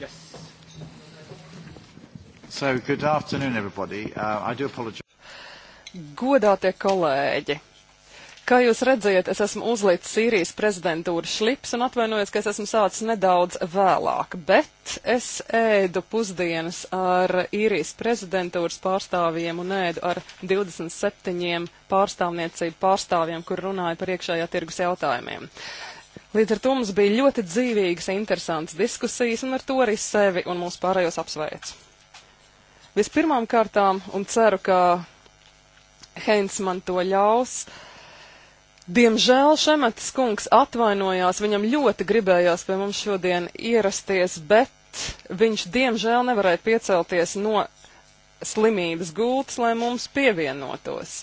Yes. So, good afternoon, everybody. Uh, I do apologize. Godātie kolēģi! Kā jūs redzējat, es esmu uzlicis Sīrijas prezidentūras šlips un atvainojos, ka es esmu sācis nedaudz vēlāk, bet es ēdu pusdienas ar Īrijas prezidentūras pārstāvjiem un ēdu ar 27 pārstāvniecību pārstāvjiem, kur runāju par iekšējā tirgus jautājumiem. Līdz ar to mums bija ļoti dzīvīgas, interesantas diskusijas, un ar to arī sevi un mūsu pārējos apsveicu. Vispirmām kārtām, un ceru, ka Heinz man to ļaus, diemžēl Šemets kungs atvainojās, viņam ļoti gribējās pie mums šodien ierasties, bet viņš diemžēl nevarēja piecelties no slimības gultas, lai mums pievienotos.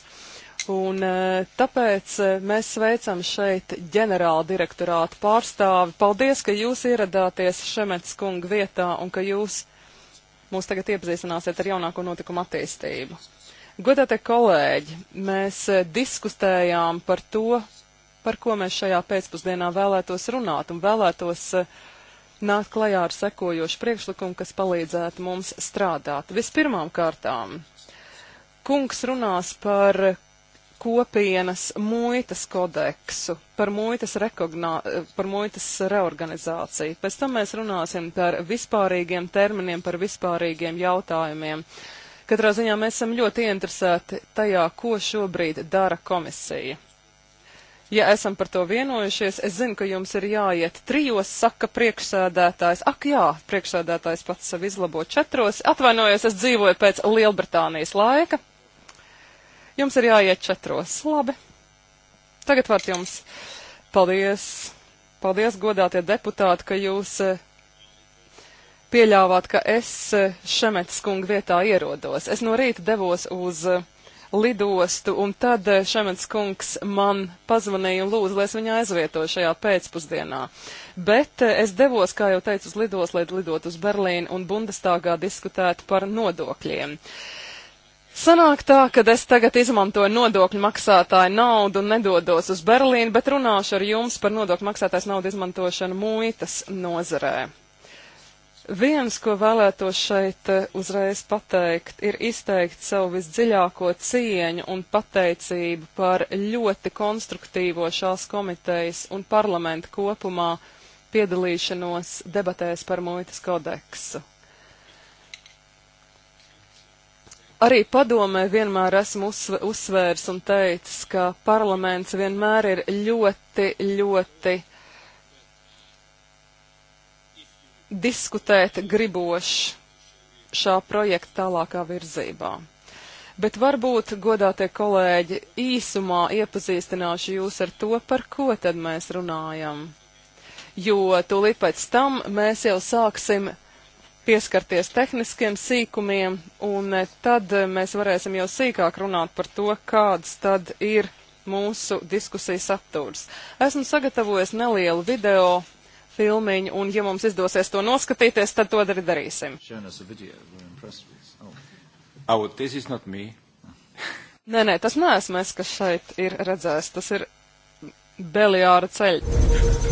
Un eh, tāpēc eh, mēs sveicam šeit ģenerāla direktorāta pārstāvi. Paldies, ka jūs ieradāties Šemets kunga vietā un ka jūs mūs tagad iepazīstināsiet ar jaunāko notikumu attīstību. Godātie kolēģi, mēs eh, diskutējām par to, par ko mēs šajā pēcpusdienā vēlētos runāt un vēlētos nākt klajā ar sekojošu priekšlikumu, kas palīdzētu mums strādāt. Vispirmām kārtām, kungs runās par kopienas muitas kodeksu, par muitas, rekognā, par muitas reorganizāciju. Pēc tam mēs runāsim par vispārīgiem terminiem, par vispārīgiem jautājumiem. Katrā ziņā mēs esam ļoti interesēti tajā, ko šobrīd dara komisija. Ja esam par to vienojušies, es zinu, ka jums ir jāiet trijos, saka priekšsēdētājs. Ak jā, priekšsēdētājs pats sev izlabo četros. Atvainojos, es dzīvoju pēc Lielbritānijas laika. Jums ir jāiet četros. Labi. Tagad vārds jums. Paldies. Paldies, godātie deputāti, ka jūs eh, pieļāvāt, ka es eh, Šemets kunga vietā ierodos. Es no rīta devos uz eh, lidostu, un tad Šemets kungs man pazvanīja un lūdza, lai es viņu aizvietoju šajā pēcpusdienā. Bet es devos, kā jau teicu, uz lidostu, lai lidotu uz Berlīnu un Bundestāgā diskutētu par nodokļiem. Uh, Sanāk tā, ka es tagad izmantoju nodokļu maksātāju naudu un nedodos uz Berlīnu, bet runāšu ar jums par nodokļu maksātājs naudu izmantošanu muitas nozarē. Viens, ko vēlētos šeit eh, uzreiz pateikt, ir izteikt savu visdziļāko cieņu un pateicību par ļoti konstruktīvo šās komitejas un parlamenta kopumā piedalīšanos debatēs par muitas kodeksu. Arī padomē vienmēr esmu uzsvērs un teicis, ka parlaments vienmēr ir ļoti, ļoti diskutēt gribošs šā projekta tālākā virzībā. Bet varbūt, godātie kolēģi, īsumā iepazīstināšu jūs ar to, par ko tad mēs runājam. Jo tūlīt pēc tam mēs jau sāksim pieskarties tehniskiem sīkumiem, un e, tad e, mēs varēsim jau sīkāk runāt par to, kāds tad ir mūsu diskusijas saturs. Esmu sagatavojis nelielu video filmiņu, un ja mums izdosies to noskatīties, tad to arī darīsim. Oh. oh, this is not me. Nē, nē, tas neesmu es, kas šeit ir redzējis. Tas ir Beliāra ceļš.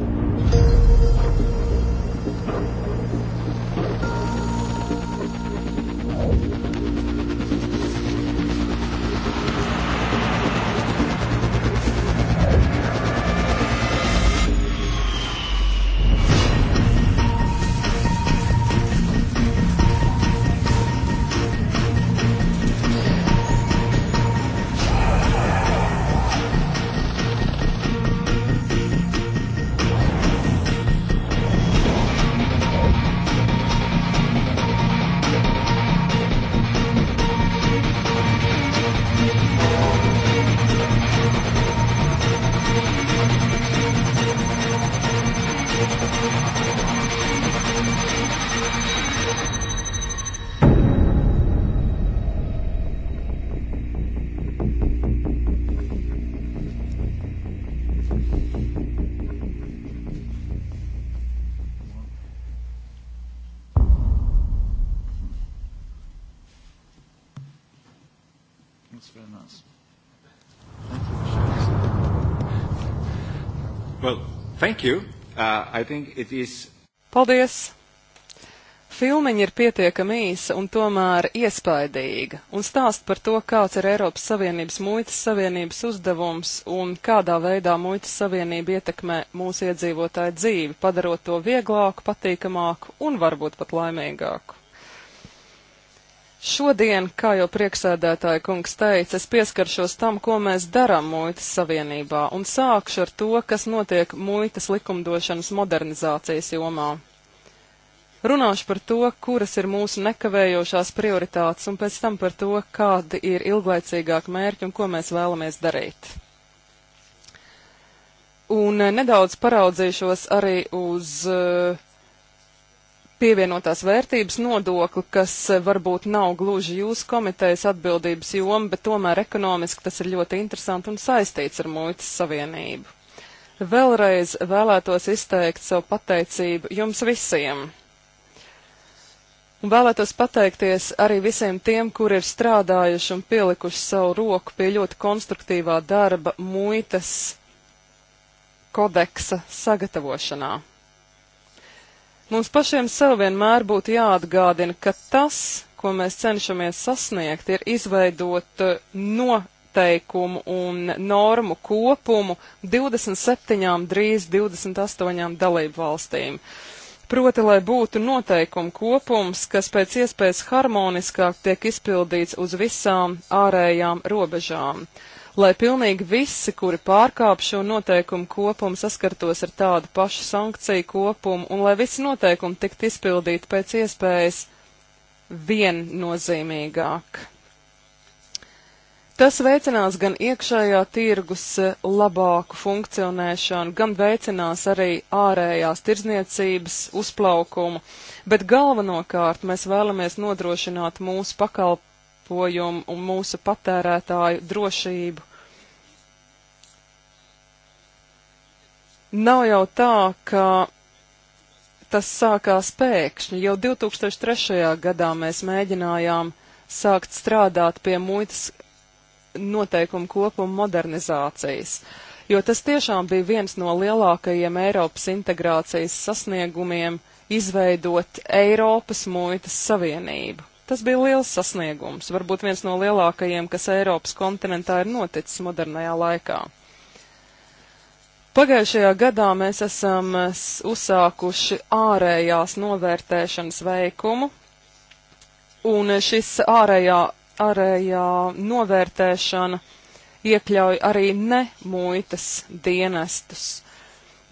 Thank you. Uh, I think it is. Paldies! Filmiņa ir pietiekami īsa un tomēr iespaidīga, un stāst par to, kāds ir Eiropas Savienības muitas savienības uzdevums un kādā veidā muitas savienība ietekmē mūsu iedzīvotāju dzīvi, padarot to vieglāku, patīkamāku un varbūt pat laimīgāku. Šodien, kā jau prieksēdētāja kungs teica, es pieskaršos tam, ko mēs darām muitas savienībā, un sākšu ar to, kas notiek muitas likumdošanas modernizācijas jomā. Runāšu par to, kuras ir mūsu nekavējošās prioritātes, un pēc tam par to, kādi ir ilglaicīgāki mērķi un ko mēs vēlamies darīt. Un eh, nedaudz paraudzīšos arī uz uh, pievienotās vērtības nodokli, kas eh, varbūt nav gluži jūsu komitejas atbildības joma, bet tomēr ekonomiski tas ir ļoti interesanti un saistīts ar muitas savienību. Vēlreiz vēlētos izteikt savu pateicību jums visiem. Un vēlētos pateikties arī visiem tiem, kur ir strādājuši un pielikuši savu roku pie ļoti konstruktīvā darba muitas kodeksa sagatavošanā. Mums pašiem sev vienmēr būtu jāatgādina, ka tas, ko mēs cenšamies sasniegt, ir izveidot eh, noteikumu un normu kopumu 27, drīz 28 dalību valstīm. Proti, lai būtu noteikumu kopums, kas pēc iespējas harmoniskāk tiek izpildīts uz visām ārējām robežām. Uh, lai pilnīgi visi, kuri pārkāp šo noteikumu kopumu, saskartos ar tādu pašu sankciju kopumu, un lai visi noteikumi tiktu izpildīti pēc iespējas viennozīmīgāk. Tas veicinās gan iekšējā tirgus eh, labāku funkcionēšanu, gan veicinās arī ārējās tirzniecības uzplaukumu, bet galvenokārt mēs vēlamies nodrošināt mūsu pakalp pakalpojumu un mūsu patērētāju drošību. Nav jau tā, ka tas sākās pēkšņi. Jau 2003. gadā mēs mēģinājām sākt strādāt pie muitas noteikumu kopuma modernizācijas, jo tas tiešām bija viens no lielākajiem Eiropas integrācijas sasniegumiem - izveidot Eiropas muitas savienību. Tas bija liels sasniegums, varbūt viens no lielākajiem, kas Eiropas kontinentā ir noticis modernajā laikā. Pagājušajā gadā mēs esam uzsākuši ārējās novērtēšanas veikumu, un šis ārējā, ārējā novērtēšana iekļauj arī ne muitas dienestus.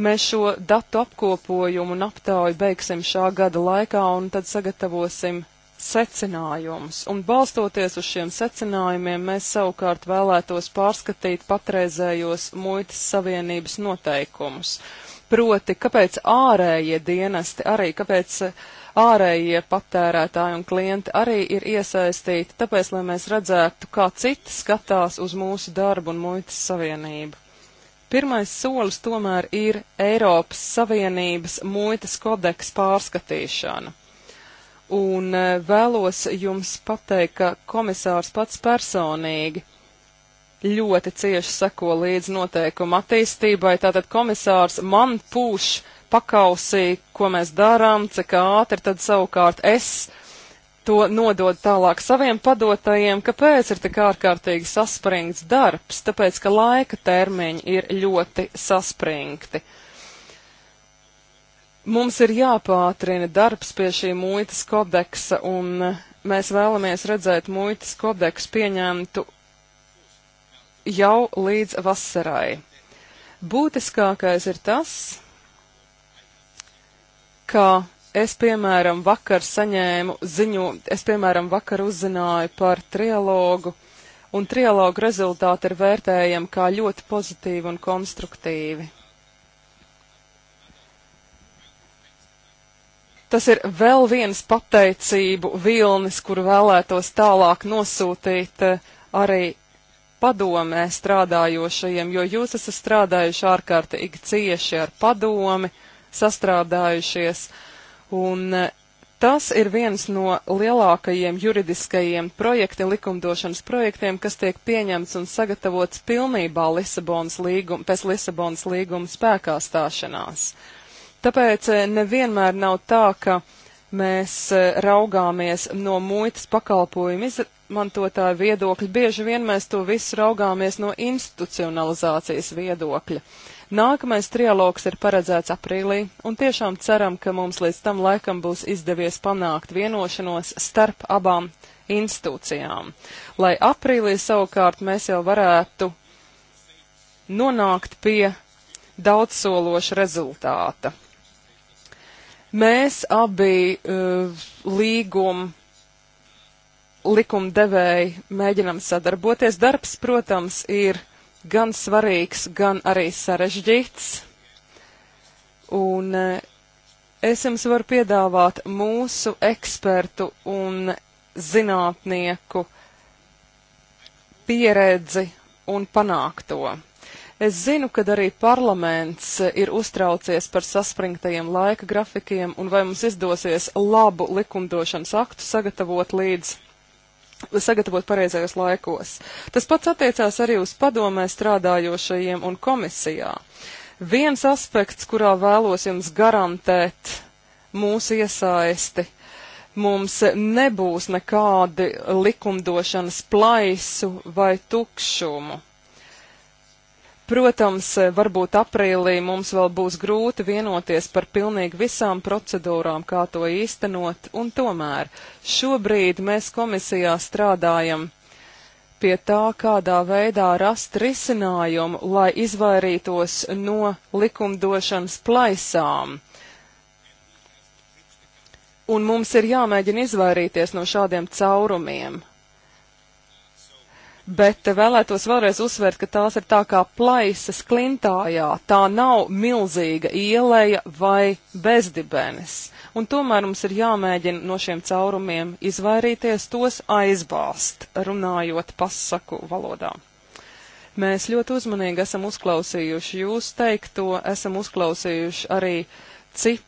Mēs šo datu apkopojumu un aptauju beigsim šā gada laikā, un tad sagatavosim secinājumus, un balstoties uz šiem secinājumiem, mēs savukārt vēlētos pārskatīt patreizējos muitas savienības noteikumus. Proti, kāpēc ārējie dienesti, arī kāpēc ārējie patērētāji un klienti arī ir iesaistīti, tāpēc, lai mēs redzētu, kā citi skatās uz mūsu darbu un muitas savienību. Pirmais solis tomēr ir Eiropas Savienības muitas kodeks pārskatīšana un e, vēlos jums pateikt, ka komisārs pats personīgi ļoti cieši seko līdz noteikuma attīstībai. Tātad komisārs man pūš pakausī, ko mēs darām, cik ātri, tad savukārt es to nodod tālāk saviem padotajiem, kāpēc ir tik ārkārtīgi saspringts darbs, tāpēc, ka laika termiņi ir ļoti saspringti. Uh, Mums ir jāpātrina darbs pie šī muitas kodeksa, un mēs vēlamies redzēt muitas kodeksu pieņemtu jau līdz vasarai. Būtiskākais ir tas, ka es, piemēram, vakar saņēmu ziņu, es, piemēram, vakar uzzināju par trialogu, un trialogu rezultāti ir vērtējami kā ļoti pozitīvi un konstruktīvi. Tas ir vēl viens pateicību vilnis, kuru vēlētos tālāk nosūtīt eh, arī padomē strādājošajiem, jo jūs esat strādājuši ārkārtīgi cieši ar padomi, sastrādājušies, un eh, tas ir viens no lielākajiem juridiskajiem projektiem, likumdošanas projektiem, kas tiek pieņemts un sagatavots pilnībā Lisabonas līguma, pēc Lisabonas līguma spēkā stāšanās. Uh, Tāpēc eh, nevienmēr nav tā, ka mēs eh, raugāmies no muitas pakalpojumu izmantotāju viedokļa, bieži vien mēs to visu raugāmies no institucionalizācijas viedokļa. Nākamais trialogs ir paredzēts aprīlī, un tiešām ceram, ka mums līdz tam laikam būs izdevies panākt vienošanos starp abām institūcijām, lai aprīlī savukārt mēs jau varētu nonākt pie daudzsološa rezultāta. Mēs abi uh, eh, līgumu likumdevēji mēģinam sadarboties. Darbs, protams, ir gan svarīgs, gan arī sarežģīts. Un eh, es jums varu piedāvāt mūsu ekspertu un zinātnieku pieredzi un panākto. Es zinu, ka arī parlaments ir uztraucies par saspringtajiem laika grafikiem un vai mums izdosies labu likumdošanas aktu sagatavot līdz sagatavot pareizajos laikos. Tas pats attiecās arī uz padomē strādājošajiem un komisijā. Viens aspekts, kurā vēlos jums garantēt mūsu iesaisti, mums nebūs nekādi likumdošanas plaisu vai tukšumu. Protams, eh, varbūt aprīlī mums vēl būs grūti vienoties par pilnīgi visām procedūrām, kā to īstenot, un tomēr šobrīd mēs komisijā strādājam pie tā, kādā veidā rast risinājumu, lai izvairītos no likumdošanas plaisām. Un mums ir jāmēģina izvairīties no šādiem caurumiem bet vēlētos vēlreiz uzsvērt, ka tās ir tā kā plaisas klintājā, tā nav milzīga ieleja vai bezdibenis. Un tomēr mums ir jāmēģina no šiem caurumiem izvairīties, tos aizbāst, runājot pasaku valodā. Mēs ļoti uzmanīgi esam uzklausījuši jūs teikto, esam uzklausījuši arī citu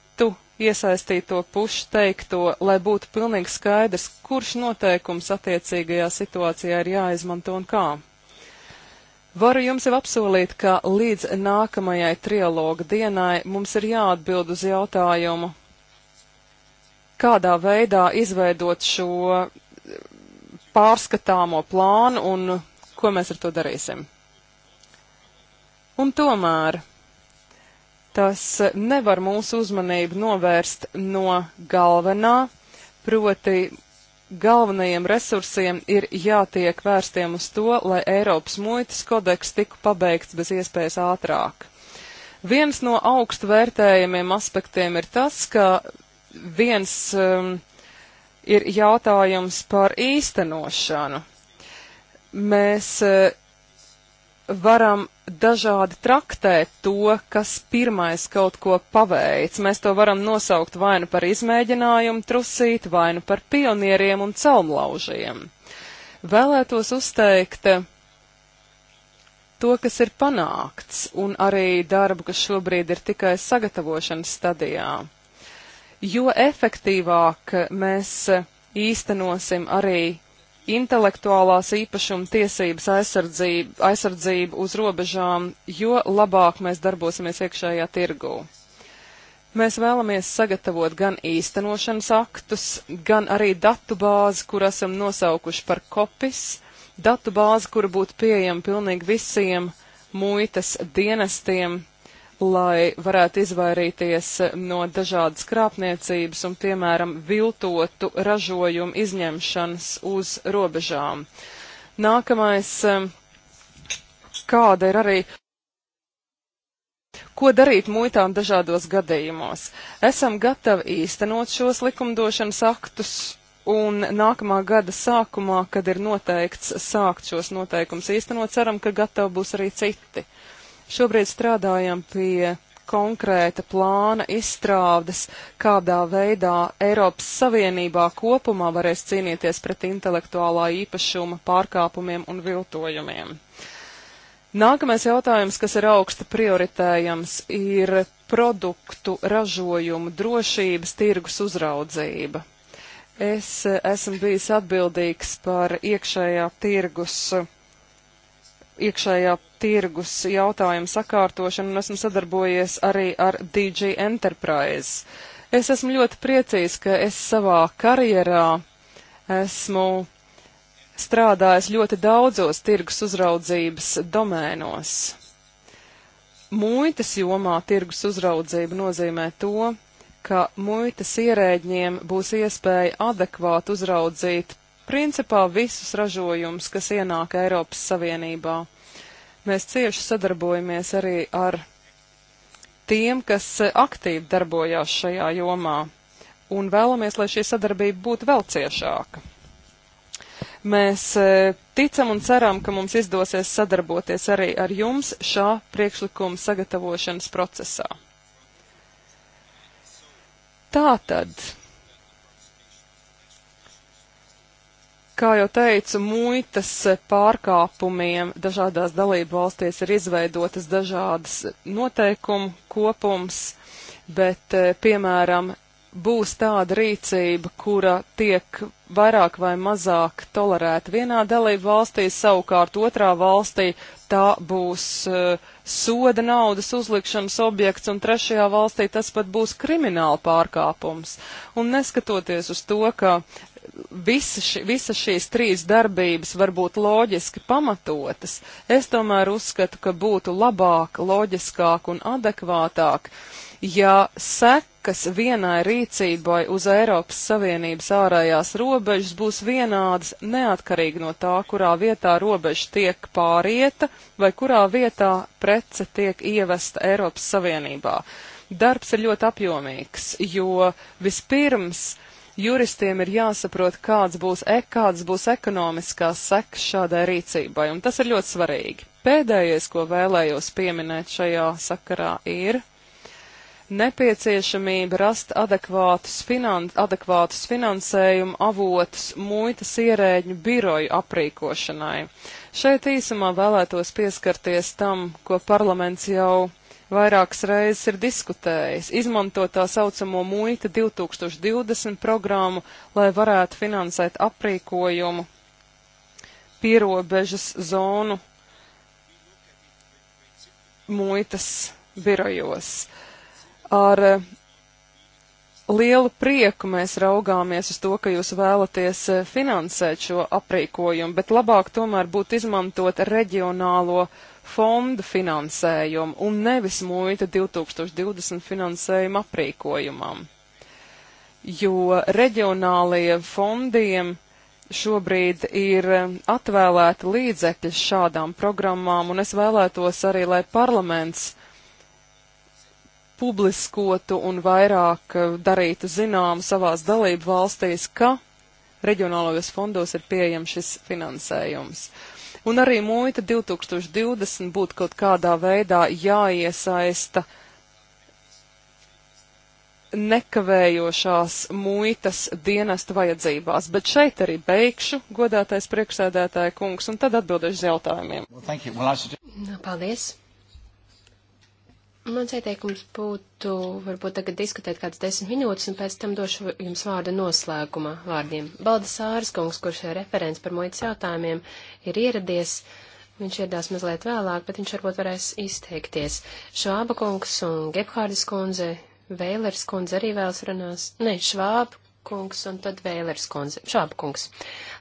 iesaistīto pušu teikto, lai būtu pilnīgi skaidrs, kurš noteikums attiecīgajā situācijā ir jāizmanto un kā. Varu jums jau apsolīt, ka līdz nākamajai trialoga dienai mums ir jāatbild uz jautājumu, kādā veidā izveidot šo pārskatāmo plānu un ko mēs ar to darīsim. Un tomēr tas nevar mūsu uzmanību novērst no galvenā, proti galvenajiem resursiem ir jātiek vērstiem uz to, lai Eiropas muitas kodeks tiku pabeigts bez iespējas ātrāk. Viens no augstu vērtējumiem aspektiem ir tas, ka viens um, ir jautājums par īstenošanu. Mēs uh, varam dažādi traktēt to, kas pirmais kaut ko paveic. Mēs to varam nosaukt vainu par izmēģinājumu trusīt, vainu par pionieriem un celmlaužiem. Vēlētos uzteikt to, kas ir panākts, un arī darbu, kas šobrīd ir tikai sagatavošanas stadijā. Jo efektīvāk mēs īstenosim arī intelektuālās īpašuma tiesības aizsardzību, aizsardzību uz robežām, jo labāk mēs darbosimies iekšējā tirgū. Mēs vēlamies sagatavot gan īstenošanas aktus, gan arī datu bāzi, kur esam nosaukuši par kopis, datu bāzi, kura būtu pieejama pilnīgi visiem muitas dienestiem lai varētu izvairīties no dažādas krāpniecības un, piemēram, viltotu ražojumu izņemšanas uz robežām. Nākamais, kāda ir arī. Ko darīt muitām dažādos gadījumos? Esam gatavi īstenot šos likumdošanas aktus, un nākamā gada sākumā, kad ir noteikts sākt šos noteikumus īstenot, ceram, ka gatavi būs arī citi. Šobrīd strādājam pie konkrēta plāna izstrādes, kādā veidā Eiropas Savienībā kopumā varēs cīnīties pret intelektuālā īpašuma pārkāpumiem un viltojumiem. Nākamais jautājums, kas ir augsta prioritējams, ir produktu ražojumu drošības tirgus uzraudzība. Es esmu bijis atbildīgs par iekšējā tirgus, iekšējā tirgus jautājumu sakārtošanu un esmu sadarbojies arī ar DG Enterprise. Es esmu ļoti priecīgs, ka es savā karjerā esmu strādājis ļoti daudzos tirgus uzraudzības domēnos. Muitas jomā tirgus uzraudzība nozīmē to, ka muitas ierēģiem būs iespēja adekvāti uzraudzīt principā visus ražojumus, kas ienāk Eiropas Savienībā. Mēs cieši sadarbojamies arī ar tiem, kas eh, aktīvi darbojās šajā jomā, un vēlamies, lai šī sadarbība būtu vēl ciešāka. Mēs eh, ticam un ceram, ka mums izdosies sadarboties arī ar jums šā priekšlikuma sagatavošanas procesā. Tātad Kā jau teicu, muitas pārkāpumiem dažādās dalību valstīs ir izveidotas dažādas noteikumu kopums, bet, eh, piemēram, būs tāda rīcība, kura tiek vairāk vai mazāk tolerēta vienā dalību valstī, savukārt otrā valstī tā būs uh, soda naudas uzlikšanas objekts, un trešajā valstī tas pat būs krimināla pārkāpums. Un neskatoties uz to, ka visa, ši, visa šīs trīs darbības var būt loģiski pamatotas, es tomēr uzskatu, ka būtu labāk, loģiskāk un adekvātāk, ja sekas vienai rīcībai uz Eiropas Savienības ārējās robežas būs vienādas neatkarīgi no tā, kurā vietā robeža tiek pārieta vai kurā vietā prece tiek ievesta Eiropas Savienībā. Darbs ir ļoti apjomīgs, jo vispirms uh, juristiem ir jāsaprot, kāds būs, e, kāds būs ekonomiskās sekas šādai rīcībai, un tas ir ļoti svarīgi. Pēdējais, ko vēlējos pieminēt šajā sakarā, ir nepieciešamība rast adekvātus, finan adekvātus finansējumu avotus muitas ierēģu biroju aprīkošanai. Šeit īsumā vēlētos pieskarties tam, ko parlaments jau vairākas reizes ir diskutējis, izmantot tā saucamo muita 2020 programmu, lai varētu finansēt aprīkojumu pierobežas zonu muitas birojos. Ar eh, lielu prieku mēs raugāmies uz to, ka jūs vēlaties eh, finansēt šo aprīkojumu, bet labāk tomēr būtu izmantot reģionālo uh, fondu finansējumu un nevis muita 2020 finansējumu aprīkojumam. Jo reģionālajiem fondiem šobrīd ir atvēlēta līdzekļi šādām programmām, un es vēlētos arī, lai parlaments publiskotu un vairāk eh, darītu zinām savās dalību valstīs, ka reģionālajos fondos ir pieejams šis finansējums. Uh, Un arī muita 2020 būtu kaut kādā veidā jāiesaista nekavējošās muitas dienesta vajadzībās. Bet šeit arī beigšu, godātais priekšsēdētāja kungs, un tad atbildēšu uz jautājumiem. Well, well, should... Nu, paldies! Mans ieteikums būtu varbūt tagad diskutēt kādas desmit minūtes, un pēc tam došu jums vārdu noslēguma vārdiem. Baldas Ārskungs, kurš ir referents par muitas jautājumiem, ir ieradies. Viņš ieradās mazliet vēlāk, bet viņš varbūt varēs izteikties. Švāba kungs un Gebhārdis kundze, Vēlers kundze arī vēlas runās. Nē, Švāba kungs un tad Vēlers kundze. Šāba kungs.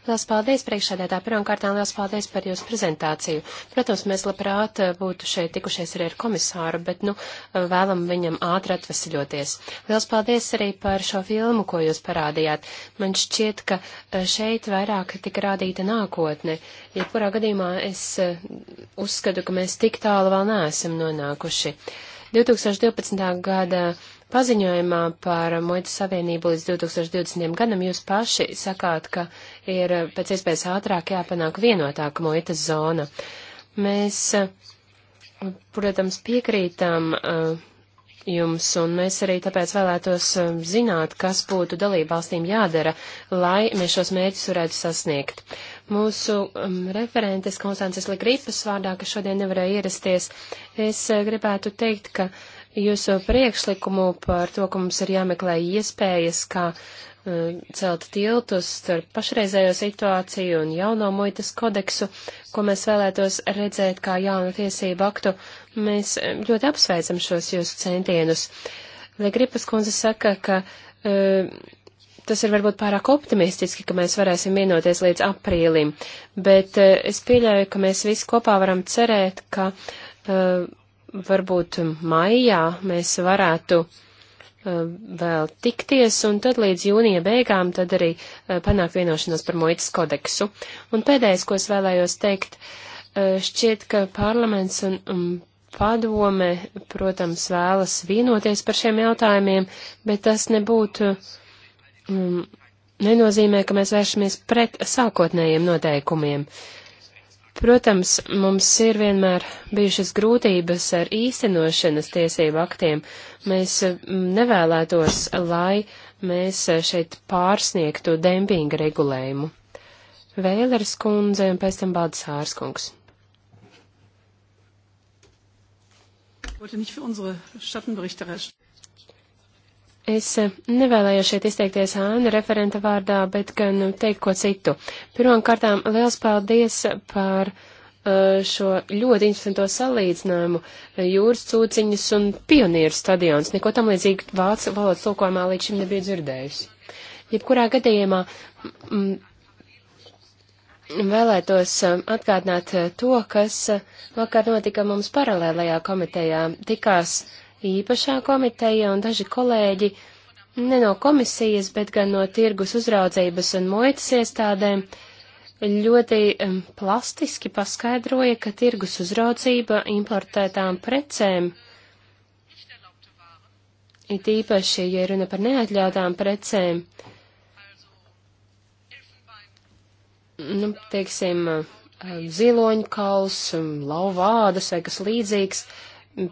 Lielas paldies priekšsēdētā. Pirmkārtām lielas paldies par jūsu prezentāciju. Protams, mēs labprāt eh, būtu šeit tikušies arī ar komisāru, bet, nu, eh, vēlam viņam ātri atvesaļoties. Lielas paldies arī par šo filmu, ko jūs parādījāt. Man šķiet, ka eh, šeit vairāk tika rādīta nākotne. Jebkurā ja gadījumā es uzskatu, ka mēs tik tālu vēl neesam nonākuši. 2012. gada Paziņojumā par Muitas Savienību līdz 2020. gadam jūs paši sakāt, ka ir pēc iespējas ātrāk jāpanāk vienotāka muitas zona. Mēs, protams, piekrītam eh, jums, un mēs arī tāpēc vēlētos eh, zināt, kas būtu dalībvalstīm jādara, lai mēs šos mērķus varētu sasniegt mūsu um, referentes Konstances Ligripas vārdā, kas šodien nevarēja ierasties, es uh, gribētu teikt, ka jūsu priekšlikumu par to, ka mums ir jāmeklē iespējas, kā uh, celt tiltus starp pašreizējo situāciju un jauno muitas kodeksu, ko mēs vēlētos redzēt kā jaunu tiesību aktu. Mēs uh, ļoti apsveicam šos jūsu centienus. Legripas kundze saka, ka uh, tas ir varbūt pārāk optimistiski, ka mēs varēsim vienoties līdz aprīlim, bet uh, es pieļauju, ka mēs visi kopā varam cerēt, ka uh, varbūt maijā mēs varētu eh, vēl tikties, un tad līdz jūnija beigām tad arī eh, panākt vienošanos par muitas kodeksu. Un pēdējais, ko es vēlējos teikt, eh, šķiet, ka parlaments un, un padome, protams, vēlas vienoties par šiem jautājumiem, bet tas nebūtu, um, nenozīmē, ka mēs vēršamies pret sākotnējiem noteikumiem. Uh, Protams, mums ir vienmēr bijušas grūtības ar īstenošanas tiesību aktiem. Mēs eh, nevēlētos, lai mēs eh, šeit pārsniegtu dempinga regulējumu. Vēlers kundze un pēc tam Baldas Hārskungs. wollte nicht für unsere Schattenberichterstatterin. Es eh, nevēlējos šeit izteikties Āna referenta vārdā, bet gan nu, teikt ko citu. Pirmkārtām, liels paldies par eh, šo ļoti interesanto salīdzinājumu jūras cūciņas un pionieru stadions. Neko tam līdzīgi vācu valodas tulkojumā līdz šim nebija dzirdējusi. Jebkurā gadījumā m, vēlētos eh, atgādināt to, kas vakar notika mums paralēlajā komitejā. Tikās uh, īpašā komiteja un daži kolēģi ne no komisijas, bet gan no tirgus uzraudzības un muitas iestādēm ļoti plastiski paskaidroja, ka tirgus uzraudzība importētām precēm it īpaši, ja runa par neatļautām precēm, nu, teiksim, ziloņu kauls, lauvādas vai kas līdzīgs, uh,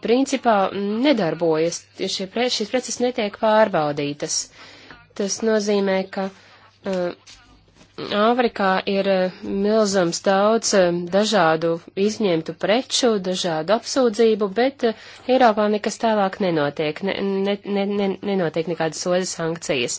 principā nedarbojas, šie pre, šīs preces netiek pārbaudītas. Tas nozīmē, ka uh, Āfrikā ir uh, milzams daudz uh, dažādu izņemtu preču, dažādu apsūdzību, bet uh, Eiropā nekas tālāk nenotiek, ne, ne, ne, nenotiek nekādas soda sankcijas.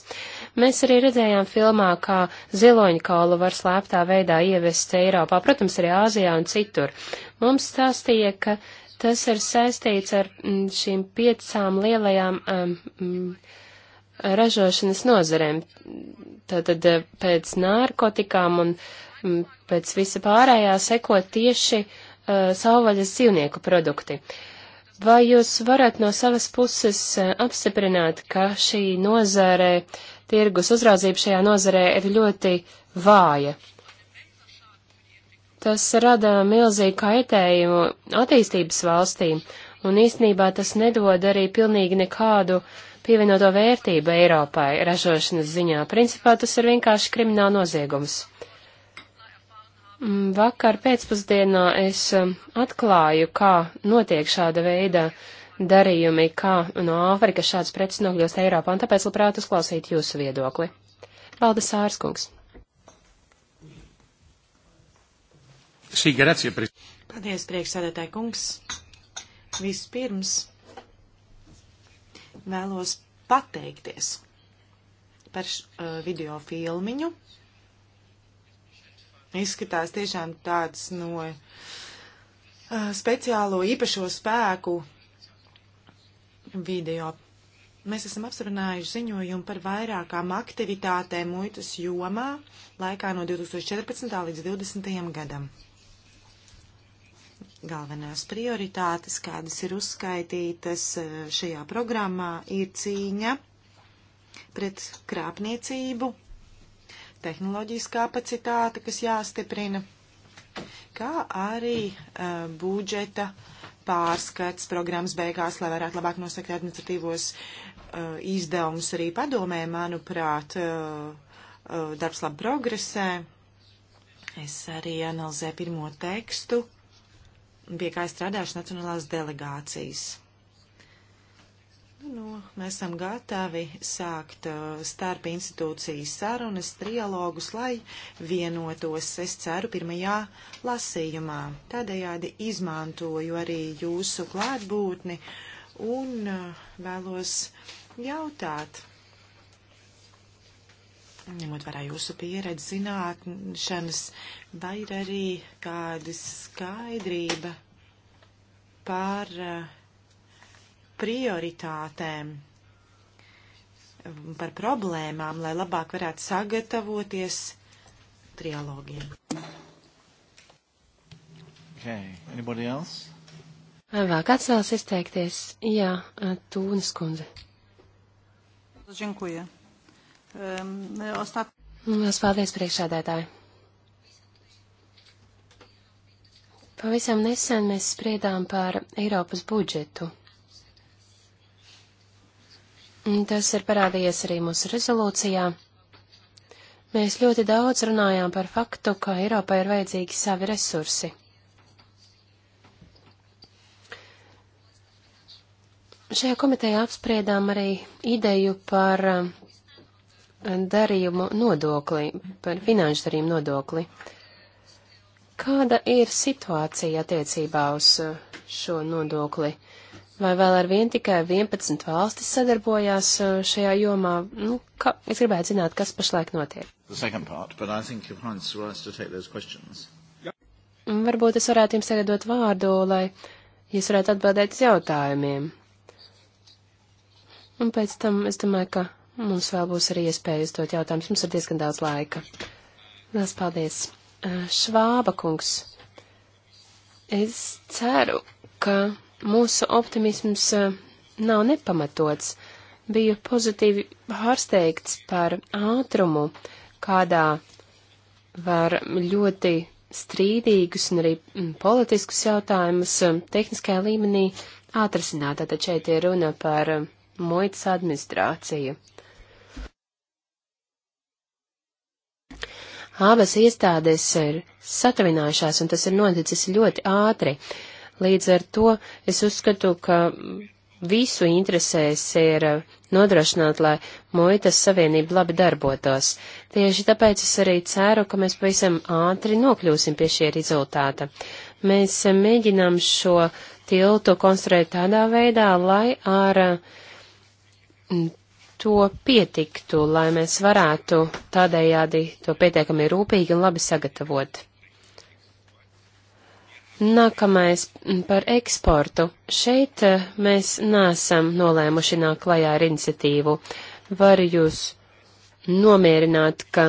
Mēs arī redzējām filmā, kā ziloņkaulu var slēptā veidā ievest Eiropā, protams, arī Āzijā un citur. Mums stāstīja, ka uh, Tas ir saistīts ar mm, šīm piecām lielajām um, ražošanas nozarēm. Tātad eh, pēc narkotikām un mm, pēc visa pārējā seko tieši uh, savvaļas dzīvnieku produkti. Vai jūs varat no savas puses eh, apstiprināt, ka šī nozare, tirgus uzraudzība šajā nozarē ir ļoti vāja? Tas rada milzīgu kaitējumu attīstības valstīm, un īstenībā tas nedod arī pilnīgi nekādu pievienoto vērtību Eiropai ražošanas ziņā. Principā tas ir vienkārši krimināla noziegums. Mm, vakar pēcpusdienā es um, atklāju, kā notiek šāda veida darījumi, kā no Āfrikas šāds preces nokļūst Eiropā, un tāpēc labprāt uzklausīt jūsu viedokli. Valdes Sārskungs. Sī, grazie, pris. Paldies, priekšsēdētāji kungs. Vispirms vēlos pateikties par š, uh, video filmiņu. Izskatās tiešām tāds no uh, speciālo īpašo spēku video. Mēs esam apsarunājuši ziņojumu par vairākām aktivitātēm muitas jomā laikā no 2014. līdz 2020. gadam. Galvenās prioritātes, kādas ir uzskaitītas e, šajā programmā, ir cīņa pret krāpniecību, tehnoloģijas kapacitāte, kas jāstiprina, kā arī uh, budžeta pārskats programmas beigās, lai varētu labāk nosakt administratīvos uh, izdevumus arī padomē, manuprāt, uh, uh, darbs labi progresē. Es arī analizēju pirmo tekstu pie kā strādājuši nacionālās delegācijas. Nu, mēs esam gatavi sākt uh, starp institūcijas sarunas, trialogus, lai vienotos, es ceru, pirmajā lasījumā. Tādējādi izmantoju arī jūsu klātbūtni un uh, vēlos jautāt, ņemot vērā jūsu pieredzi, zināšanas, vai ir arī kāda skaidrība par eh, prioritātēm, par problēmām, lai labāk varētu sagatavoties trialogiem. Okay. Anybody else? Vēl kāds vēlas izteikties? Jā, Tūnas kundze. Dziękuję. Um, ostat... Lielas paldies, priekšādētāji! Pavisam nesen mēs spriedām par Eiropas budžetu. Tas ir parādījies arī mūsu rezolūcijā. Mēs ļoti daudz runājām par faktu, ka Eiropai ir vajadzīgi savi resursi. Šajā komitejā apspriedām arī ideju par um, darījumu nodokli, par finanšu darījumu nodokli. Kāda ir situācija attiecībā uz uh, šo nodokli? Vai vēl ar vien tikai 11 valstis sadarbojās uh, šajā jomā? Nu, ka, es gribētu zināt, kas pašlaik notiek. Part, mm, Varbūt es varētu jums tagad dot vārdu, lai jūs varētu atbildēt uz jautājumiem. Un pēc tam es domāju, ka Mums vēl būs arī iespēja uzdot jautājumus. Mums ir diezgan daudz laika. Lielas paldies. Švāba kungs. Es ceru, ka mūsu optimisms nav nepamatots. Biju pozitīvi pārsteigts par ātrumu, kādā var ļoti strīdīgus un arī politiskus jautājumus tehniskajā līmenī atrasināt. Tātad šeit ir runa par muitas administrāciju. Abas iestādes ir satavinājušās, un tas ir noticis ļoti ātri. Līdz ar to es uzskatu, ka visu interesēs ir uh, nodrošināt, lai muitas savienība labi darbotos. Tieši tāpēc es arī ceru, ka mēs pavisam ātri nokļūsim pie šī rezultāta. Mēs uh, mēģinām šo tiltu konstruēt tādā veidā, lai ar uh, to pietiktu, lai mēs varētu tādējādi to pietiekami rūpīgi un labi sagatavot. Nākamais mm, par eksportu. Šeit eh, mēs nesam nolēmuši nāk klajā ar iniciatīvu. Varu jūs nomierināt, ka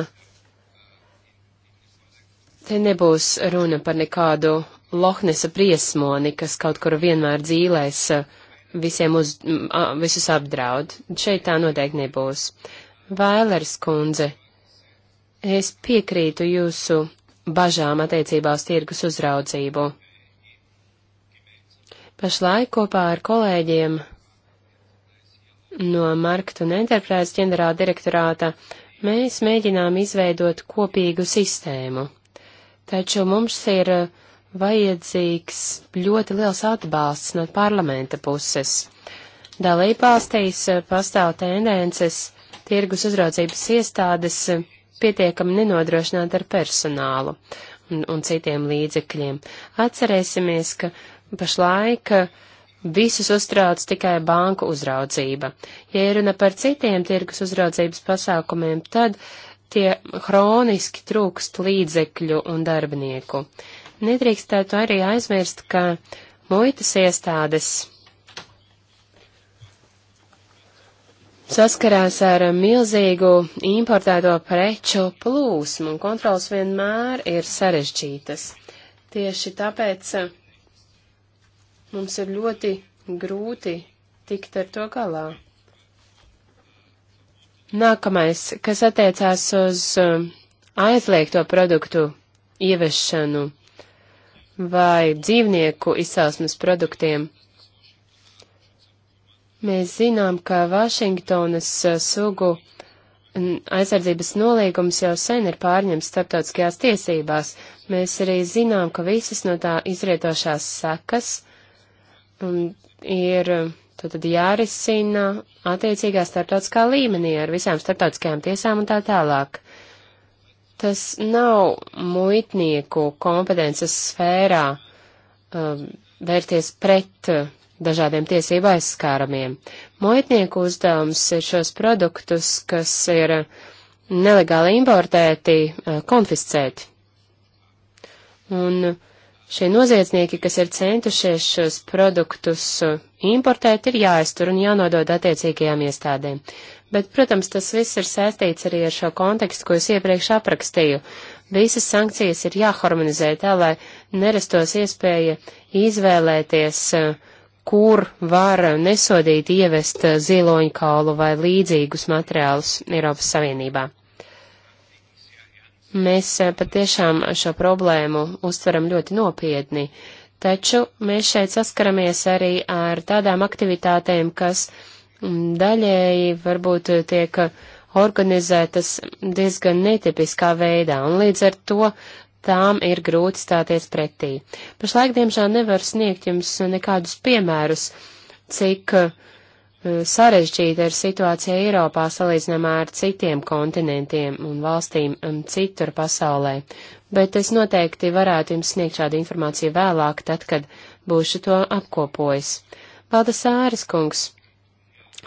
te nebūs runa par nekādu Lohnesa priesmoni, kas kaut kur vienmēr dzīvēs uh, eh, visiem uz, visus apdraud. Šeit tā noteikti nebūs. Vailers kundze, es piekrītu jūsu bažām attiecībā uz tirgus uzraudzību. Pašlaik kopā ar kolēģiem no Marktu un Enterprise ģenerāla direktorāta mēs mēģinām izveidot kopīgu sistēmu. Taču mums ir uh, vajadzīgs ļoti liels atbalsts no parlamenta puses. Dalībvalstīs eh, pastāv tendences tirgus uzraudzības iestādes eh, pietiekami nenodrošināt ar personālu un, un citiem līdzekļiem. Atcerēsimies, ka pašlaik eh, visus uztrauc tikai banku uzraudzība. Ja runa par citiem tirgus uzraudzības pasākumiem, tad tie hroniski trūkst līdzekļu un darbinieku. Uh, Nedrīkstētu arī aizmirst, ka muitas iestādes saskarās ar milzīgu importēto preču plūsmu, un kontrols vienmēr ir sarežģītas. Tieši tāpēc eh, mums ir ļoti grūti tikt ar to galā. Nākamais, kas attiecās uz eh, aizliegto produktu ieviešanu vai dzīvnieku izcelsmes produktiem. Mēs zinām, ka Vašingtonas uh, sugu aizsardzības nolīgums jau sen ir pārņemts starptautiskajās tiesībās. Mēs arī zinām, ka visas no tā izrietošās sekas um, ir uh, tad jārisina attiecīgā starptautiskā līmenī ar visām starptautiskajām tiesām un tā tālāk. Tas nav muitnieku kompetences sfērā um, vērties pret uh, dažādiem tiesību aizskāramiem. Muitnieku uzdevums ir šos produktus, kas ir uh, nelegāli importēti, uh, konfiscēt. Un šie noziedznieki, kas ir centušies šos produktus importēt, ir jāiztur un jānodod attiecīgajām iestādēm. Bet, protams, tas viss ir saistīts arī ar šo kontekstu, ko es iepriekš aprakstīju. Visas sankcijas ir jāharmonizē tā, lai nerastos iespēja izvēlēties, eh, kur var nesodīt ievest eh, ziloņkaulu vai līdzīgus materiālus Eiropas Savienībā. Mēs eh, patiešām šo problēmu uztveram ļoti nopietni, taču mēs šeit saskaramies arī ar tādām aktivitātēm, kas daļēji varbūt tiek organizētas diezgan netipiskā veidā, un līdz ar to tām ir grūti stāties pretī. Pašlaik, diemžēl, nevar sniegt jums nekādus piemērus, cik uh, sarežģīta ir situācija Eiropā salīdzinājumā ar citiem kontinentiem un valstīm un um, citur pasaulē, bet es noteikti varētu jums sniegt šādu informāciju vēlāk, tad, kad būšu to apkopojis. Paldies, Āris kungs!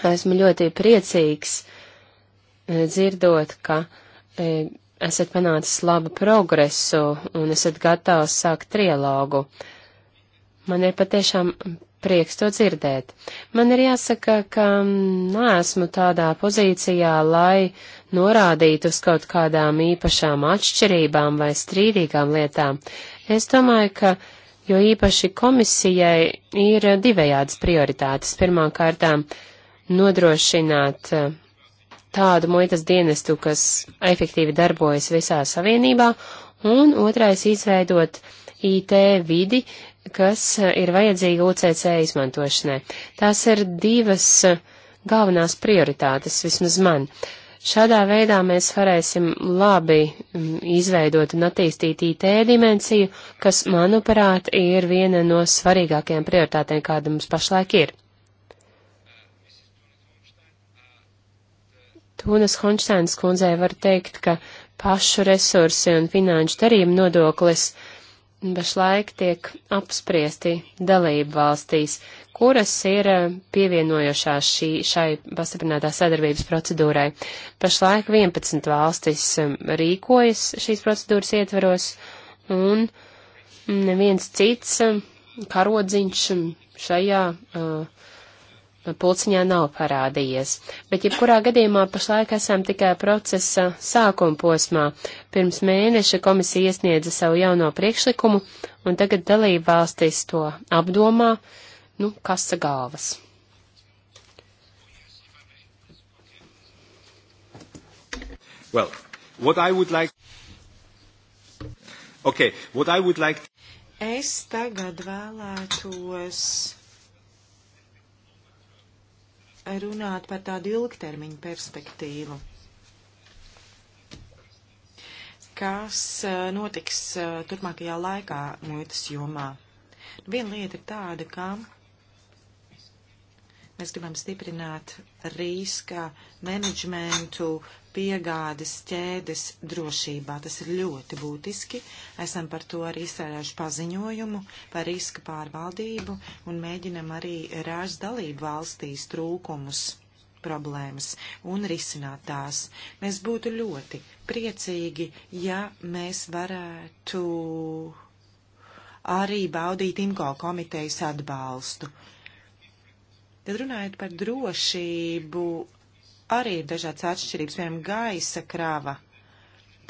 Esmu ļoti priecīgs e, dzirdot, ka e, esat panācis labu progresu un esat gatavs sākt trialogu. Man ir patiešām prieks to dzirdēt. Man ir jāsaka, ka neesmu tādā pozīcijā, lai norādītu uz kaut kādām īpašām atšķirībām vai strīdīgām lietām. Es domāju, ka jo īpaši komisijai ir divējādas prioritātes. Pirmkārtām, uh, nodrošināt eh, tādu muitas dienestu, kas efektīvi darbojas visā savienībā, un otrais izveidot IT vidi, kas eh, ir vajadzīga UCC izmantošanai. Tās ir divas eh, galvenās prioritātes, vismaz man. Šādā veidā mēs varēsim labi mm, izveidot un attīstīt IT dimensiju, kas, manuprāt, ir viena no svarīgākajām prioritātēm, kāda mums pašlaik ir. Tūnas Honštēnas kundzei var teikt, ka pašu resursi un finanšu darījuma nodoklis pašlaik tiek apspriesti dalību valstīs, kuras ir eh, pievienojušās šī, šai pastiprinātā sadarbības procedūrai. Pašlaik 11 valstis eh, rīkojas šīs procedūras ietveros, un neviens cits eh, karodziņš šajā uh, pulciņā nav parādījies. Bet jebkurā gadījumā pašlaik esam tikai procesa sākuma posmā. Pirms mēneša komisija iesniedza savu jauno priekšlikumu, un tagad dalība valstis to apdomā, nu, kas galvas. Well, what I would like... Okay, what I would like... Es tagad vēlētos runāt par tādu ilgtermiņu perspektīvu. Kas e, notiks e, turpmākajā laikā muitas jomā? Viena lieta ir tāda, ka mēs gribam stiprināt riska menedžmentu piegādes ķēdes drošībā. Tas ir ļoti būtiski. Esam par to arī izstrādājuši paziņojumu par riska pārvaldību un mēģinam arī rāžu dalību valstīs trūkumus problēmas un risināt tās. Mēs būtu ļoti priecīgi, ja mēs varētu arī baudīt IMCO komitejas atbalstu. Tad runājot par drošību arī ir dažādas atšķirības, piemēram, gaisa krāva.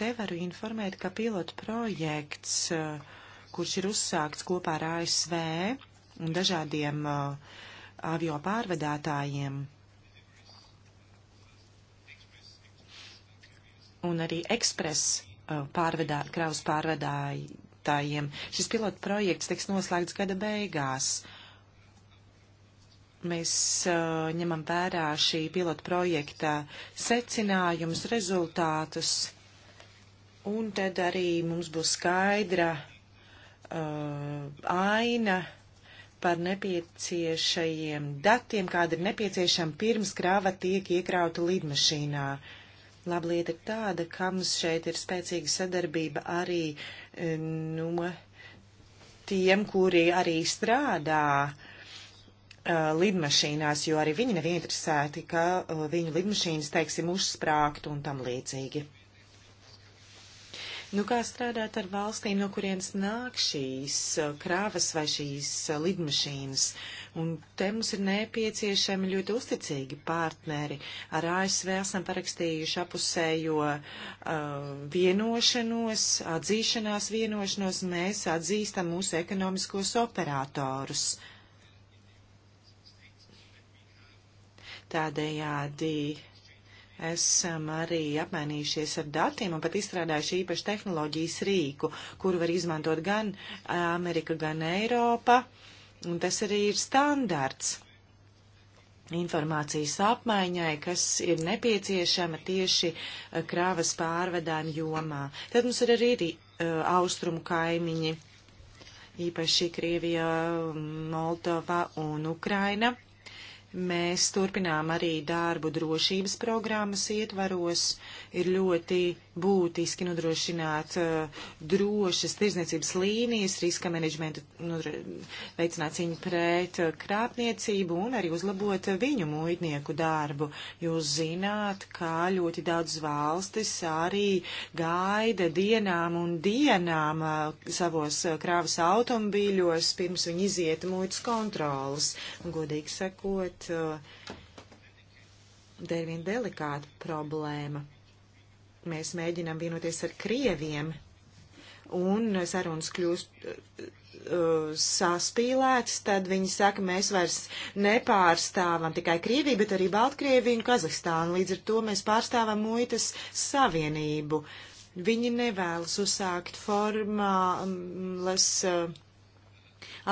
Te varu informēt, ka pilotu projekts, eh, kurš ir uzsākts kopā ar ASV un dažādiem uh, avio pārvadātājiem, un arī ekspres uh, pārvedā, kravas pārvadātājiem, šis pilotu projekts tiks noslēgts gada beigās. Mēs uh, ņemam vērā šī pilota projekta secinājumus, rezultātus, un tad arī mums būs skaidra uh, aina par nepieciešajiem datiem, kāda ir nepieciešama pirms krāva tiek iekrauta lidmašīnā. Laba lieta ir tāda, ka mums šeit ir spēcīga sadarbība arī uh, no tiem, kuri arī strādā Uh, lidmašīnās, jo arī viņi nav interesēti, ka uh, viņu lidmašīnas, teiksim, uzsprāgtu un tam līdzīgi. Nu, kā strādāt ar valstīm, no kurienes nāk šīs uh, krāvas vai šīs lidmašīnas? Un te mums ir nepieciešami ļoti uzticīgi partneri. Ar ASV esam parakstījuši apusējo uh, vienošanos, atzīšanās vienošanos. Mēs atzīstam mūsu ekonomiskos operatorus. Uh, Tādējādi esam arī apmainījušies ar datiem un pat izstrādājuši īpašu tehnoloģijas rīku, kuru var izmantot gan Amerika, gan Eiropa. Un tas arī ir standarts informācijas apmaiņai, kas ir nepieciešama tieši krāvas pārvedājumu jomā. Tad mums ir arī uh, austrumu kaimiņi, īpaši Krievija, Moldova un Ukraina. Mēs turpinām arī darbu drošības programmas ietvaros. Ir ļoti būtiski nodrošināt uh, drošas tirzniecības līnijas, riska menedžmentu, nodro, nu, veicināt cīņu pret uh, krāpniecību un arī uzlabot uh, viņu muitnieku darbu. Jūs zināt, kā ļoti daudz valstis arī gaida dienām un dienām uh, savos uh, krāvas automobīļos, pirms viņi iziet muitas kontrolas. Godīgi sakot, te ir viena delikāta problēma Mēs mēģinām vienoties ar krieviem, un sarunas kļūst uh, saspīlētas, tad viņi saka, mēs vairs nepārstāvam tikai Krieviju, bet arī Baltkrieviju un Kazahstānu. Līdz ar to mēs pārstāvam muitas savienību. Viņi nevēlas uzsākt formālas uh,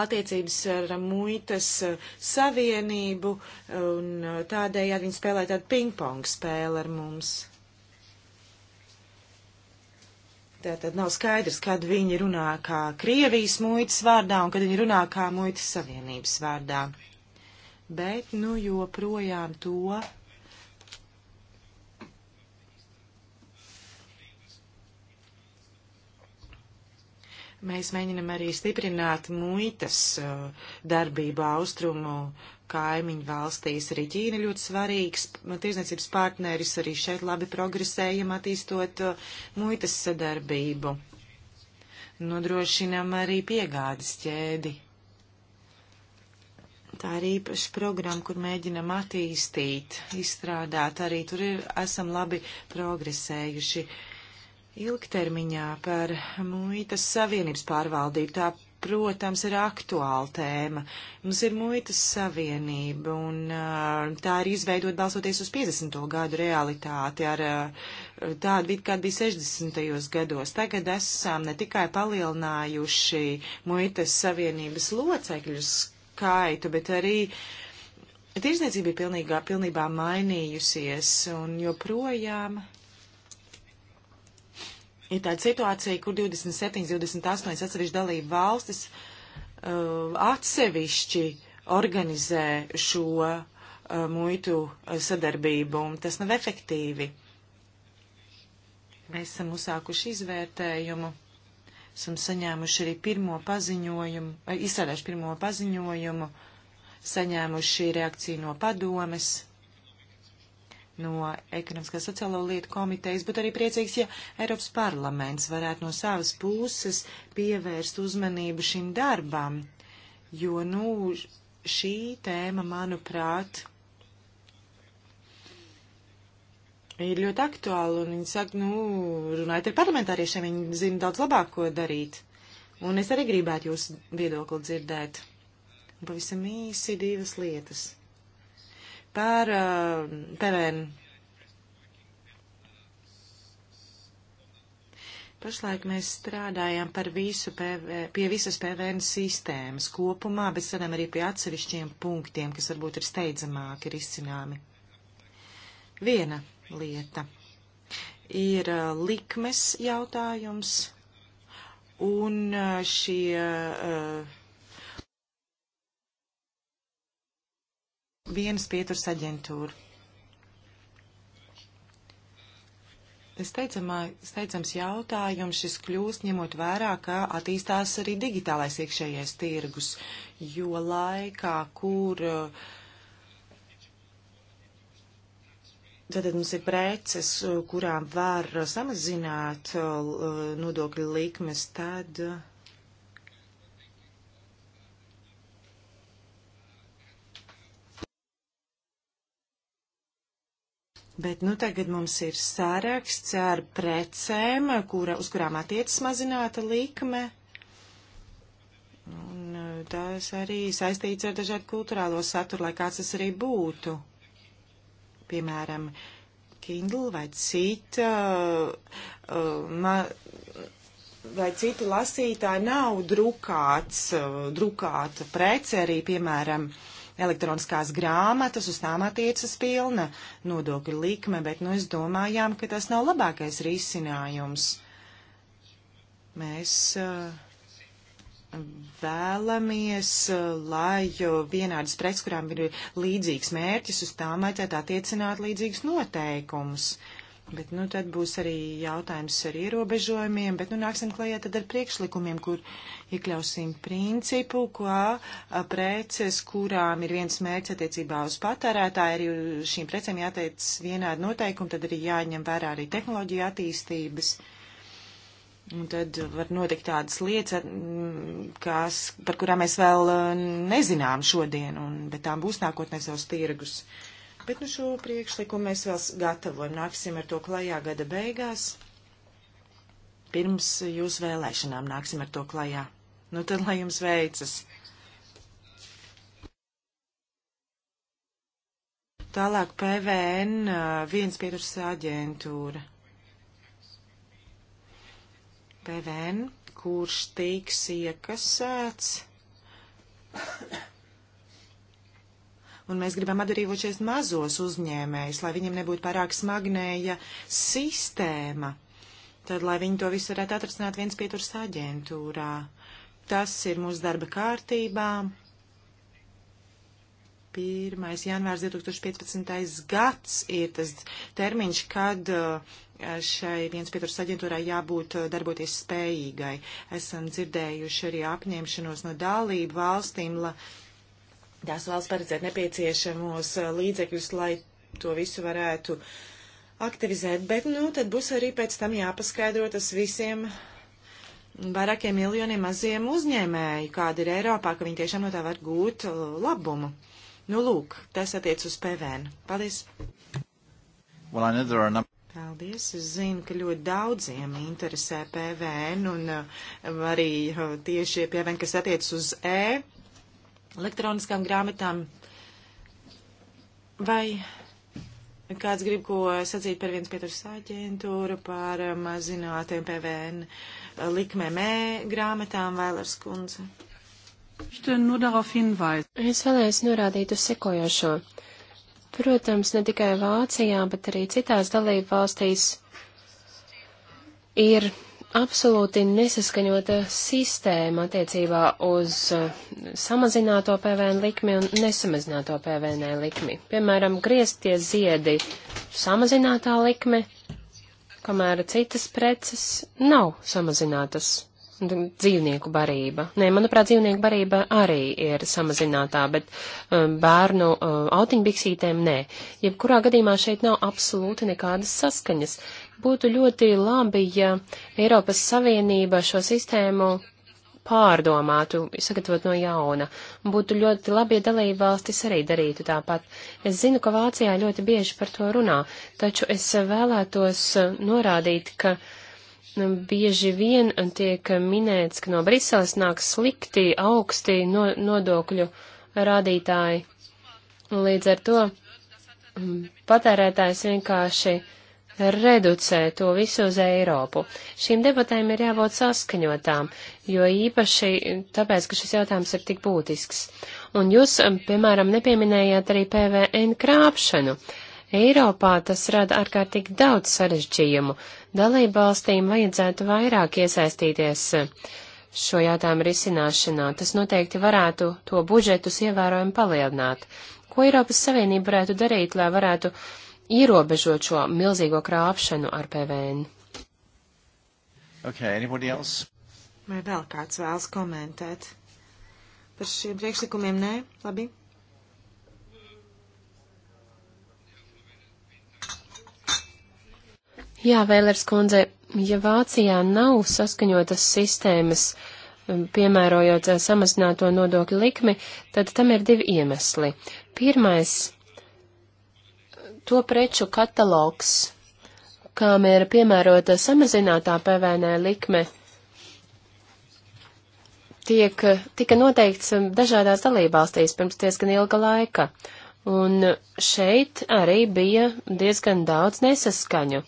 attiecības ar muitas uh, savienību, un uh, tādējādi viņi spēlē tādu pingpong spēli ar mums. Tātad nav skaidrs, kad viņi runā kā Krievijas muitas vārdā un kad viņi runā kā muitas savienības vārdā. Bet, nu, joprojām to Mēs mēģinam arī stiprināt muitas uh, darbību austrumu kaimiņu valstīs. Arī Ķīna ļoti svarīgs tirzniecības partneris, arī šeit labi progresējam attīstot uh, muitas sadarbību. Nodrošinam arī piegādes ķēdi. Tā ir īpaša programma, kur mēģinam attīstīt, izstrādāt. Arī tur ir, esam labi progresējuši ilgtermiņā par muitas savienības pārvaldību. Tā protams, ir aktuāla tēma. Mums ir muitas savienība, un uh, tā ir izveidot balsoties uz 50. gadu realitāti ar uh, tādu vidu, kāda bija 60. gados. Tagad esam ne tikai palielinājuši muitas savienības locekļu skaitu, bet arī tirsniecība ir pilnībā, pilnībā mainījusies un joprojām ir tāda situācija, kur 27, 28 atsevišķi dalību valstis uh, atsevišķi organizē šo uh, muitu uh, sadarbību, un tas nav efektīvi. Mēs esam uzsākuši izvērtējumu, esam saņēmuši arī pirmo paziņojumu, izstrādājuši pirmo paziņojumu, saņēmuši reakciju no padomes, no ekonomiskā sociālo lietu komitejas, bet arī priecīgs, ja Eiropas parlaments varētu no savas puses pievērst uzmanību šim darbam, jo, nu, šī tēma, manuprāt, ir ļoti aktuāla, un viņi saka, nu, runājot ar parlamentāriešiem, viņi zina daudz labāk, ko darīt. Un es arī gribētu jūsu viedokli dzirdēt. Pavisam īsi divas lietas par uh, PVN. Pašlaik mēs strādājam par visu PV, pie visas PVN sistēmas kopumā, bet sadam arī pie atsevišķiem punktiem, kas varbūt ir steidzamāki, ir izcināmi. Viena lieta ir uh, likmes jautājums un uh, šie uh, vienas pieturas aģentūru. Steidzamā, steidzams jautājums šis kļūst ņemot vērā, ka attīstās arī digitālais iekšējais tirgus, jo laikā, kur tad mums ir preces, kurām var samazināt uh, nodokļu likmes, tad. Uh, Bet nu, tagad mums ir saraksts ar precēm, kura, uz kurām attiecas mazināta likme. Un e, tas arī saistīts ar dažādu kultūrālo saturu, lai kāds tas arī būtu. Piemēram, Kindle vai cita, uh, ma, vai citi lasītāji nav drukāts, uh, drukāta prece arī, piemēram, uh, elektroniskās grāmatas, uz tām attiecas pilna nodokļu likme, bet nu es domājām, ka tas nav labākais risinājums. Mēs uh, vēlamies, uh, lai vienādas preces, kurām ir līdzīgs mērķis, uz tām vajadzētu attiecināt līdzīgus noteikumus. Uh, Bet, nu, tad būs arī jautājums ar ierobežojumiem, bet, nu, nāksim klajā tad ar priekšlikumiem, kur iekļausim principu, kā preces, kurām ir viens mērķis attiecībā uz patērētāju, arī šīm precēm jāteic vienādi noteikumi, tad arī jāņem vērā arī tehnoloģija attīstības. Un tad var notikt tādas lietas, kas, par kurām mēs vēl nezinām šodien, un, bet tām būs nākotnē savs tirgus. Uh, Bet nu šo priekšlikumu mēs vēl gatavojam. Nāksim ar to klajā gada beigās. Pirms jūs vēlēšanām nāksim ar to klajā. Nu tad, lai jums veicas. Tālāk PVN viens pieturs aģentūra. PVN, kurš tiks iekasēts Un mēs gribam atbrīvoties mazos uzņēmējus, lai viņiem nebūtu pārāk smagnēja sistēma. Tad, lai viņi to visu varētu atrasināt viens pieturs aģentūrā. Tas ir mūsu darba kārtībā. 1. janvārs 2015. gads ir tas termiņš, kad eh, šai viens pieturs aģentūrai jābūt eh, darboties spējīgai. Esam dzirdējuši arī apņemšanos no dalību valstīm, lai Tās valsts paredzēt nepieciešamos eh, līdzekļus, lai to visu varētu aktivizēt, bet, nu, tad būs arī pēc tam jāpaskaidro tas visiem vairākiem miljoniem maziem uzņēmēju, kāda ir Eiropā, ka viņi tiešām no tā var gūt eh, labumu. Nu, lūk, tas attiec uz PVN. Paldies! Well, I know there are number... Paldies! Es zinu, ka ļoti daudziem interesē PVN un eh, arī tieši PVN, kas attiec uz E elektroniskām grāmatām. Vai kāds grib ko sacīt par viens pieturas aģentūru, par um, mazinātiem PVN uh, likmēm grāmatām, Vailers kundze? Es vēlējos norādīt uz sekojošo. Protams, ne tikai Vācijā, bet arī citās dalību valstīs ir absolūti nesaskaņota sistēma attiecībā uz eh, samazināto PVN likmi un nesamazināto PVN likmi. Piemēram, grieztie ziedi samazinātā likme, kamēr citas preces nav samazinātas. Dzīvnieku barība. Nē, manuprāt, dzīvnieku barība arī ir samazinātā, bet um, bērnu um, autiņbiksītēm nē. Jebkurā gadījumā šeit nav absolūti nekādas saskaņas. Uh, Būtu ļoti labi, ja Eiropas Savienība šo sistēmu pārdomātu, sagatavot no jauna. Būtu ļoti labi, ja dalībvalstis arī darītu tāpat. Es zinu, ka Vācijā ļoti bieži par to runā, taču es vēlētos norādīt, ka nu, bieži vien tiek minēts, ka no Briseles nāk slikti, augsti no, nodokļu rādītāji. Līdz ar to mm, patērētājs vienkārši reducē to visu uz Eiropu. Šīm debatēm ir jābūt saskaņotām, jo īpaši tāpēc, ka šis jautājums ir tik būtisks. Un jūs, um, piemēram, nepieminējāt arī PVN krāpšanu. Eiropā tas rada ārkārtīgi daudz sarežģījumu. Dalību valstīm vajadzētu vairāk iesaistīties uh, šo jautājumu risināšanā. Tas noteikti varētu to budžetus ievērojami palielināt. Ko Eiropas Savienība varētu darīt, lai varētu uh, ierobežot šo milzīgo krāpšanu ar PVN. Okay, anybody else? Vai vēl kāds vēlas komentēt? Par šiem priekšlikumiem nē, labi. Jā, Vēlers kundze, ja Vācijā nav saskaņotas sistēmas, um, piemērojot uh, samazināto nodokļu likmi, tad tam ir divi iemesli. Pirmais to preču katalogs, kam ir piemērota samazinātā PVN likme, tiek, tika noteikts um, dažādās dalībvalstīs pirms diezgan ilga laika. Un šeit arī bija diezgan daudz nesaskaņu.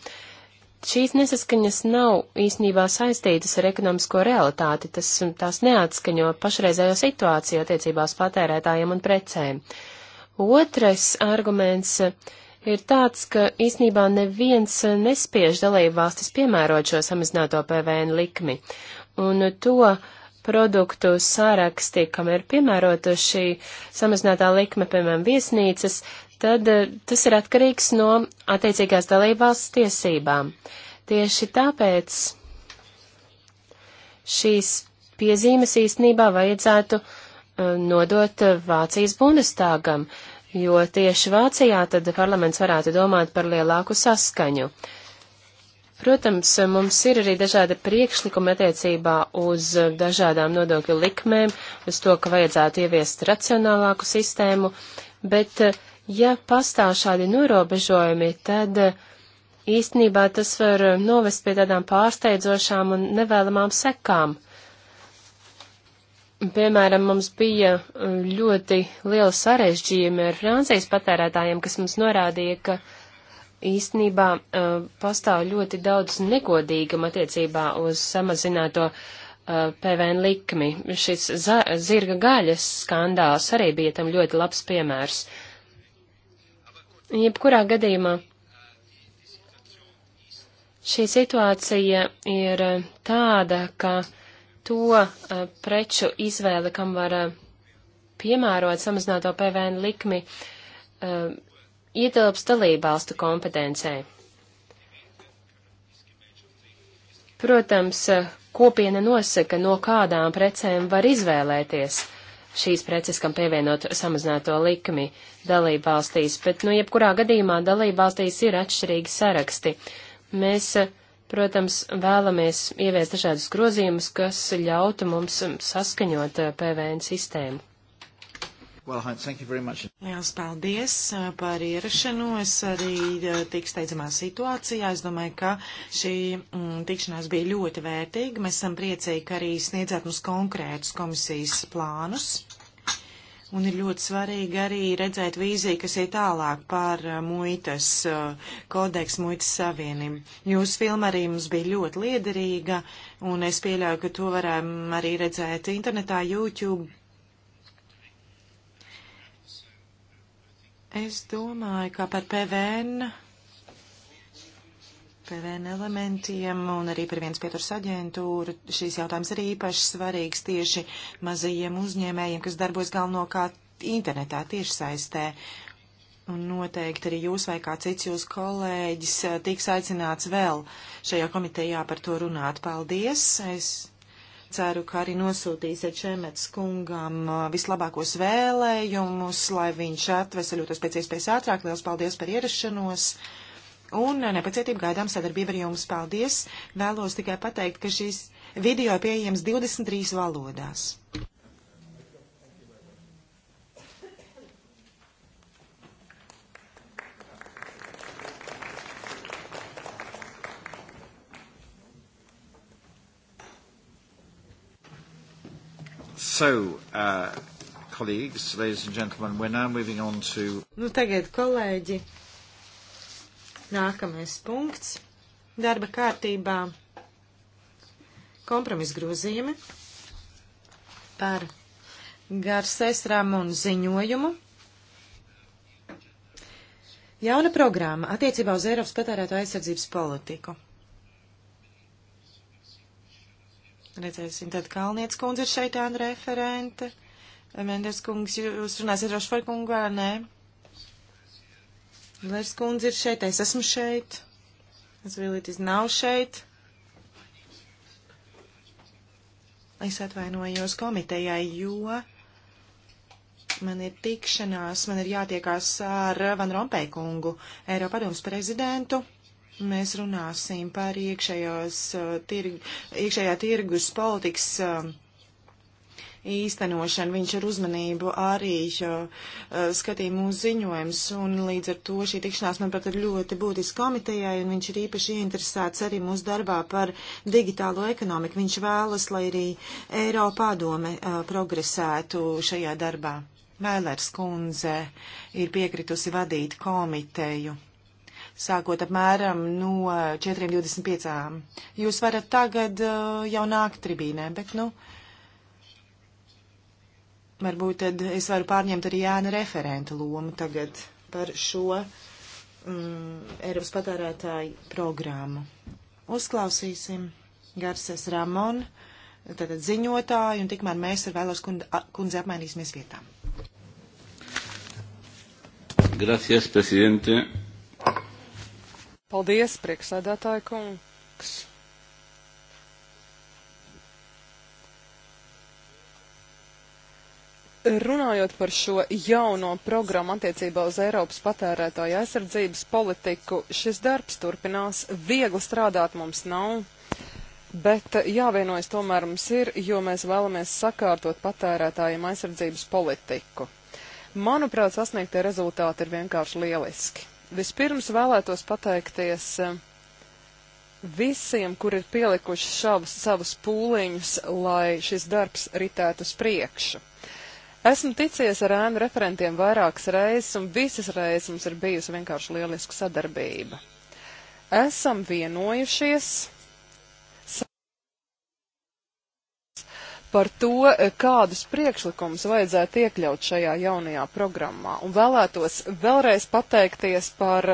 Šīs nesaskaņas nav īsnībā saistītas ar ekonomisko realitāti, tas, um, tās neatskaņo pašreizējo situāciju attiecībās patērētājiem un precēm. Otrais arguments uh, ir tāds, ka īsnībā neviens nespiež dalību valstis piemērot šo samazināto PVN likmi. Un to produktu sāraksti, kam ir piemērota šī samazinātā likme, piemēram, viesnīcas, tad eh, tas ir atkarīgs no attiecīgās dalību valsts tiesībām. Tieši tāpēc šīs piezīmes īstenībā vajadzētu eh, nodot Vācijas bundestāgam. Uh, jo tieši Vācijā tad parlaments varētu domāt par lielāku saskaņu. Protams, mums ir arī dažādi priekšlikumi attiecībā uz dažādām nodokļu likmēm, uz to, ka vajadzētu ieviest racionālāku sistēmu, bet ja pastāv šādi norobežojumi, tad īstenībā tas var novest pie tādām pārsteidzošām un nevēlamām sekām. Piemēram, mums bija uh, ļoti liela sarežģījuma ar Francijas patērētājiem, kas mums norādīja, ka īstenībā uh, pastāv ļoti daudz negodīgam attiecībā uz samazināto uh, PVN likmi. Šis zirga gaļas skandāls arī bija tam ļoti labs piemērs. Jebkurā gadījumā šī situācija ir uh, tāda, ka uh, to eh, preču izvēle, kam var eh, piemērot samazināto PVN likmi, eh, ietilps dalībvalstu kompetencē. Protams, kopiena nosaka, no kādām precēm var izvēlēties šīs preces, kam pievienot samazināto likmi dalībvalstīs, bet, nu, jebkurā gadījumā dalībvalstīs ir atšķirīgi saraksti. Mēs uh, Protams, vēlamies ieviest dažādus grozījumus, kas ļautu mums saskaņot eh, PVN sistēmu. Well, Heinz, thank you very much. Lielas paldies eh, par ierašanos arī eh, tik steidzamā situācijā. Es domāju, ka šī mm, tikšanās bija ļoti vērtīga. Mēs esam priecīgi, ka arī sniedzāt mums konkrētus komisijas plānus. Un ir ļoti svarīgi arī redzēt vīziju, kas ir tālāk par eh, muitas eh, kodeksu, muitas savienību. Jūsu filma arī mums bija ļoti liederīga, un es pieļauju, ka to varam arī redzēt internetā, YouTube. Es domāju, ka par PVN PVN elementiem un arī par viens pieturs aģentūru. Šīs jautājums ir īpaši svarīgs tieši mazajiem uzņēmējiem, kas darbojas galvenokārt internetā tieši saistē. Un noteikti arī jūs vai kā cits jūs kolēģis eh, tiks aicināts vēl šajā komitejā par to runāt. Paldies! Es ceru, ka arī nosūtīsiet Čemets kungam eh, vislabākos vēlējumus, lai viņš atveseļotos pēc iespējas ātrāk. Liels paldies par ierašanos! un nepacietību gaidām sadarbību ar jums. Paldies! Vēlos tikai pateikt, ka šis video pieejams 23 valodās. So, uh, colleagues, ladies and gentlemen, we're now moving on to... Nu, tagad, kolēģi, Nākamais punkts darba kārtībā kompromis grozījumi par Garsēs Ramonu ziņojumu. Jauna programma attiecībā uz Eiropas patērēto aizsardzības politiku. Redzēsim, tad Kalniec kundze ir šeit, Anna referente. Mendes kungs, jūs runāsiet Rošvar kungu, vai nē? Lērs kundze ir šeit, es esmu šeit. Zvilītis nav šeit. Es atvainojos komitejai, jo man ir tikšanās, man ir jātiekās ar Van Rompēkungu, Eiropadoms prezidentu. Mēs runāsim par iekšējos, uh, tirg, iekšējā tirgus politikas uh, īstenošanu. Viņš ar uzmanību arī eh, skatīja mūsu ziņojums, un līdz ar to šī tikšanās, manuprāt, ir ļoti būtiska komitejai, un viņš ir īpaši ieinteresēts arī mūsu darbā par digitālo ekonomiku. Viņš vēlas, lai arī Eiropa padome eh, progresētu šajā darbā. Vēlers kundze ir piekritusi vadīt komiteju, sākot apmēram no 4.25. Jūs varat tagad eh, jau nākt tribīnē, bet, nu, uh, Varbūt tad es varu pārņemt arī Jāna referenta lomu tagad par šo mm, Eiropas patērētāju programmu. Uzklausīsim Garces Ramon, tātad ziņotāju, un tikmēr mēs ar vēlos kundzi apmainīsimies vietām. Gracias, presidente. Paldies, prieksēdētāju kungs. Runājot par šo jauno programmu attiecībā uz Eiropas patērētāju aizsardzības politiku, šis darbs turpinās. Viegli strādāt mums nav, bet jāvienojas tomēr mums ir, jo mēs vēlamies sakārtot patērētājiem aizsardzības politiku. Manuprāt, sasniegtie rezultāti ir vienkārši lieliski. Vispirms vēlētos pateikties eh, visiem, kur ir pielikuši šavus, savus pūliņus, lai šis darbs ritētu uz priekšu. Esmu ticies ar ēnu referentiem vairākas reizes, un visas reizes mums ir bijusi vienkārši lieliska sadarbība. Esam vienojušies par to, kādus priekšlikumus vajadzētu iekļaut šajā jaunajā programmā, un vēlētos vēlreiz pateikties par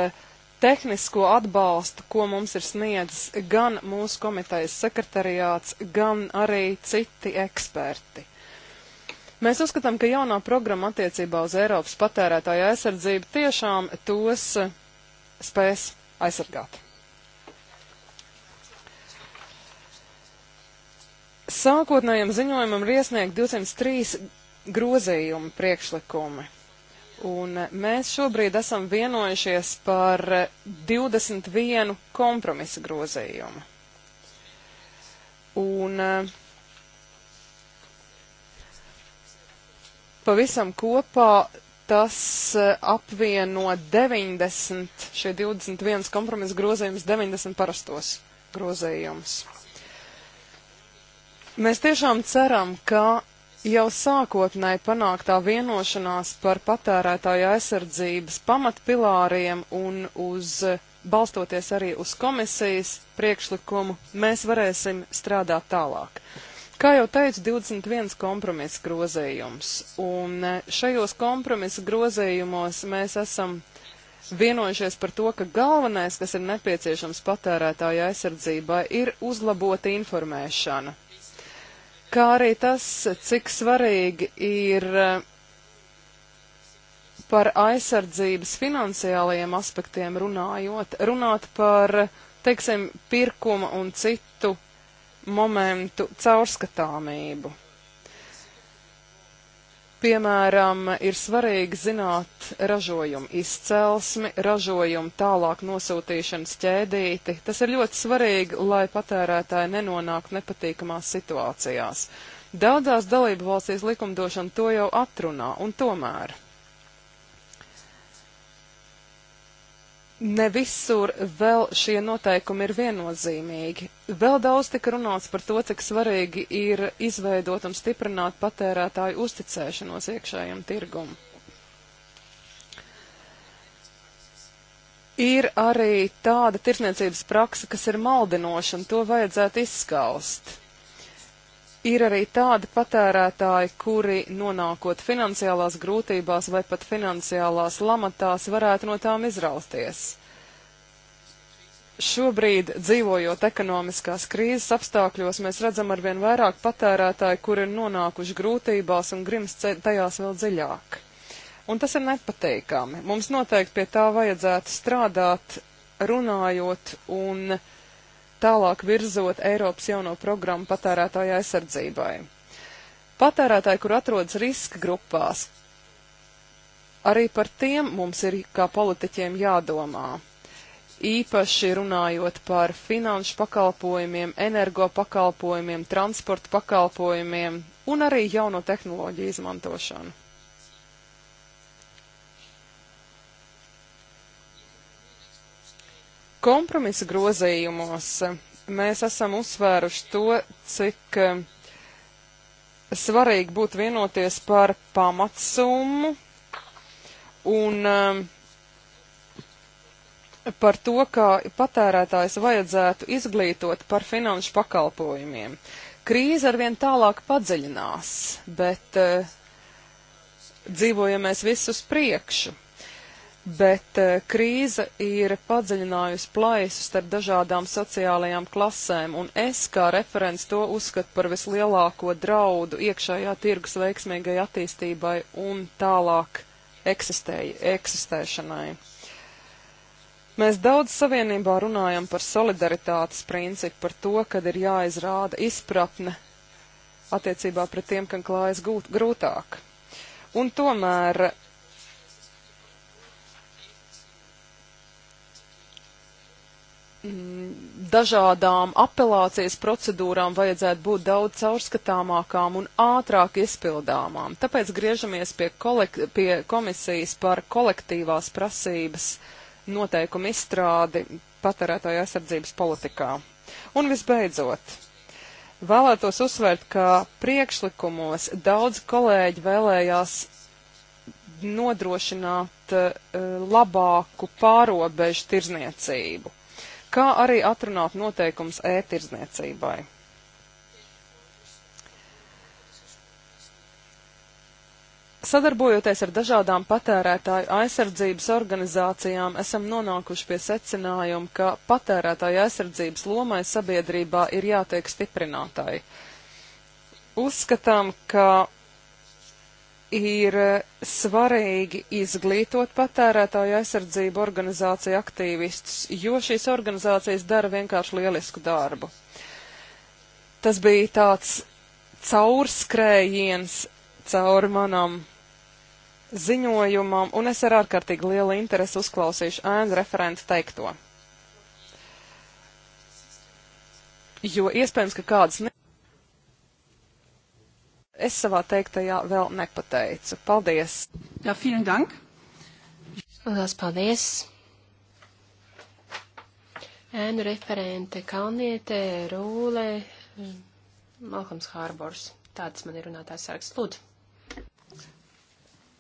tehnisko atbalstu, ko mums ir sniedzis gan mūsu komitejas sekretariāts, gan arī citi eksperti. Mēs uzskatām, ka jaunā programma attiecībā uz Eiropas patērētāju aizsardzību tiešām tos eh, spēs aizsargāt. Sākotnējam ziņojumam ir iesniegt 203 grozījumi priekšlikumi. Un eh, mēs šobrīd esam vienojušies par 21 eh, kompromisa grozījumu. Un uh, Pavisam kopā tas eh, apvieno 90, šie 21 kompromisa grozījums, 90 parastos grozījums. Mēs tiešām ceram, ka jau sākotnēji panāktā vienošanās par patērētāju aizsardzības pamatpilāriem un uz balstoties arī uz komisijas priekšlikumu, mēs varēsim strādāt tālāk. Kā jau teicu, 21 kompromisa grozējums, un e, šajos kompromisa grozējumos mēs esam vienojušies par to, ka galvenais, kas ir nepieciešams patērētāja aizsardzībai, ir uzlabota informēšana. Kā arī tas, cik svarīgi ir e, par aizsardzības finansiālajiem aspektiem runājot, runāt par, teiksim, pirkuma un citu momentu caurskatāmību. Piemēram, ir svarīgi zināt ražojumu izcelsmi, ražojumu tālāk nosūtīšanas ķēdīti. Tas ir ļoti svarīgi, lai patērētāji nenonāktu nepatīkamās situācijās. Daudzās dalību valstīs likumdošana to jau atrunā, un tomēr ne visur vēl šie noteikumi ir viennozīmīgi. Vēl daudz tika runāts par to, cik svarīgi ir izveidot un stiprināt patērētāju uzticēšanos iekšējiem tirgumam. Ir arī tāda tirsniecības praksa, kas ir maldinoša, un to vajadzētu izskaust. Ir arī tādi patērētāji, kuri nonākot finansiālās grūtībās vai pat finansiālās lamatās varētu no tām izrausties. Šobrīd, dzīvojot ekonomiskās krīzes apstākļos, mēs redzam arvien vairāk patērētāju, kuri ir nonākuši grūtībās un grims tajās vēl dziļāk. Un tas ir nepateikami. Mums noteikti pie tā vajadzētu strādāt, runājot un uh, tālāk virzot Eiropas jauno programmu patērētāju aizsardzībai. Patērētāji, kur atrodas riska grupās, arī par tiem mums ir kā politiķiem jādomā. Īpaši runājot par finanšu pakalpojumiem, energo pakalpojumiem, transporta pakalpojumiem un arī jauno tehnoloģiju izmantošanu. Kompromisa grozījumos mēs esam uzsvēruši to, cik eh, svarīgi būtu vienoties par pamatsummu un eh, par to, kā patērētājs vajadzētu izglītot par finanšu pakalpojumiem. Krīze arvien tālāk padziļinās, bet eh, dzīvojamies visus priekšu bet eh, krīze ir padziļinājusi plaisu starp dažādām sociālajām klasēm, un es kā referents to uzskatu par vislielāko draudu iekšējā tirgus veiksmīgai attīstībai un tālāk eksistēji, eksistēšanai. Mēs daudz savienībā runājam par solidaritātes principu, par to, kad ir jāizrāda izpratne attiecībā pret tiem, kam klājas gūt, grūtāk. Un tomēr Mm, dažādām apelācijas procedūrām vajadzētu būt daudz caurskatāmākām un ātrāk izpildāmām. Tāpēc griežamies pie, kolek pie komisijas par kolektīvās prasības noteikumu izstrādi patērētāju aizsardzības politikā. Un visbeidzot, vēlētos uzsvērt, ka priekšlikumos daudz kolēģi vēlējās nodrošināt uh, labāku pārobežu tirzniecību kā arī atrunāt noteikums e-tirdzniecībai. Sadarbojoties ar dažādām patērētāju aizsardzības organizācijām, esam nonākuši pie secinājuma, ka patērētāju aizsardzības lomai sabiedrībā ir jātiek stiprinātai. Uzskatām, ka ir eh, svarīgi izglītot patērētāju aizsardzību organizāciju aktīvistus, jo šīs organizācijas dara vienkārši lielisku darbu. Tas bija tāds caurskrējiens cauri manam ziņojumam, un es ar ārkārtīgi lielu interesi uzklausīšu ēnu referentu teikto. Jo iespējams, ka kādas ne es savā teiktajā vēl nepateicu. Paldies! Jā, ja, vielen dank! Lielas paldies! Ēnu referente Kalniete, Rūle, Malkams Hārbors. Tāds man ir runātājs saraksts. Lūdzu!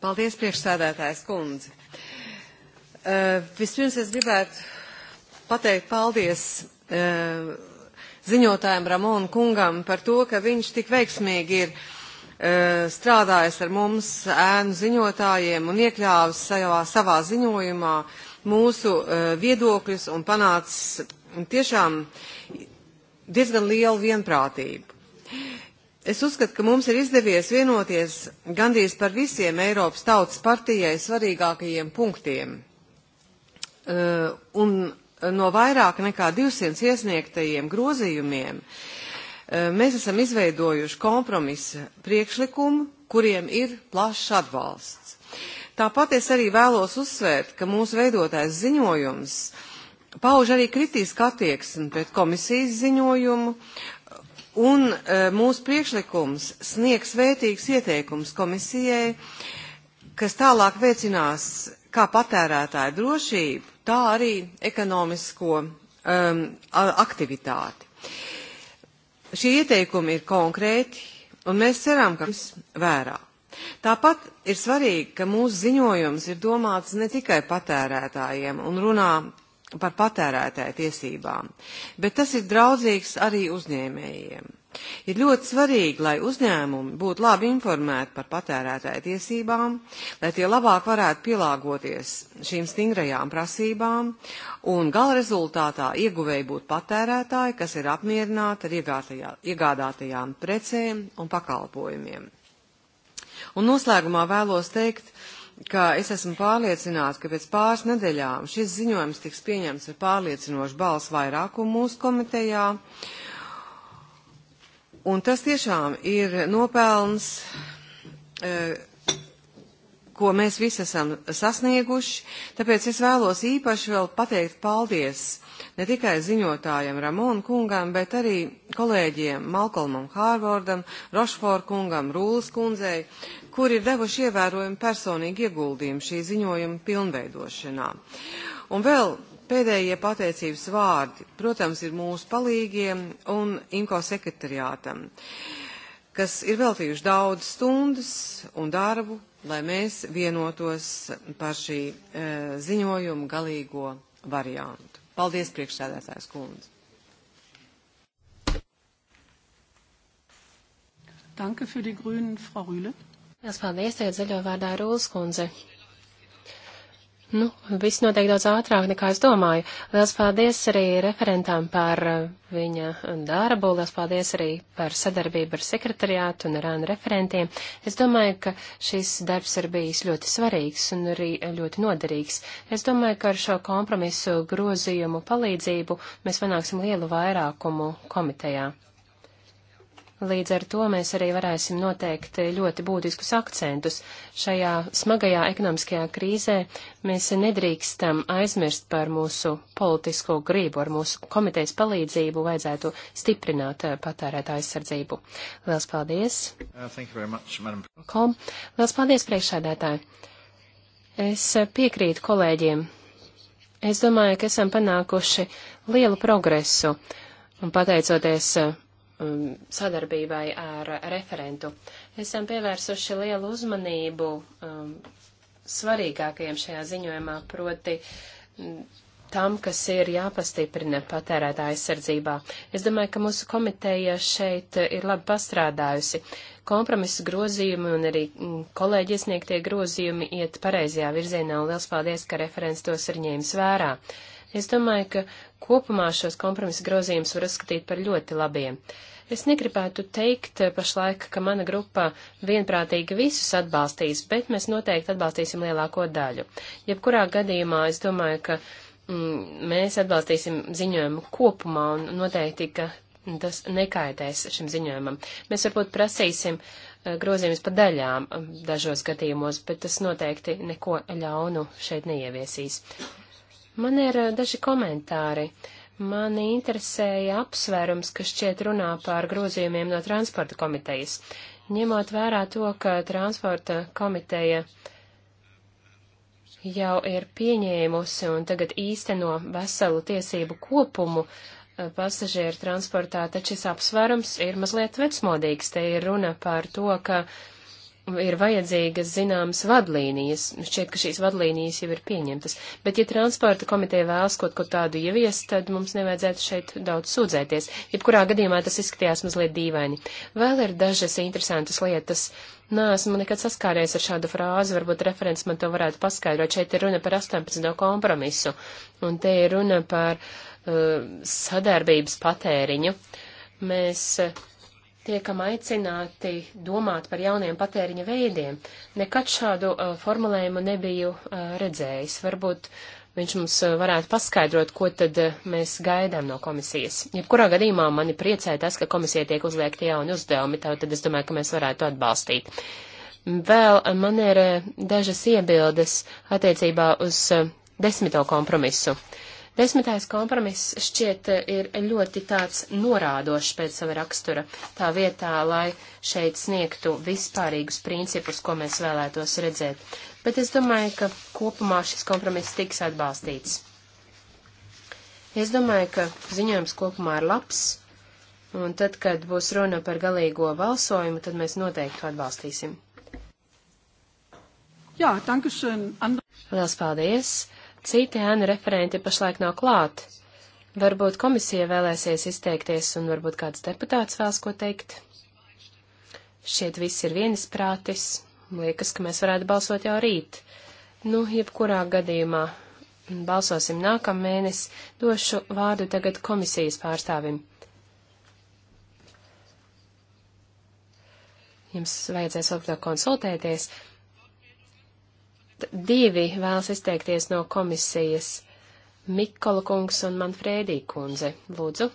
Paldies, priekšsēdētājs kundze! Uh, vispirms es gribētu pateikt paldies uh, ziņotājiem Ramonu kungam par to, ka viņš tik veiksmīgi ir uh, E, strādājis ar mums, ēnu ziņotājiem un iekļāvis savā, savā ziņojumā mūsu e, viedokļus un panācis tiešām diezgan lielu vienprātību. Es uzskatu, ka mums ir izdevies vienoties gandrīz par visiem Eiropas tautas partijai svarīgākajiem punktiem. E, un no vairāk nekā 200 iesniegtajiem grozījumiem uh, Eh, mēs esam izveidojuši kompromisa priekšlikumu, kuriem ir plašs atbalsts. Tāpat es arī vēlos uzsvērt, ka mūsu veidotājs ziņojums pauž arī kritisku attieksmi pret komisijas ziņojumu, un eh, mūsu priekšlikums sniegs vērtīgs ieteikums komisijai, kas tālāk veicinās kā patērētāja drošību, tā arī ekonomisko um, aktivitāti. Uh, Šie ieteikumi ir konkrēti, un mēs ceram, ka viss vērā. Tāpat ir svarīgi, ka mūsu ziņojums ir domāts ne tikai patērētājiem un runā par patērētāju tiesībām, bet tas ir draudzīgs arī uzņēmējiem. Ir ļoti svarīgi, lai uzņēmumi būtu labi informēti par patērētāju tiesībām, lai tie labāk varētu pielāgoties šīm stingrajām prasībām, un gala rezultātā ieguvēji būtu patērētāji, kas ir apmierināti ar iegādātajām precēm un pakalpojumiem. Un noslēgumā vēlos teikt, ka es esmu pārliecināts, ka pēc pāris nedēļām šis ziņojums tiks pieņemts ar pārliecinošu balsu vairākumu mūsu komitejā, uh, Un tas tiešām ir nopelns, eh, ko mēs visi esam sasnieguši, tāpēc es vēlos īpaši vēl pateikt paldies ne tikai ziņotājiem Ramona kungam, bet arī kolēģiem Malkolmam Hārvordam, Rošfor kungam, Rūlas kundzei, kuri ir devuši ievērojumu personīgi ieguldījumu šī ziņojuma pilnveidošanā. Un vēl pēdējie pateicības vārdi, protams, ir mūsu palīgiem un IMCO sekretariātam, kas ir veltījuši daudz stundas un darbu, lai mēs vienotos par šī e, ziņojuma galīgo variantu. Paldies, priekšsēdētājs kundze! Danke für die Grünen, Frau Rühle. Es paldies, teica zaļo vārdā Rūlas kundze. Nu, viss notiek daudz ātrāk, nekā es domāju. Liels paldies arī referentām par uh, viņa darbu, liels paldies arī par sadarbību ar sekretariātu un ar ANU referentiem. Es domāju, ka šis darbs ir bijis ļoti svarīgs un arī ļoti noderīgs. Es domāju, ka ar šo kompromisu grozījumu palīdzību mēs panāksim lielu vairākumu komitejā. Līdz ar to mēs arī varēsim noteikt ļoti būtiskus akcentus. Šajā smagajā ekonomiskajā krīzē mēs nedrīkstam aizmirst par mūsu politisko grību, ar mūsu komitejas palīdzību vajadzētu stiprināt eh, patērētāju aizsardzību. Lielas paldies! Uh, much, Kom. Lielas paldies, priekšsēdētāji! Es eh, piekrītu kolēģiem. Es domāju, ka esam panākuši lielu progresu, un pateicoties eh, um, sadarbībai ar referentu. Esam pievērsuši lielu uzmanību um, svarīgākajiem šajā ziņojumā, proti um, tam, kas ir jāpastiprina patērētāja aizsardzībā. Es domāju, ka mūsu komiteja šeit ir labi pastrādājusi. Kompromisu grozījumi un arī mm, kolēģi iesniegtie grozījumi iet pareizajā virzienā, un liels paldies, ka referents tos ir ņēmis vērā. Es domāju, ka Kopumā šos kompromisa grozījumus var uzskatīt par ļoti labiem. Es negribētu teikt pašlaik, ka mana grupa vienprātīgi visus atbalstīs, bet mēs noteikti atbalstīsim lielāko daļu. Jebkurā gadījumā es domāju, ka mm, mēs atbalstīsim ziņojumu kopumā un noteikti, ka tas nekaitēs šim ziņojumam. Mēs varbūt prasīsim eh, grozījumus pa daļām eh, dažos gadījumos, bet tas noteikti neko ļaunu šeit neieviesīs. Man ir eh, daži komentāri. Mani interesēja apsvērums, kas šķiet runā par grozījumiem no transporta komitejas. Ņemot vērā to, ka transporta komiteja jau ir pieņēmusi un tagad īsteno veselu tiesību kopumu eh, pasažieru transportā, taču šis apsvērums ir mazliet vecmodīgs. Te ir runa par to, ka uh, ir vajadzīgas zināmas vadlīnijas. Šķiet, ka šīs vadlīnijas jau ir pieņemtas. Bet, ja transporta komiteja vēlas kaut ko tādu ieviest, tad mums nevajadzētu šeit daudz sūdzēties. Jebkurā gadījumā tas izskatījās mazliet dīvaini. Vēl ir dažas interesantas lietas. Nē, esmu nekad saskāries ar šādu frāzi, varbūt referents man to varētu paskaidrot. Šeit ir runa par 18. kompromisu, un te ir runa par uh, sadarbības patēriņu. Mēs uh, tiekam aicināti domāt par jauniem patēriņa veidiem. Nekad šādu uh, formulējumu nebiju uh, redzējis. Varbūt uh, viņš mums uh, varētu paskaidrot, ko tad uh, mēs gaidām no komisijas. Jebkurā gadījumā mani priecē tas, ka komisija tiek uzliekti jauni uzdevumi, tad es domāju, ka mēs varētu atbalstīt. Vēl man ir dažas iebildes attiecībā uz desmito kompromisu. Uh, Desmitais kompromiss šķiet eh, ir ļoti tāds norādošs pēc sava rakstura, tā vietā, lai šeit sniegtu vispārīgus principus, ko mēs vēlētos redzēt. Bet es domāju, ka kopumā šis kompromiss tiks atbalstīts. Es domāju, ka ziņojums kopumā ir labs, un tad, kad būs runa par galīgo balsojumu, tad mēs noteikti to atbalstīsim. Jā, tankušen. Lielas paldies. Citi ēnu referenti pašlaik nav klāt. Varbūt komisija vēlēsies izteikties un varbūt kāds deputāts vēlas ko teikt. Šeit viss ir vienisprātis. Liekas, ka mēs varētu balsot jau rīt. Nu, jebkurā gadījumā balsosim nākamēnes, došu vārdu tagad komisijas pārstāvim. Jums vajadzēs vēl konsultēties divi vēlas izteikties no komisijas. Mikola kungs un Manfrēdī kundze. Lūdzu.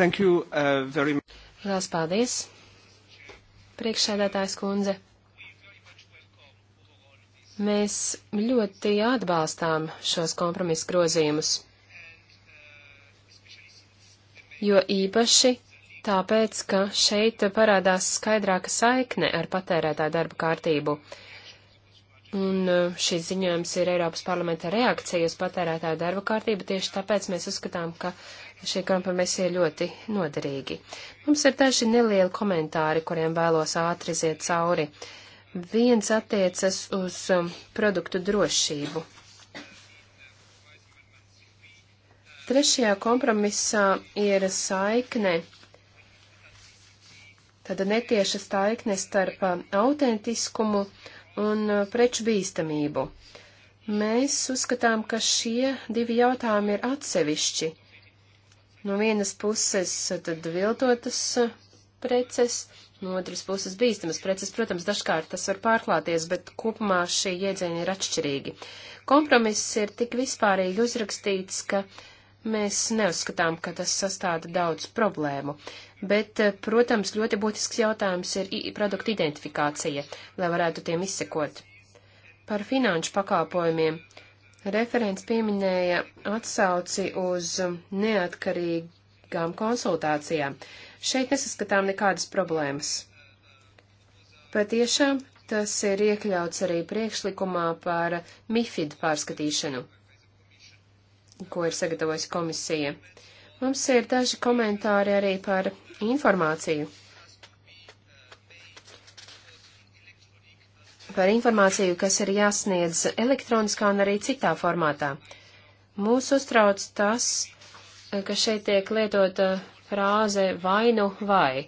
Thank you uh, very much. Lielas paldies. Priekšsēdētājs kundze. Mēs ļoti atbalstām šos kompromisu grozījumus, jo īpaši tāpēc, ka šeit parādās skaidrāka saikne ar patērētāju darba kārtību. Un uh, šis ziņojums ir Eiropas parlamenta reakcija uz patērētāju darba kārtību, tieši tāpēc mēs uzskatām, ka šie kompromisi ir ļoti noderīgi. Mums ir daži nelieli komentāri, kuriem vēlos ātri iziet cauri. Viens attiecas uz um, produktu drošību. Trešajā kompromisā ir saikne tāda netieša staikne starp um, autentiskumu un uh, preču bīstamību. Mēs uzskatām, ka šie divi jautājumi ir atsevišķi. No vienas puses tad viltotas uh, preces, no otras puses bīstamas preces. Protams, dažkārt tas var pārklāties, bet kopumā šī jēdzieni ir atšķirīgi. Kompromiss ir tik vispārīgi uzrakstīts, ka uh, Mēs neuzskatām, ka tas sastāda daudz problēmu, bet, eh, protams, ļoti būtisks jautājums ir produktu identifikācija, lai varētu tiem izsekot. Par finanšu pakāpojumiem referents pieminēja atsauci uz neatkarīgām konsultācijām. Šeit nesaskatām nekādas problēmas. Patiešām tas ir iekļauts arī priekšlikumā par MIFID pārskatīšanu ko ir sagatavojusi komisija. Mums ir daži komentāri arī par informāciju. Par informāciju, kas ir jāsniedz elektroniskā un arī citā formātā. Mūs uztrauc tas, ka šeit tiek lietota frāze vai nu vai.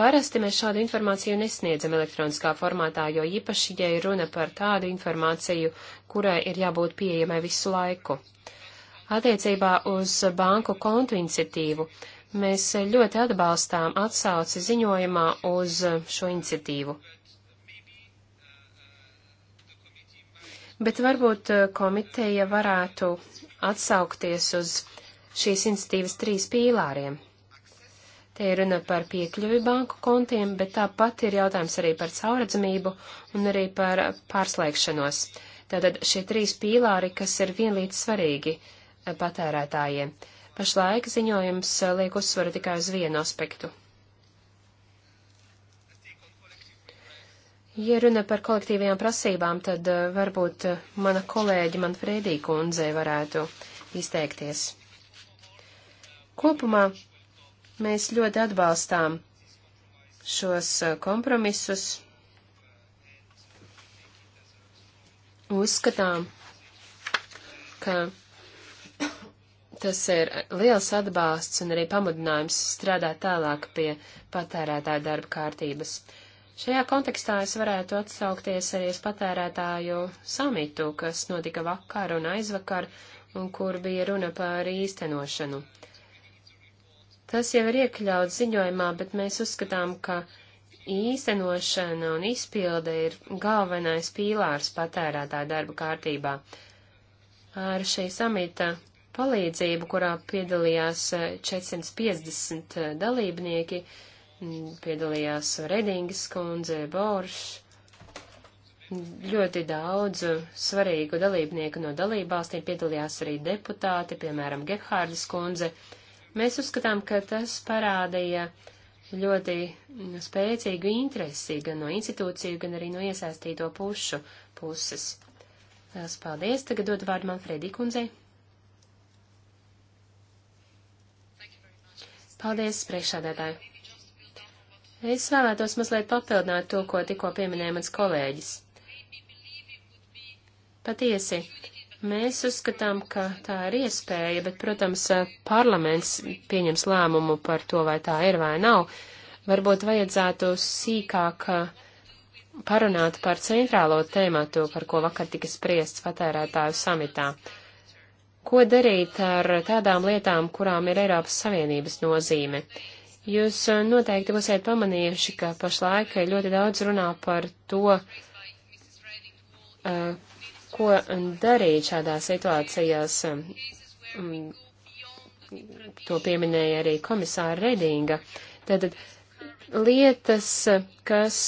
Parasti mēs šādu informāciju nesniedzam elektroniskā formātā, jo īpaši, ja ir runa par tādu informāciju, kurai ir jābūt pieejamai visu laiku. Uh, Attiecībā uz banku kontu iniciatīvu mēs ļoti atbalstām atsauci ziņojumā uz šo iniciatīvu. Bet varbūt eh, komiteja varētu atsaukties uz šīs institīvas trīs pīlāriem. Te ir runa par piekļuvi banku kontiem, bet tāpat ir jautājums arī par cauradzamību un arī par pārslēgšanos. Tātad šie trīs pīlāri, kas ir vienlīdz svarīgi patērētājiem. Pašlaik ziņojums eh, liek uzsvaru tikai uz vienu aspektu. Ja runa par kolektīvajām prasībām, tad eh, varbūt eh, mana kolēģi Manfredī kundzei varētu izteikties. Kopumā mēs ļoti atbalstām šos kompromisus, uzskatām, ka Tas ir liels atbalsts un arī pamudinājums strādāt tālāk pie patērētāja darba kārtības. Šajā kontekstā es varētu atsaukties arī uz patērētāju samitu, kas notika vakar un aizvakar, un kur bija runa par īstenošanu. Tas jau ir iekļauts ziņojumā, bet mēs uzskatām, ka īstenošana un izpilde ir galvenais pīlārs patērētāja darba kārtībā. Ar šī samita palīdzību, kurā piedalījās 450 eh, eh, dalībnieki, mm, piedalījās Redingas kundze, Boršs, ļoti daudz svarīgu dalībnieku no dalībvalstīm piedalījās arī deputāti, piemēram, Gehārdas kundze. Mēs uzskatām, ka tas parādīja ļoti mm, spēcīgu interesi gan no institūciju, gan arī no iesaistīto pušu puses. Lielas paldies! Tagad dod vārdu Manfredi kundzei. Paldies, priekšādētāji! Es vēlētos mazliet papildināt to, ko tikko pieminēja mans kolēģis. Patiesi, mēs uzskatām, ka tā ir iespēja, bet, protams, parlaments pieņems lēmumu par to, vai tā ir vai nav. Varbūt vajadzētu sīkāk eh, parunāt par centrālo tēmatu, par ko vakar tika spriests patērētāju samitā. Uh, Ko darīt ar tādām lietām, kurām ir Eiropas Savienības nozīme? Jūs uh, noteikti būsiet pamanījuši, ka pašlaik ļoti daudz runā par to, uh, ko darīt šādā situācijās. Um, to pieminēja arī komisāra Redinga. Tātad lietas, kas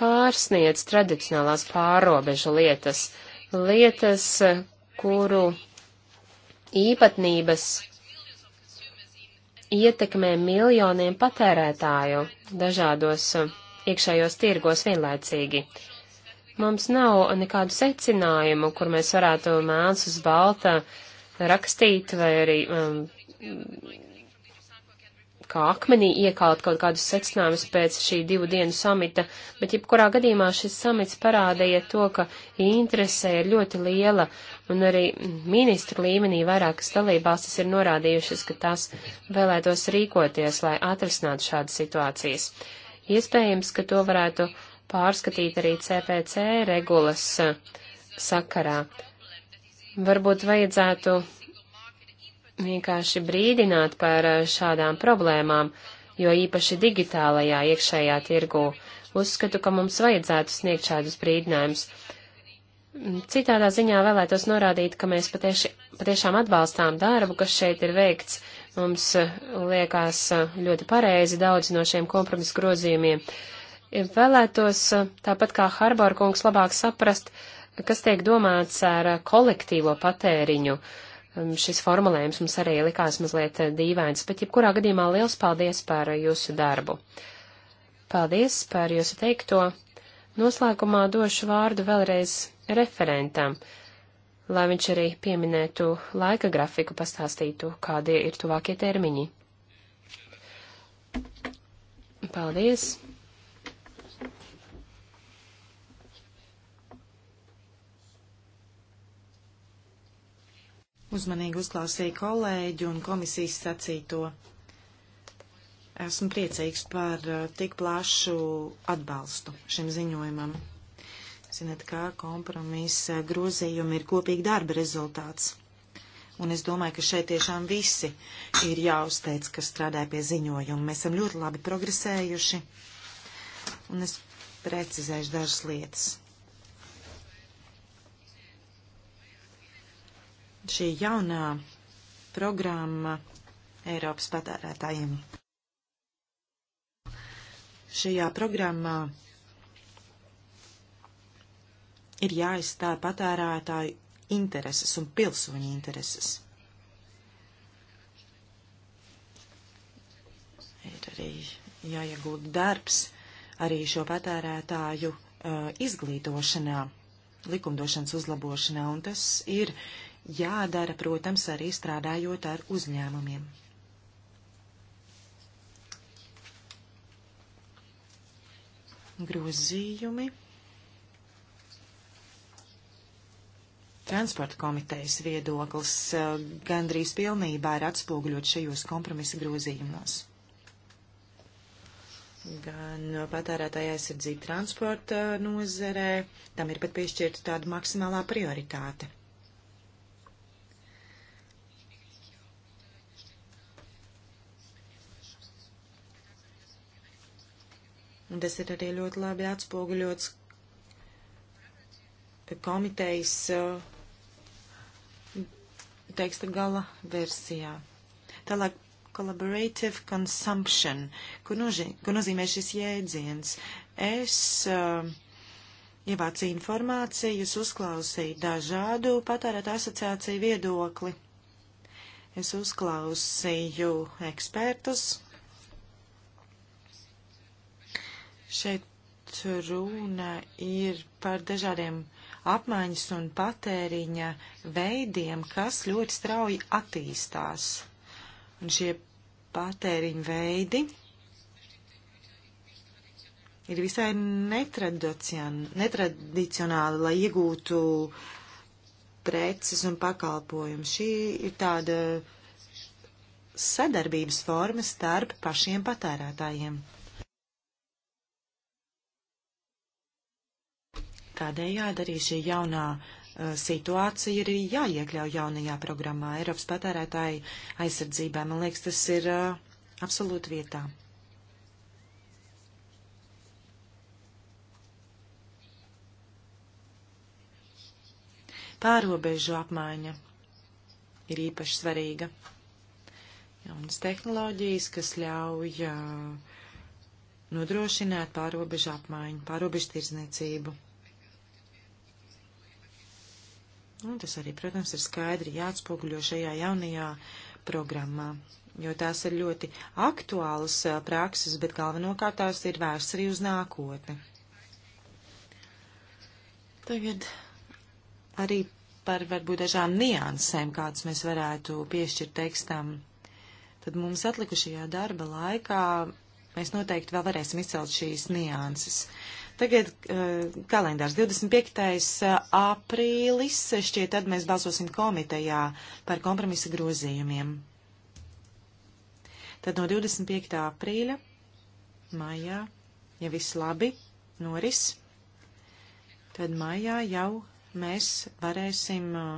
pārsniedz tradicionālās pārobežu lietas, lietas, kuru īpatnības ietekmē miljoniem patērētāju dažādos uh, iekšējos tirgos vienlaicīgi. Mums nav nekādu secinājumu, kur mēs varētu mēls uz balta rakstīt vai arī um, kā akmenī iekalt kaut kādus secinājumus pēc šī divu dienu samita, bet jebkurā gadījumā šis samits parādīja to, ka interese ir ļoti liela, un arī ministru līmenī vairākas dalībvalstis ir norādījušas, ka tās vēlētos rīkoties, lai atrisinātu šādas situācijas. Iespējams, ka to varētu pārskatīt arī CPC regulas uh, sakarā. Varbūt vajadzētu vienkārši brīdināt par eh, šādām problēmām, jo īpaši digitālajā iekšējā tirgū uzskatu, ka mums vajadzētu sniegt šādus brīdinājumus. Mm, citādā ziņā vēlētos norādīt, ka mēs patieši, patiešām atbalstām darbu, kas šeit ir veikts. Mums eh, liekas eh, ļoti pareizi daudz no šiem kompromisu grozījumiem. Vēlētos, tāpat kā Harbor kungs, labāk saprast, kas tiek domāts ar kolektīvo patēriņu. Uh, Um, šis formulējums mums arī likās mazliet eh, dīvains, bet jebkurā gadījumā liels paldies par jūsu darbu. Paldies par jūsu teikto. Noslēgumā došu vārdu vēlreiz referentam, lai viņš arī pieminētu laika grafiku, pastāstītu, kādi ir tuvākie termiņi. Paldies! Uzmanīgi uzklausīju kolēģi un komisijas sacīto. Esmu priecīgs par uh, tik plašu atbalstu šim ziņojumam. Ziniet, kā kompromisa grozījumi ir kopīgi darba rezultāts. Un es domāju, ka šeit tiešām visi ir jāuzteic, kas strādāja pie ziņojuma. Mēs esam ļoti labi progresējuši. Un es precizēšu dažas lietas. šī jaunā programma Eiropas patērētājiem. Šajā programmā ir jāizstāv patērētāju intereses un pilsoņu intereses. Ir arī jāiegūt darbs arī šo patērētāju uh, izglītošanā, likumdošanas uzlabošanā, un tas ir uh, jādara, protams, arī strādājot ar uzņēmumiem. Grozījumi. Transporta komitejas viedoklis eh, gandrīz pilnībā ir atspoguļot šajos kompromisa grozījumos gan patērētāja aizsardzība transporta nozerē, tam ir pat piešķirta tāda maksimālā prioritāte. Un tas ir arī ļoti labi atspoguļots komitejas uh, teksta gala versijā. Tālāk collaborative consumption, ko, noži, ko nozīmē šis jēdziens. Es uh, ievācu informāciju, es uzklausīju dažādu patērētu asociāciju viedokli. Es uzklausīju ekspertus, Šeit runa ir par dažādiem apmaiņas un patēriņa veidiem, kas ļoti strauji attīstās. Un šie patēriņa veidi ir visai netradicionāli, lai iegūtu preces un pakalpojumus. Šī ir tāda sadarbības forma starp pašiem patērētājiem. Tādējādi arī šī jaunā uh, situācija ir jāiekļauj jaunajā programmā Eiropas patērētāju aizsardzībai. Man liekas, tas ir uh, absolūti vietā. Pārobežu apmaiņa ir īpaši svarīga. Jaunas tehnoloģijas, kas ļauj uh, nodrošināt pārobežu apmaiņu, pārobežu tirzniecību. Un tas arī, protams, ir skaidri jāatspoguļo šajā jaunajā programmā, jo tās ir ļoti aktuālas prakses, bet galvenokārt tās ir vērsts arī uz nākotni. Tagad arī par varbūt dažām niansēm, kādas mēs varētu piešķirt tekstam, tad mums atlikušajā darba laikā mēs noteikti vēl varēsim izcelt šīs nianses. Tagad eh, kalendārs 25. Eh, aprīlis, šķiet, tad mēs balsosim komitejā par kompromisa grozījumiem. Tad no 25. aprīļa, maijā, ja viss labi noris, tad maijā jau mēs varēsim eh,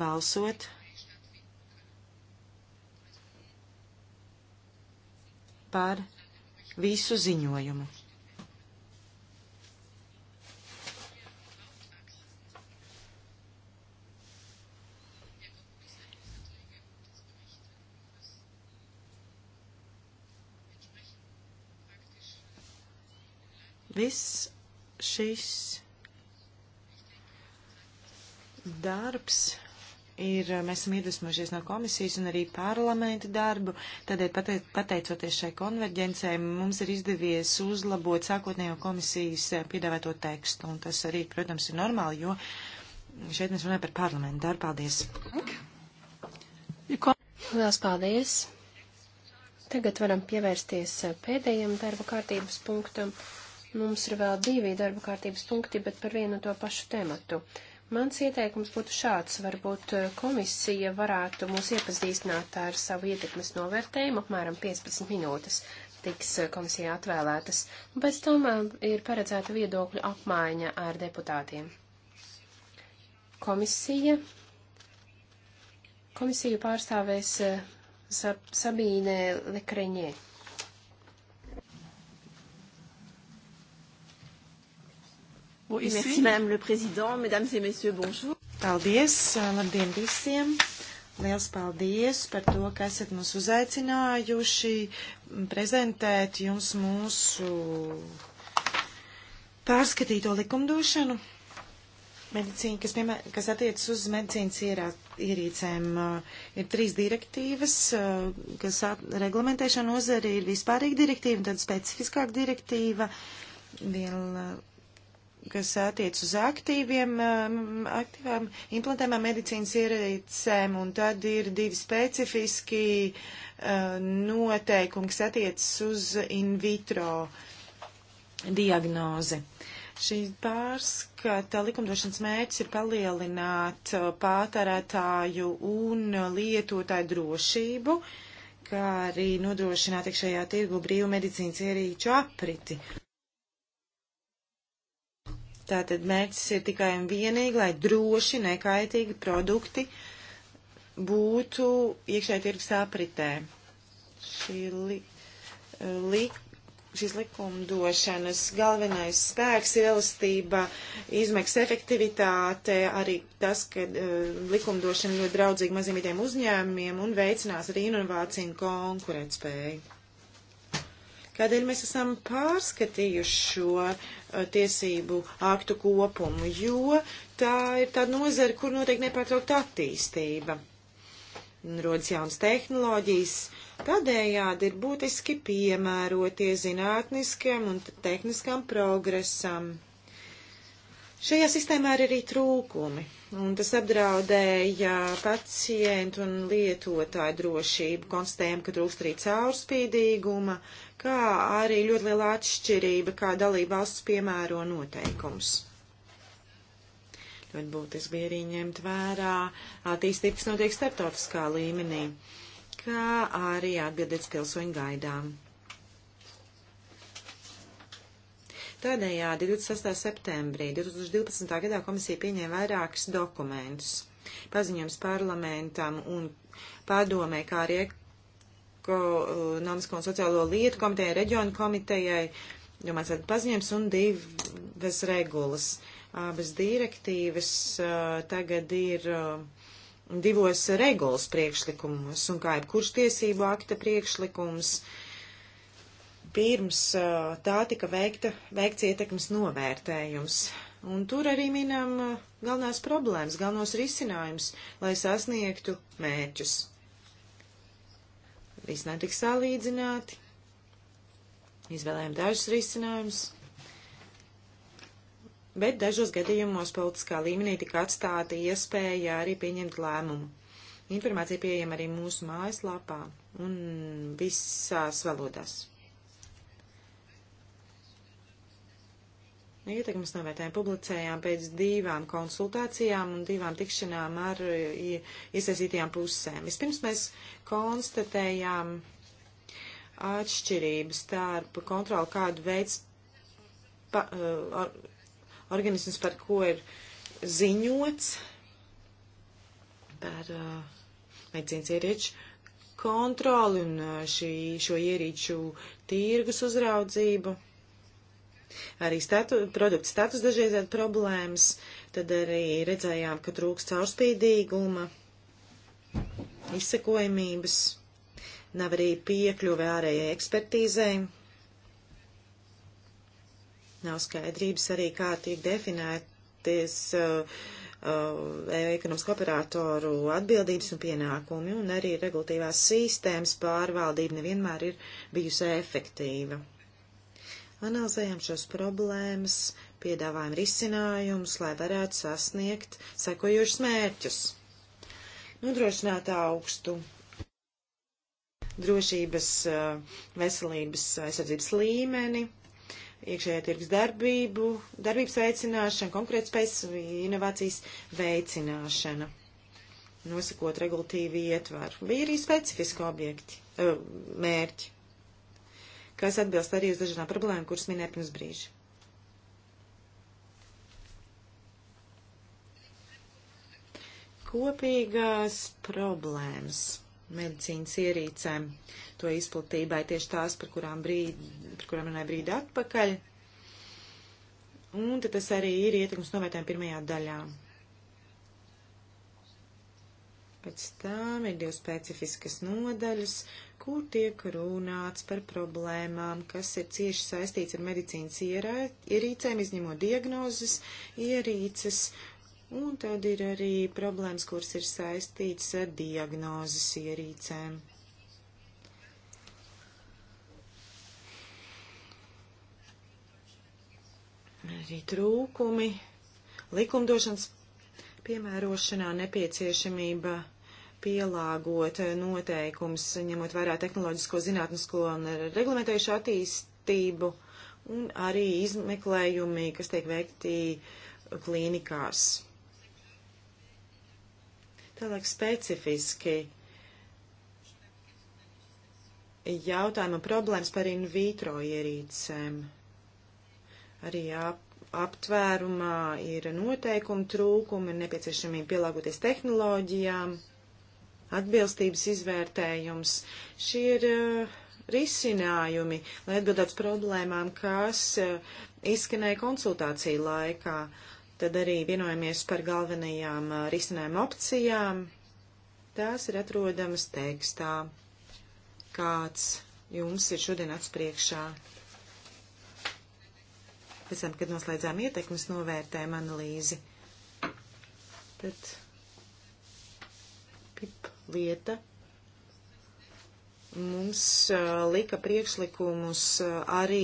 balsot par visu ziņojumu. Viss šis darbs ir, mēs esam iedvesmojušies no komisijas un arī parlamenta darbu, tādēļ pateic, pateicoties šai konverģencei, mums ir izdevies uzlabot sākotnējo komisijas piedāvēto tekstu, un tas arī, protams, ir normāli, jo šeit mēs runājam par parlamentu darbu. Paldies! Lielas paldies! Tagad varam pievērsties pēdējiem darba kārtības punktam. Mums ir vēl divi darba kārtības punkti, bet par vienu to pašu tematu. Mans ieteikums būtu šāds. Varbūt eh, komisija varētu mūs iepazīstināt ar savu ietekmes novērtējumu apmēram 15 minūtes tiks eh, komisijā atvēlētas, un pēc tam eh, ir paredzēta viedokļu apmaiņa ar deputātiem. Komisija. Komisiju pārstāvēs Sabīne Lekreņē. Merci, Madame le Président, Mesdames et Messieurs, bonjour. Paldies, eh, labdien visiem! Liels paldies par to, ka esat mūs uzaicinājuši prezentēt jums mūsu pārskatīto likumdošanu, medicīna, kas, piemēr, kas attiecas uz medicīnas ierā, ierīcēm. Eh, ir trīs direktīvas, eh, kas reglamentēšana nozari ir vispārīga direktīva, tad specifiskāka direktīva. Viena kas attiec uz aktīviem, um, aktīvām implantēmām medicīnas ierīcēm, un tad ir divi specifiski uh, noteikumi, kas attiec uz in vitro diagnozi. Šī pārskata likumdošanas mērķis ir palielināt uh, pātērētāju un lietotāju drošību, kā arī nodrošināt iekšējā tirgu brīvu medicīnas ierīču apriti. Tātad mērķis ir tikai un vienīgi, lai droši, nekaitīgi produkti būtu iekšēji tirgus apritē. Šī li, li, šīs likumdošanas galvenais spēks ir elastība, izmaksas efektivitāte, arī tas, ka uh, likumdošana ļoti draudzīga maziem vidiem uzņēmumiem un veicinās arī inovāciju un konkurētspēju. Kādēļ mēs esam pārskatījuši šo uh, tiesību aktu kopumu? Jo tā ir tā nozara, kur notiek nepārtraukta attīstība. Rodas jaunas tehnoloģijas, tādējādi ir būtiski piemēroties zinātniskiem un tehniskam progresam. Šajā sistēmā ir arī trūkumi, un tas apdraudēja pacientu un lietotāju drošību, konstatējumu, ka trūkst arī caurspīdīguma, kā arī ļoti liela atšķirība, kā dalība valsts piemēro noteikums. Ļoti būtiski bija arī ņemt vērā attīstību, kas notiek starptautiskā līmenī, kā arī atbildēt pilsoņu gaidām. Tādējādi 26. septembrī 2012. gadā komisija pieņēma vairākus dokumentus paziņojums parlamentam un padomē, kā arī ekonomisko uh, un sociālo lietu komitejai, reģionu komitejai, domāts tāda paziņojums un divas regulas. Abas direktīvas uh, tagad ir uh, divos regulas priekšlikumos un kā jebkurš tiesību akta priekšlikums pirms tā tika veikta, veikts ietekmes novērtējums. Un tur arī minam galvenās problēmas, galvenos risinājumus, lai sasniegtu mērķus. Viss netika salīdzināti. Izvēlējām dažus risinājumus. Bet dažos gadījumos politiskā līmenī tika atstāta iespēja arī pieņemt lēmumu. Informācija pieejama arī mūsu mājaslapā un visās valodās. Ietekmes novērtējumu publicējām pēc divām konsultācijām un divām tikšanām ar iesaistītajām pusēm. Vispirms mēs konstatējām atšķirības starp kontroli, kādu veids pa, e, or, organisms, par ko ir ziņots, par uh, medicīnas ierīču kontroli un e, šī, šo ierīču tīrgus uzraudzību Arī statu, produktu status dažreiz ir problēmas, tad arī redzējām, ka trūkst caurspīdīguma, izsekojamības, nav arī piekļuve ārējai ekspertīzei. Nav skaidrības arī, kā tiek definēties uh, uh e ekonomisko operatoru atbildības un pienākumi, un arī regulatīvās sistēmas pārvaldība nevienmēr ir bijusi efektīva. Analizējam šos problēmas, piedāvājam risinājumus, lai varētu sasniegt sekojošus mērķus. Nodrošināt augstu drošības, eh, veselības aizsardzības līmeni, iekšējā tirgus darbību, darbības veicināšana, konkrētspējas inovācijas veicināšana, nosakot regulatīvi ietvaru. Bija arī specifiski objekti, eh, mērķi kas atbilst arī uz dažādām problēmām, kuras minēja pirms brīža. Kopīgās problēmas medicīnas ierīcēm, to izplatībai tieši tās, par kurām, brīd, par kurām runāja brīdi atpakaļ. Un tad tas arī ir ietekmes novērtējumi pirmajā daļā. Pēc tam ir divas specifiskas nodaļas, kur tiek runāts par problēmām, kas ir cieši saistīts ar medicīnas ierīcēm, izņemot diagnozes ierīces, un tad ir arī problēmas, kuras ir saistīts ar diagnozes ierīcēm. Arī trūkumi likumdošanas Piemērošanā nepieciešamība pielāgot noteikums, ņemot vērā tehnoloģisko, zinātnisko un reglamentējušo attīstību, un arī izmeklējumi, kas tiek veikti klīnikās. Tālāk specifiski jautājuma problēmas par in vitro ierīcēm. Arī ap aptvērumā ir noteikumi trūkumi, ir nepieciešamība pielāgoties tehnoloģijām, atbilstības izvērtējums. Šie ir uh, risinājumi, lai atbildētu problēmām, kas uh, izskanēja konsultāciju laikā. Tad arī vienojamies par galvenajām uh, eh, risinājumu opcijām. Tās ir atrodamas tekstā. Kāds jums ir šodien atspriekšā? pēc tam, kad noslēdzām ietekmes novērtējumu analīzi. Bet pip lieta mums lika priekšlikumus arī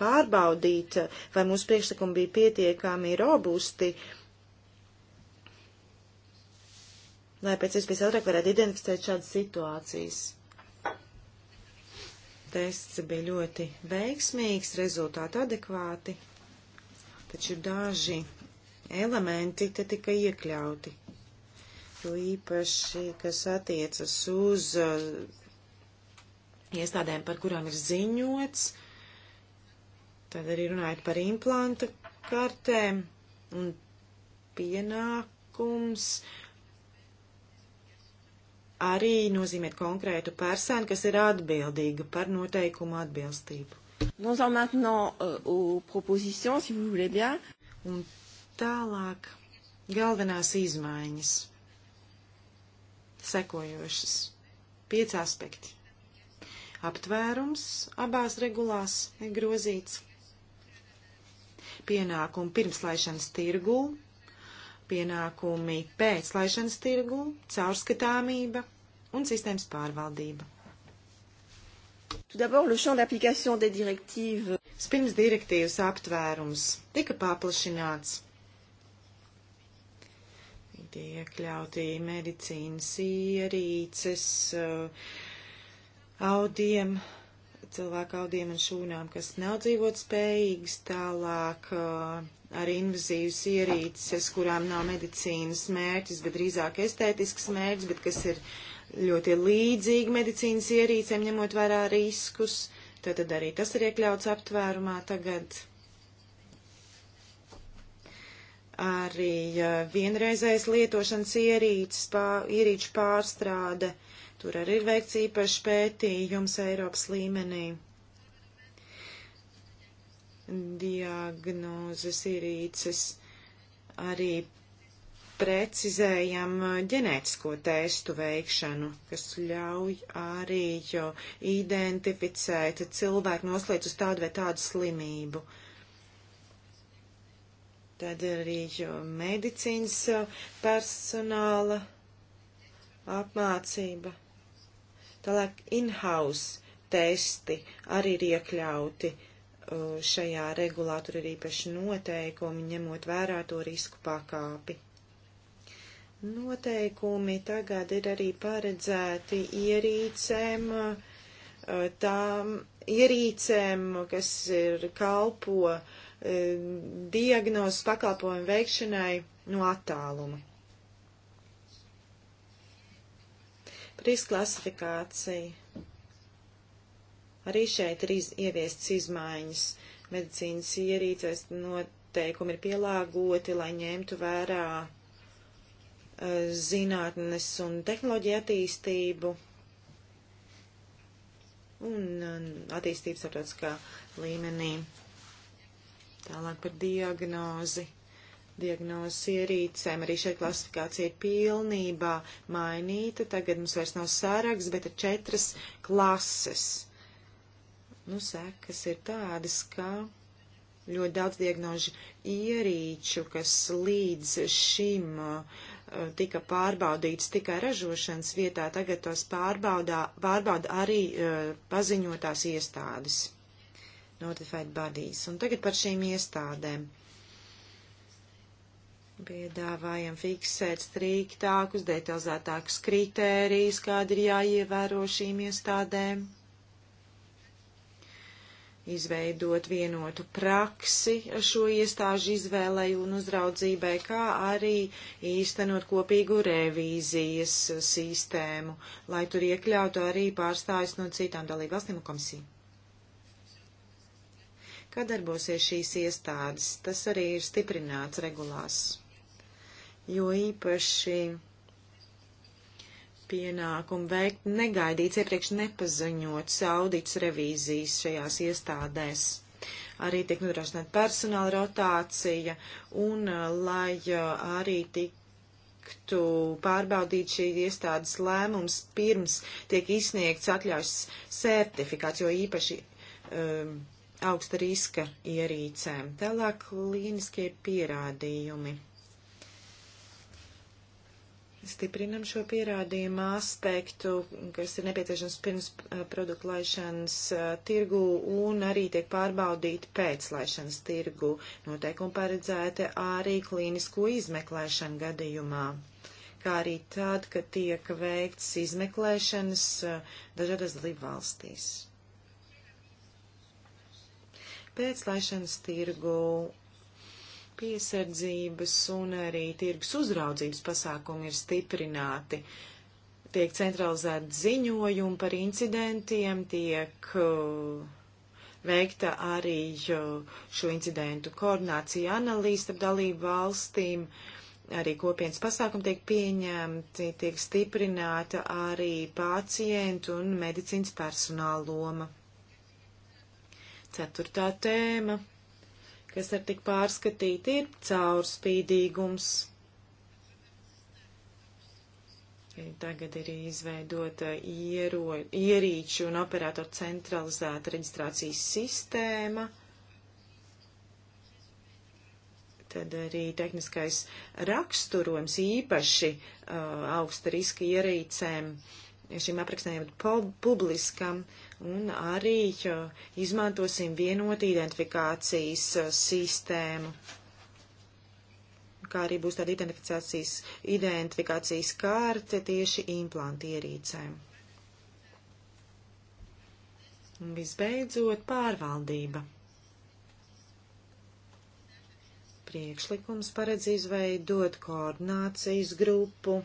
pārbaudīt, vai mūsu priekšlikumi bija pietiekami robusti, lai pēc iespējas ātrāk varētu identificēt šādas situācijas. Tests bija ļoti veiksmīgs, rezultāti adekvāti taču daži elementi te tika iekļauti, jo īpaši, kas attiecas uz uh, iestādēm, par kurām ir ziņots, tad arī runājot par implanta kartēm un pienākums arī nozīmēt konkrētu personu, kas ir atbildīga par noteikumu atbilstību. Nous-en maintenant euh, aux propositions, si vous voulez bien. Un tālāk galvenās izmaiņas sekojošas. Pieci aspekti. Aptvērums abās regulās ir grozīts. Pienākumi pirms laišanas tirgū, pienākumi pēc laišanas tirgū, caurskatāmība un sistēmas pārvaldība. Pirms direktīvas aptvērums tika paplašināts. Tie iekļauti medicīnas ierīces, eh, audiem, cilvēku audiem un šūnām, kas nav dzīvot spējīgas, tālāk eh, ar invazīvas ierīces, kurām nav medicīnas mērķis, bet drīzāk estētisks mērķis, bet kas ir uh, ļoti līdzīgi medicīnas ierīcēm, ņemot vērā riskus. Tātad arī tas ir iekļauts aptvērumā tagad. Arī vienreizējas lietošanas ierīces, pā, ierīču pārstrāde. Tur arī ir veikts īpašs pētījums Eiropas līmenī diagnozes ierīces, arī precizējam eh, ģenētisko testu veikšanu, kas ļauj arī identificēt cilvēku noslēdz uz tādu vai tādu slimību. Tad arī medicīnas eh, personāla apmācība. Tālāk in-house testi arī ir iekļauti eh, šajā regulā, tur ir īpaši noteikumi, ņemot vērā to risku pakāpi. Noteikumi tagad ir arī paredzēti ierīcēm, eh, tām ierīcēm, kas ir kalpo eh, diagnozes pakalpojumu veikšanai no attāluma. Prīs klasifikācija. Arī šeit ir iz, ieviestas izmaiņas. Medicīnas ierīcēs noteikumi ir pielāgoti, lai ņemtu vērā uh, zinātnes un tehnoloģija attīstību un attīstību starptautiskā līmenī. Tālāk par diagnozi. Diagnozes ierīcēm arī šeit klasifikācija ir pilnībā mainīta. Tagad mums vairs nav sāraks, bet ir četras klases. Nu, sekas ir tādas, ka. Kā ļoti daudz diagnožu ierīču, kas līdz šim uh, tika pārbaudīts tikai ražošanas vietā, tagad tos pārbaudā, pārbauda arī uh, paziņotās iestādes, notified bodies. Un tagad par šīm iestādēm. Piedāvājam fiksēt strīktākus, detalizētākus kritērijus, kādi ir jāievēro šīm iestādēm izveidot vienotu praksi šo iestāžu izvēlei un uzraudzībai, kā arī īstenot kopīgu revīzijas sistēmu, lai tur iekļautu arī pārstājus no citām dalībvalstīm un komisiju. Kā darbosies šīs iestādes, tas arī ir stiprināts regulās, jo īpaši pienākumu veikt negaidīts, iepriekš nepaziņots audits revīzijas šajās iestādēs. Arī tiek nodrošināta personāla rotācija un uh, lai uh, arī tiktu pārbaudīt šī iestādes lēmums pirms tiek izsniegts atļaujas sertifikāts, jo īpaši um, augsta riska ierīcēm. Tālāk klīniskie pierādījumi stiprinam šo pierādījumu aspektu, kas ir nepieciešams pirms eh, produktu laišanas eh, tirgu un arī tiek pārbaudīti pēc laišanas tirgu. Noteikumi paredzēti arī klīnisko izmeklēšanu gadījumā kā arī tad, kad tiek veikts izmeklēšanas eh, dažādas dalībvalstīs. Pēc laišanas tirgu piesardzības un arī tirgus uzraudzības pasākumi ir stiprināti. Tiek centralizēti ziņojumi par incidentiem, tiek uh, veikta arī uh, šo incidentu koordinācija analīze starp dalību valstīm, arī kopienas pasākumi tiek pieņemti, tiek stiprināta arī pacientu un medicīnas personāla loma. Ceturtā tēma kas ar tik pārskatīti, ir caurspīdīgums. Tagad ir izveidota iero, ierīču un operātoru centralizēta reģistrācijas sistēma. Tad arī tehniskais raksturojums īpaši uh, augsta riska ierīcēm šim aprakstējumam publiskam uh, un arī izmantosim vienotu identifikācijas eh, sistēmu kā arī būs tāda identifikācijas, identifikācijas kārte tieši implantierīcēm. Un visbeidzot, pārvaldība. Priekšlikums paredz izveidot koordinācijas grupu,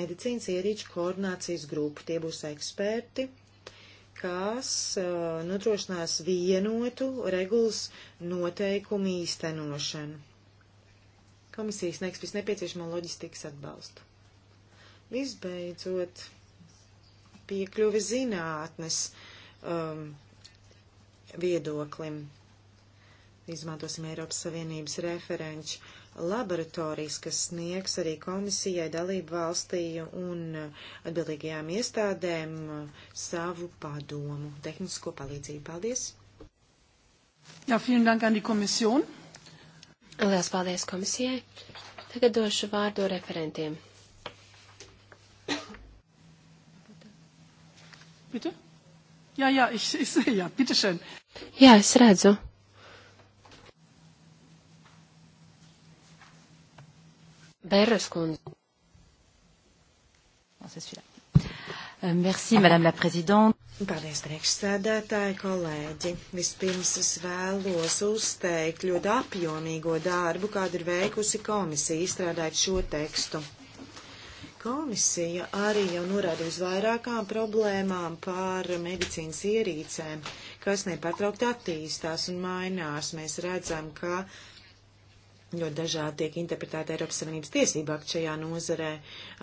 medicīnas ierīču koordinācijas grupu. Tie būs eksperti, kas uh, nodrošinās vienotu regulas noteikumu īstenošanu. Komisijas sniegs visnepieciešamo loģistikas atbalstu. Visbeidzot, piekļuve zinātnes um, viedoklim. Izmantosim Eiropas Savienības referenču laboratorijas, kas sniegs arī komisijai dalību valstī un atbildīgajām iestādēm savu padomu, tehnisko palīdzību. Paldies! Jā, vielen dank an die komisjon. Lielas paldies komisijai. Tagad došu vārdu referentiem. Bitte? Jā, jā, es, es, jā, bitteschön. Jā, es redzu. Eras kundze. Euh, merci, Madame la Présidente. Paldies, priekšsēdētāji, kolēģi. Vispirms es vēlos uzteikt ļoti apjomīgo darbu, kādu ir veikusi komisija, izstrādājot šo tekstu. Komisija arī jau norāda uz vairākām problēmām par medicīnas ierīcēm, kas nepārtraukt attīstās un mainās. Mēs redzam, ka ļoti dažādi tiek interpretēta Eiropas Savienības tiesība akti šajā nozarē.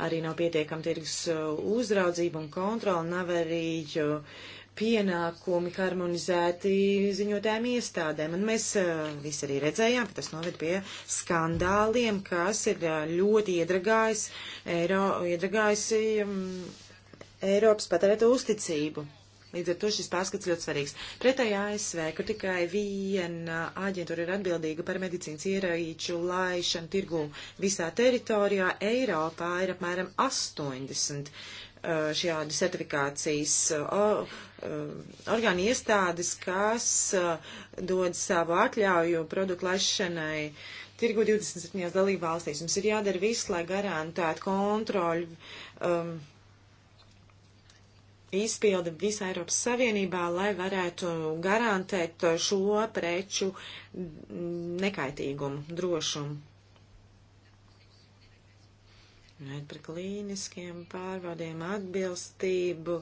Arī nav pietiekama tirgus uh, uzraudzība un kontrola, nav arī uh, pienākumi harmonizēti ziņotēm iestādēm. Un mēs uh, visi arī redzējām, ka tas noved pie skandāliem, kas ir ļoti iedragājis, Eiro, iedragājis um, Eiropas patērēto uzticību. Līdz ar to šis pārskats ļoti svarīgs. Pretējā ASV, kur tikai viena aģentūra ir atbildīga par medicīnas ierīču laišanu tirgū visā teritorijā, Eiropā ir apmēram 80 uh, šādi certifikācijas uh, uh, orgāni iestādes, kas dod savu atļauju produktu laišanai tirgu 27 dalību valstīs. Mums ir jādara viss, lai garantētu kontroļu. Um, izpildi visā Eiropas Savienībā, lai varētu garantēt šo preču nekaitīgumu, drošumu. Runājot par klīniskiem pārvadiem, atbilstību,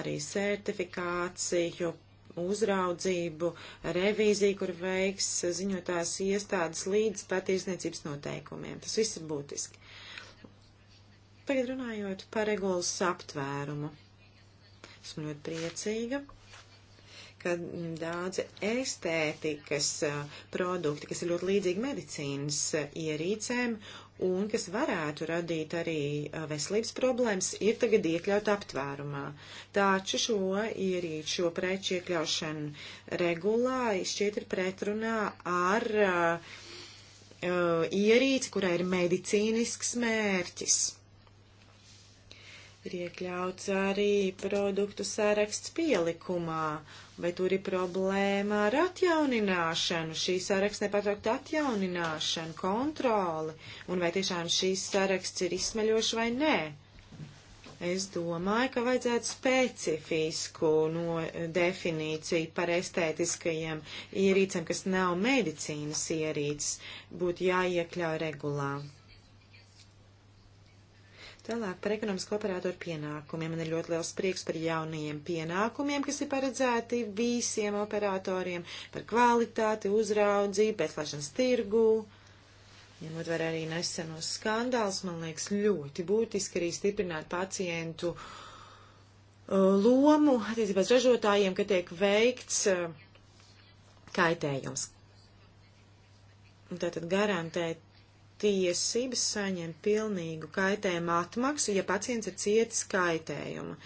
arī certifikāciju, uzraudzību, revīziju, kur veiks ziņotās iestādes līdz pat izniecības noteikumiem. Tas viss ir būtiski. Tagad runājot par regulas aptvērumu. Esmu ļoti priecīga, ka daudzi estētikas produkti, kas ir ļoti līdzīgi medicīnas ierīcēm un kas varētu radīt arī veselības problēmas, ir tagad iekļaut aptvērumā. Taču šo ierīču, šo preču iekļaušanu regulā šķiet ir pretrunā ar uh, ierīci, kurā ir medicīnisks mērķis ir iekļauts arī produktu saraksts pielikumā, vai tur ir problēma ar atjaunināšanu, šī saraksts nepatraukt atjaunināšanu, kontroli, un vai tiešām šīs saraksts ir izsmeļoši vai nē. Es domāju, ka vajadzētu specifisku no nu, definīciju par estētiskajiem ierīcēm, kas nav medicīnas ierīces, būtu jāiekļauj regulā. Tālāk par ekonomisko operātoru pienākumiem. Man ir ļoti liels prieks par jaunajiem pienākumiem, kas ir paredzēti visiem operatoriem, par kvalitāti, uzraudzību, pēclašanas tirgu. Ņemot vērā arī nesenos skandāls, man liekas ļoti būtiski arī stiprināt pacientu uh, lomu attiecībās ražotājiem, ka tiek veikts uh, kaitējums. Tātad garantēt tiesības saņemt pilnīgu kaitējumu atmaksu, ja pacients ir cietis kaitējumu.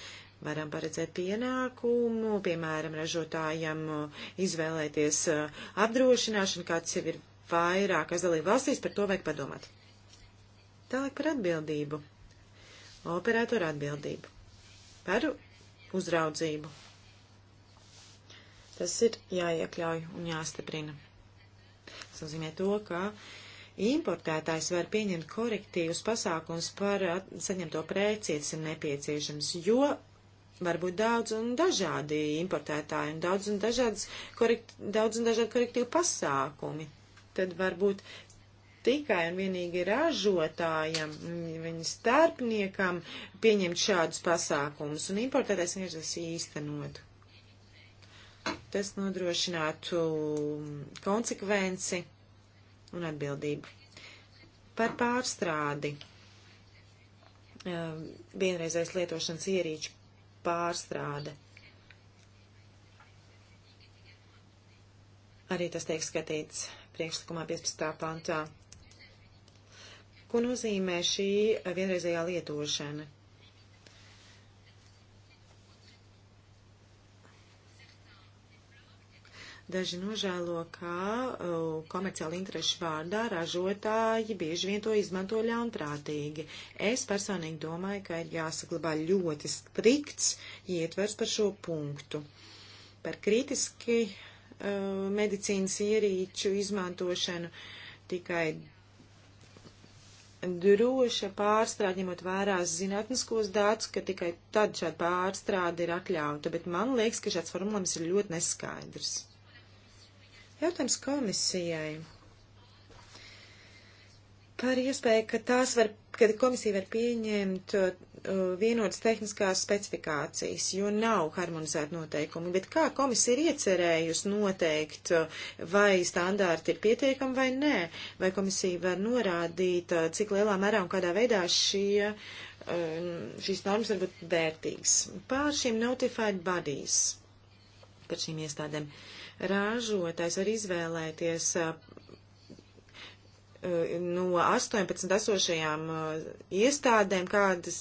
Varam paredzēt pienākumu, piemēram, ražotājam uh, izvēlēties uh, apdrošināšanu, kāds jau ir vairākas dalība valstīs, par to vajag padomāt. Tālāk par atbildību. Operatora atbildību. Par uzraudzību. Tas ir jāiekļauj un jāstiprina. Tas nozīmē to, ka uh, Importētājs var pieņemt korektīvus pasākums par saņemto preci, tas ir nepieciešams, jo var būt daudz un dažādi importētāji un daudz un, dažādas, korekt, daudz un dažādi korektīvi pasākumi. Tad varbūt tikai un vienīgi ražotājam, viņa starpniekam pieņemt šādus pasākumus un importētājs vienkārši tas īstenot. Tas nodrošinātu konsekvenci un atbildību. Par pārstrādi. Ehm, Vienreizais lietošanas ierīču pārstrāde. Arī tas tiek skatīts priekšlikumā 15. pantā. Ko nozīmē šī vienreizējā lietošana? Daži nožēlo, ka uh, komerciāli interešu vārdā ražotāji bieži vien to izmanto ļaunprātīgi. Es personīgi domāju, ka ir jāsaglabā ļoti strikts ietvers par šo punktu. Par kritiski uh, medicīnas ierīču izmantošanu tikai droša pārstrāde, ņemot vērā zinātniskos datus, ka tikai tad šāda pārstrāde ir atļauta, bet man liekas, ka šāds formulējums ir ļoti neskaidrs. Jautājums komisijai par iespēju, ka tās var, kad komisija var pieņemt uh, vienotas tehniskās specifikācijas, jo nav harmonizēta noteikumi, bet kā komisija ir iecerējusi noteikt, uh, vai standārti ir pietiekami vai nē, vai komisija var norādīt, uh, cik lielā mērā un kādā veidā šie, uh, šīs normas var būt vērtīgas. Pār šīm notified bodies, par šīm iestādēm. Uh, Ražotājs var izvēlēties uh, no 18 esošajām uh, iestādēm, kādas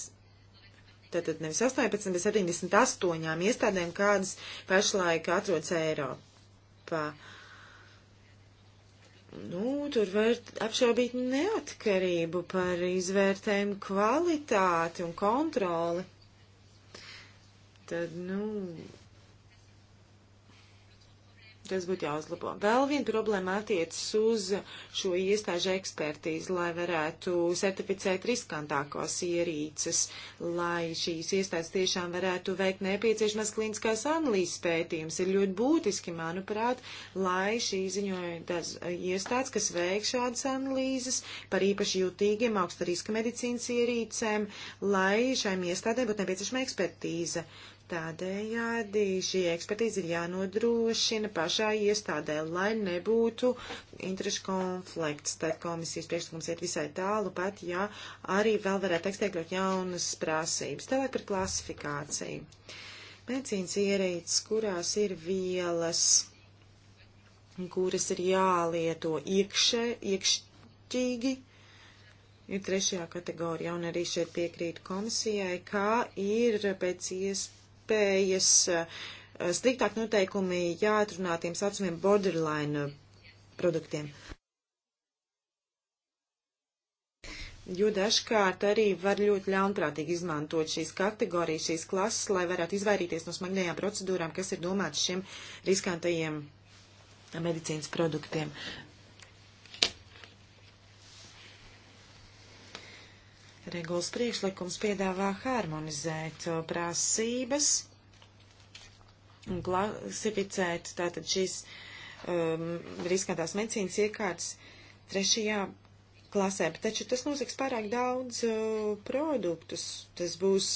tātad nevis 18, bet 78 iestādēm, kādas pašlaik atrodas Eiropā. Nu, tur var apšaubīt neatkarību par izvērtējumu kvalitāti un kontroli. Tad, nu, Tas būtu jāuzlabo. Vēl viena problēma attiecas uz šo iestāžu ekspertīzi, lai varētu certificēt riskantākos ierīces, lai šīs iestādes tiešām varētu veikt nepieciešamās klīniskās analīzes pētījums. Ir ļoti būtiski, manuprāt, lai šī ziņoja iestādes, kas veik šādas analīzes par īpaši jūtīgiem augsta riska medicīnas ierīcēm, lai šajām iestādēm būtu nepieciešama ekspertīze. Tādējādi šī ekspertīze ir jānodrošina pašā iestādē, lai nebūtu interešu konflikts. Tad komisijas priekšlikums iet visai tālu, pat ja arī vēl varētu ekstēkļot jaunas prasības. Tālāk par klasifikāciju. Medicīnas ierīces, kurās ir vielas, kuras ir jālieto iekšē, iekšķīgi, ir trešajā kategorijā, un arī šeit piekrīt komisijai, kā ir pēc iespējas iespējas, eh, striktāk noteikumi jāatrunā tiem saucamiem borderline produktiem. Jo dažkārt arī var ļoti ļaunprātīgi izmantot šīs kategorijas, šīs klases, lai varētu izvairīties no smagnējām procedūrām, kas ir domātas šiem riskantajiem medicīnas produktiem. Regulas priekšlikums piedāvā harmonizēt uh, prasības un klasificēt tātad šīs um, riskantās medicīnas iekārtas trešajā klasē, bet taču tas nozīks pārāk daudz uh, produktus. Tas būs,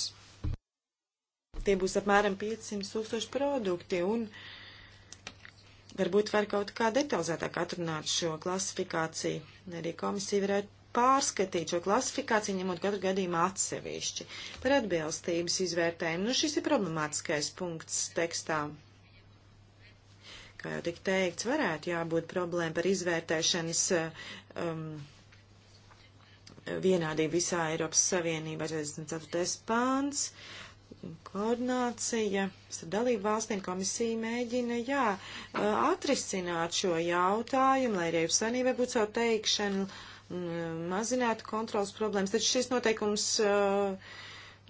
tie būs apmēram 500 tūkstoši produkti un varbūt var kaut kā detalizētāk atrunāt šo klasifikāciju. Arī komisija varētu pārskatīt šo klasifikāciju, ņemot katru gadījumu atsevišķi. Par atbilstības izvērtējumu, nu šis ir problemātiskais punkts tekstā. Kā jau tik teikts, varētu jābūt problēma par izvērtēšanas um, vienādību visā Eiropas Savienībā, 44. pāns koordinācija starp dalību valstīm komisija mēģina, jā, uh, atrisināt šo jautājumu, lai arī savienībai būtu savu teikšanu mazinātu kontrolas problēmas, taču šis noteikums eh,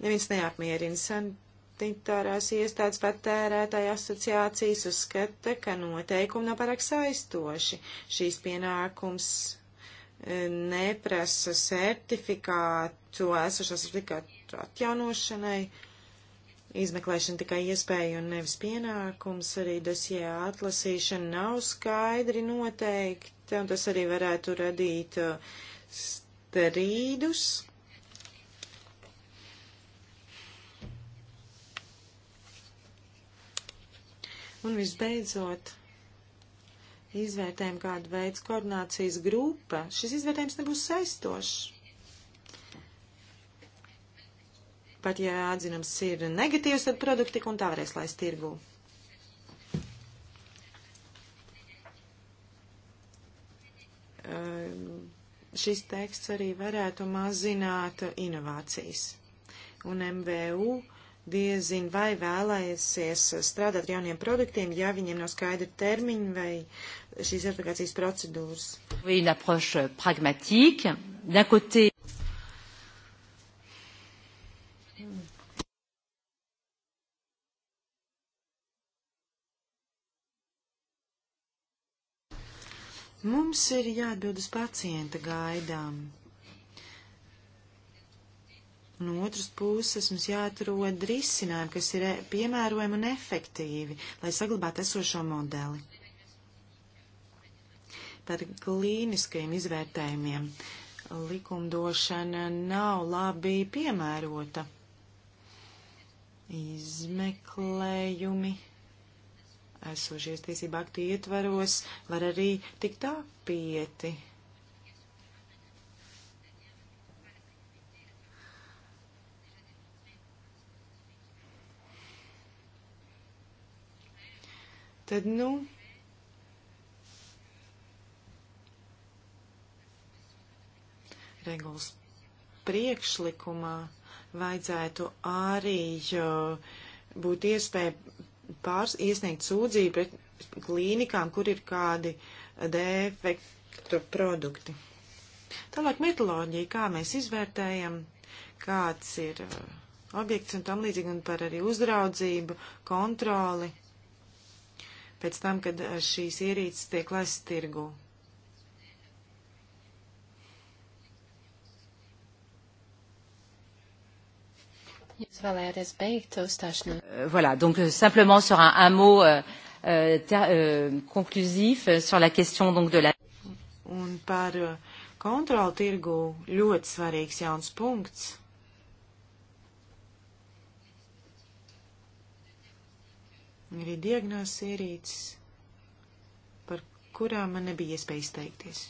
neviens neapmierina. Sanitārās iestādes patērētāja asociācijas uzskata, ka noteikumi nav pārāk saistoši. Šīs pienākums eh, neprasa certifikātu, esošo certifikātu atjaunošanai. Izmeklēšana tikai iespēja un nevis pienākums, arī dosijā atlasīšana nav skaidri noteikti lieta, un tas arī varētu radīt uh, strīdus. Un visbeidzot, izvērtējumu kādu veidu koordinācijas grupa. Šis izvērtējums nebūs saistošs. Pat ja atzinums ir negatīvs, tad produkti tik un tā varēs laist tirgū. Ehm, šis teksts arī varētu mazināt inovācijas. Un MVU diezin vai vēlēsies strādāt ar jauniem produktiem, ja viņiem nav skaidri termiņi vai šīs certifikācijas procedūras. Oui, une approche pragmatique. D'un côté, Mums ir jāatbild uz pacienta gaidām. No otras puses mums jāatrod risinājumi, kas ir e, piemērojami un efektīvi, lai saglabātu esošo modeli. Par klīniskajiem izvērtējumiem likumdošana nav labi piemērota. Izmeklējumi esošies tiesību aktu ietvaros var arī tikt apieti. Tad, nu, regulas priekšlikumā vajadzētu arī būt iespēja pārs, iesniegt sūdzību pret klīnikām, kur ir kādi defektu produkti. Tālāk metoloģija, kā mēs izvērtējam, kāds ir uh, objekts un tam līdzīgi, un par arī uzraudzību, kontroli pēc tam, kad uh, šīs ierīces tiek laists tirgū. Jūs vēlējāties beigt uzstāšanos. Uh, voilà, donc euh, simplement sur un, un mot euh, euh, euh conclusif euh, sur la question donc de la. Un par kontrolu tirgu ļoti svarīgs jauns punkts. Arī diagnozes ierīces, par kurām man nebija iespēja izteikties.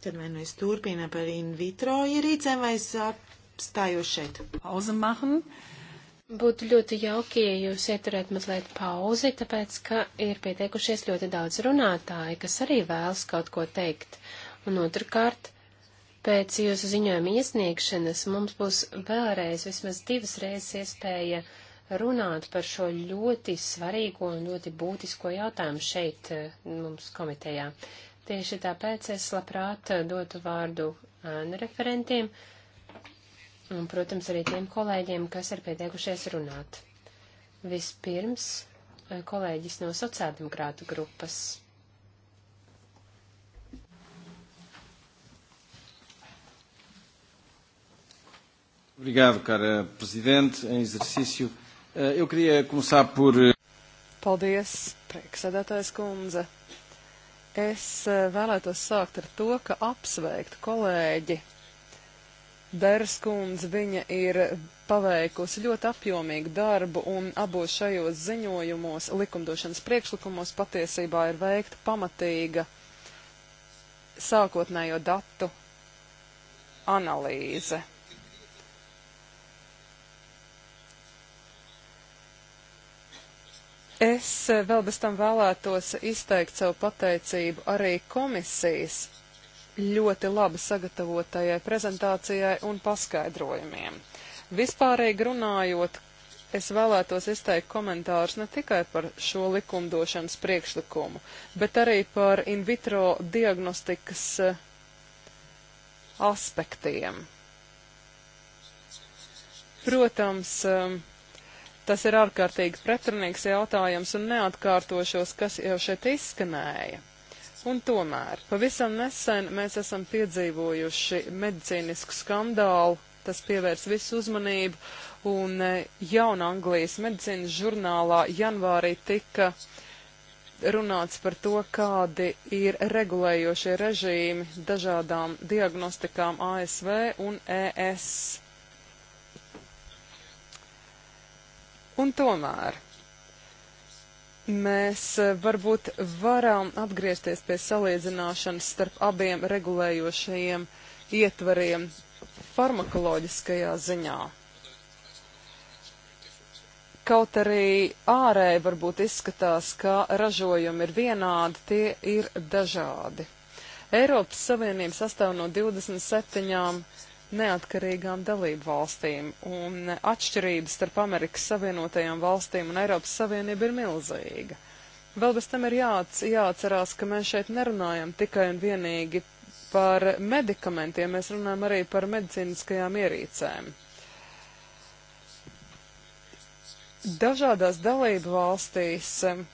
Tad vai nu es turpinu par in vitro ierīcēm vai es apstājos šeit? Pauza machen. Būtu ļoti jauki, ja jūs ieturētu mazliet pauzi, tāpēc, ka ir pieteikušies ļoti daudz runātāji, kas arī vēlas kaut ko teikt. Un otrkārt, pēc jūsu ziņojuma iesniegšanas mums būs vēlreiz vismaz divas reizes iespēja runāt par šo ļoti svarīgo un ļoti būtisko jautājumu šeit eh, mums komitejā. Uh, Tieši tāpēc es labprāt dotu vārdu ēnu referentiem un, protams, arī tiem kolēģiem, kas ir pieteikušies runāt. Vispirms kolēģis no sociāldemokrātu grupas. Obrigado, cara Presidente, em exercício. Eu queria começar por. Paldies, priekšsēdētājs kundze. Es eh, vēlētos sākt ar to, ka apsveikt kolēģi Derskundz, viņa ir paveikusi ļoti apjomīgu darbu un abos šajos ziņojumos, likumdošanas priekšlikumos patiesībā ir veikta pamatīga sākotnējo datu analīze. Es e, vēl bez tam vēlētos izteikt savu pateicību arī komisijas ļoti labi sagatavotajai prezentācijai un paskaidrojumiem. Vispārīgi runājot, es vēlētos izteikt komentārus ne tikai par šo likumdošanas priekšlikumu, bet arī par in vitro diagnostikas e, aspektiem. Protams, e, Tas ir ārkārtīgi pretrunīgs jautājums un neatkārtošos, kas jau šeit izskanēja. Un tomēr, pavisam nesen mēs esam piedzīvojuši medicīnisku skandālu, tas pievērs visu uzmanību, un e, jauna Anglijas medicīnas žurnālā janvārī tika runāts par to, kādi ir regulējošie režīmi dažādām diagnostikām ASV un ES. Un tomēr mēs e, varbūt varam atgriezties pie salīdzināšanas starp abiem regulējošajiem ietvariem farmakoloģiskajā ziņā. Kaut arī ārēji varbūt izskatās, ka ražojumi ir vienādi, tie ir dažādi. Eiropas Savienība sastāv no 27 neatkarīgām dalību valstīm, un atšķirības starp Amerikas Savienotajām valstīm un Eiropas Savienību ir milzīga. Vēl bez tam ir jāats, jāatcerās, ka mēs šeit nerunājam tikai un vienīgi par medikamentiem, mēs runājam arī par medicīniskajām ierīcēm. Dažādās dalību valstīs um,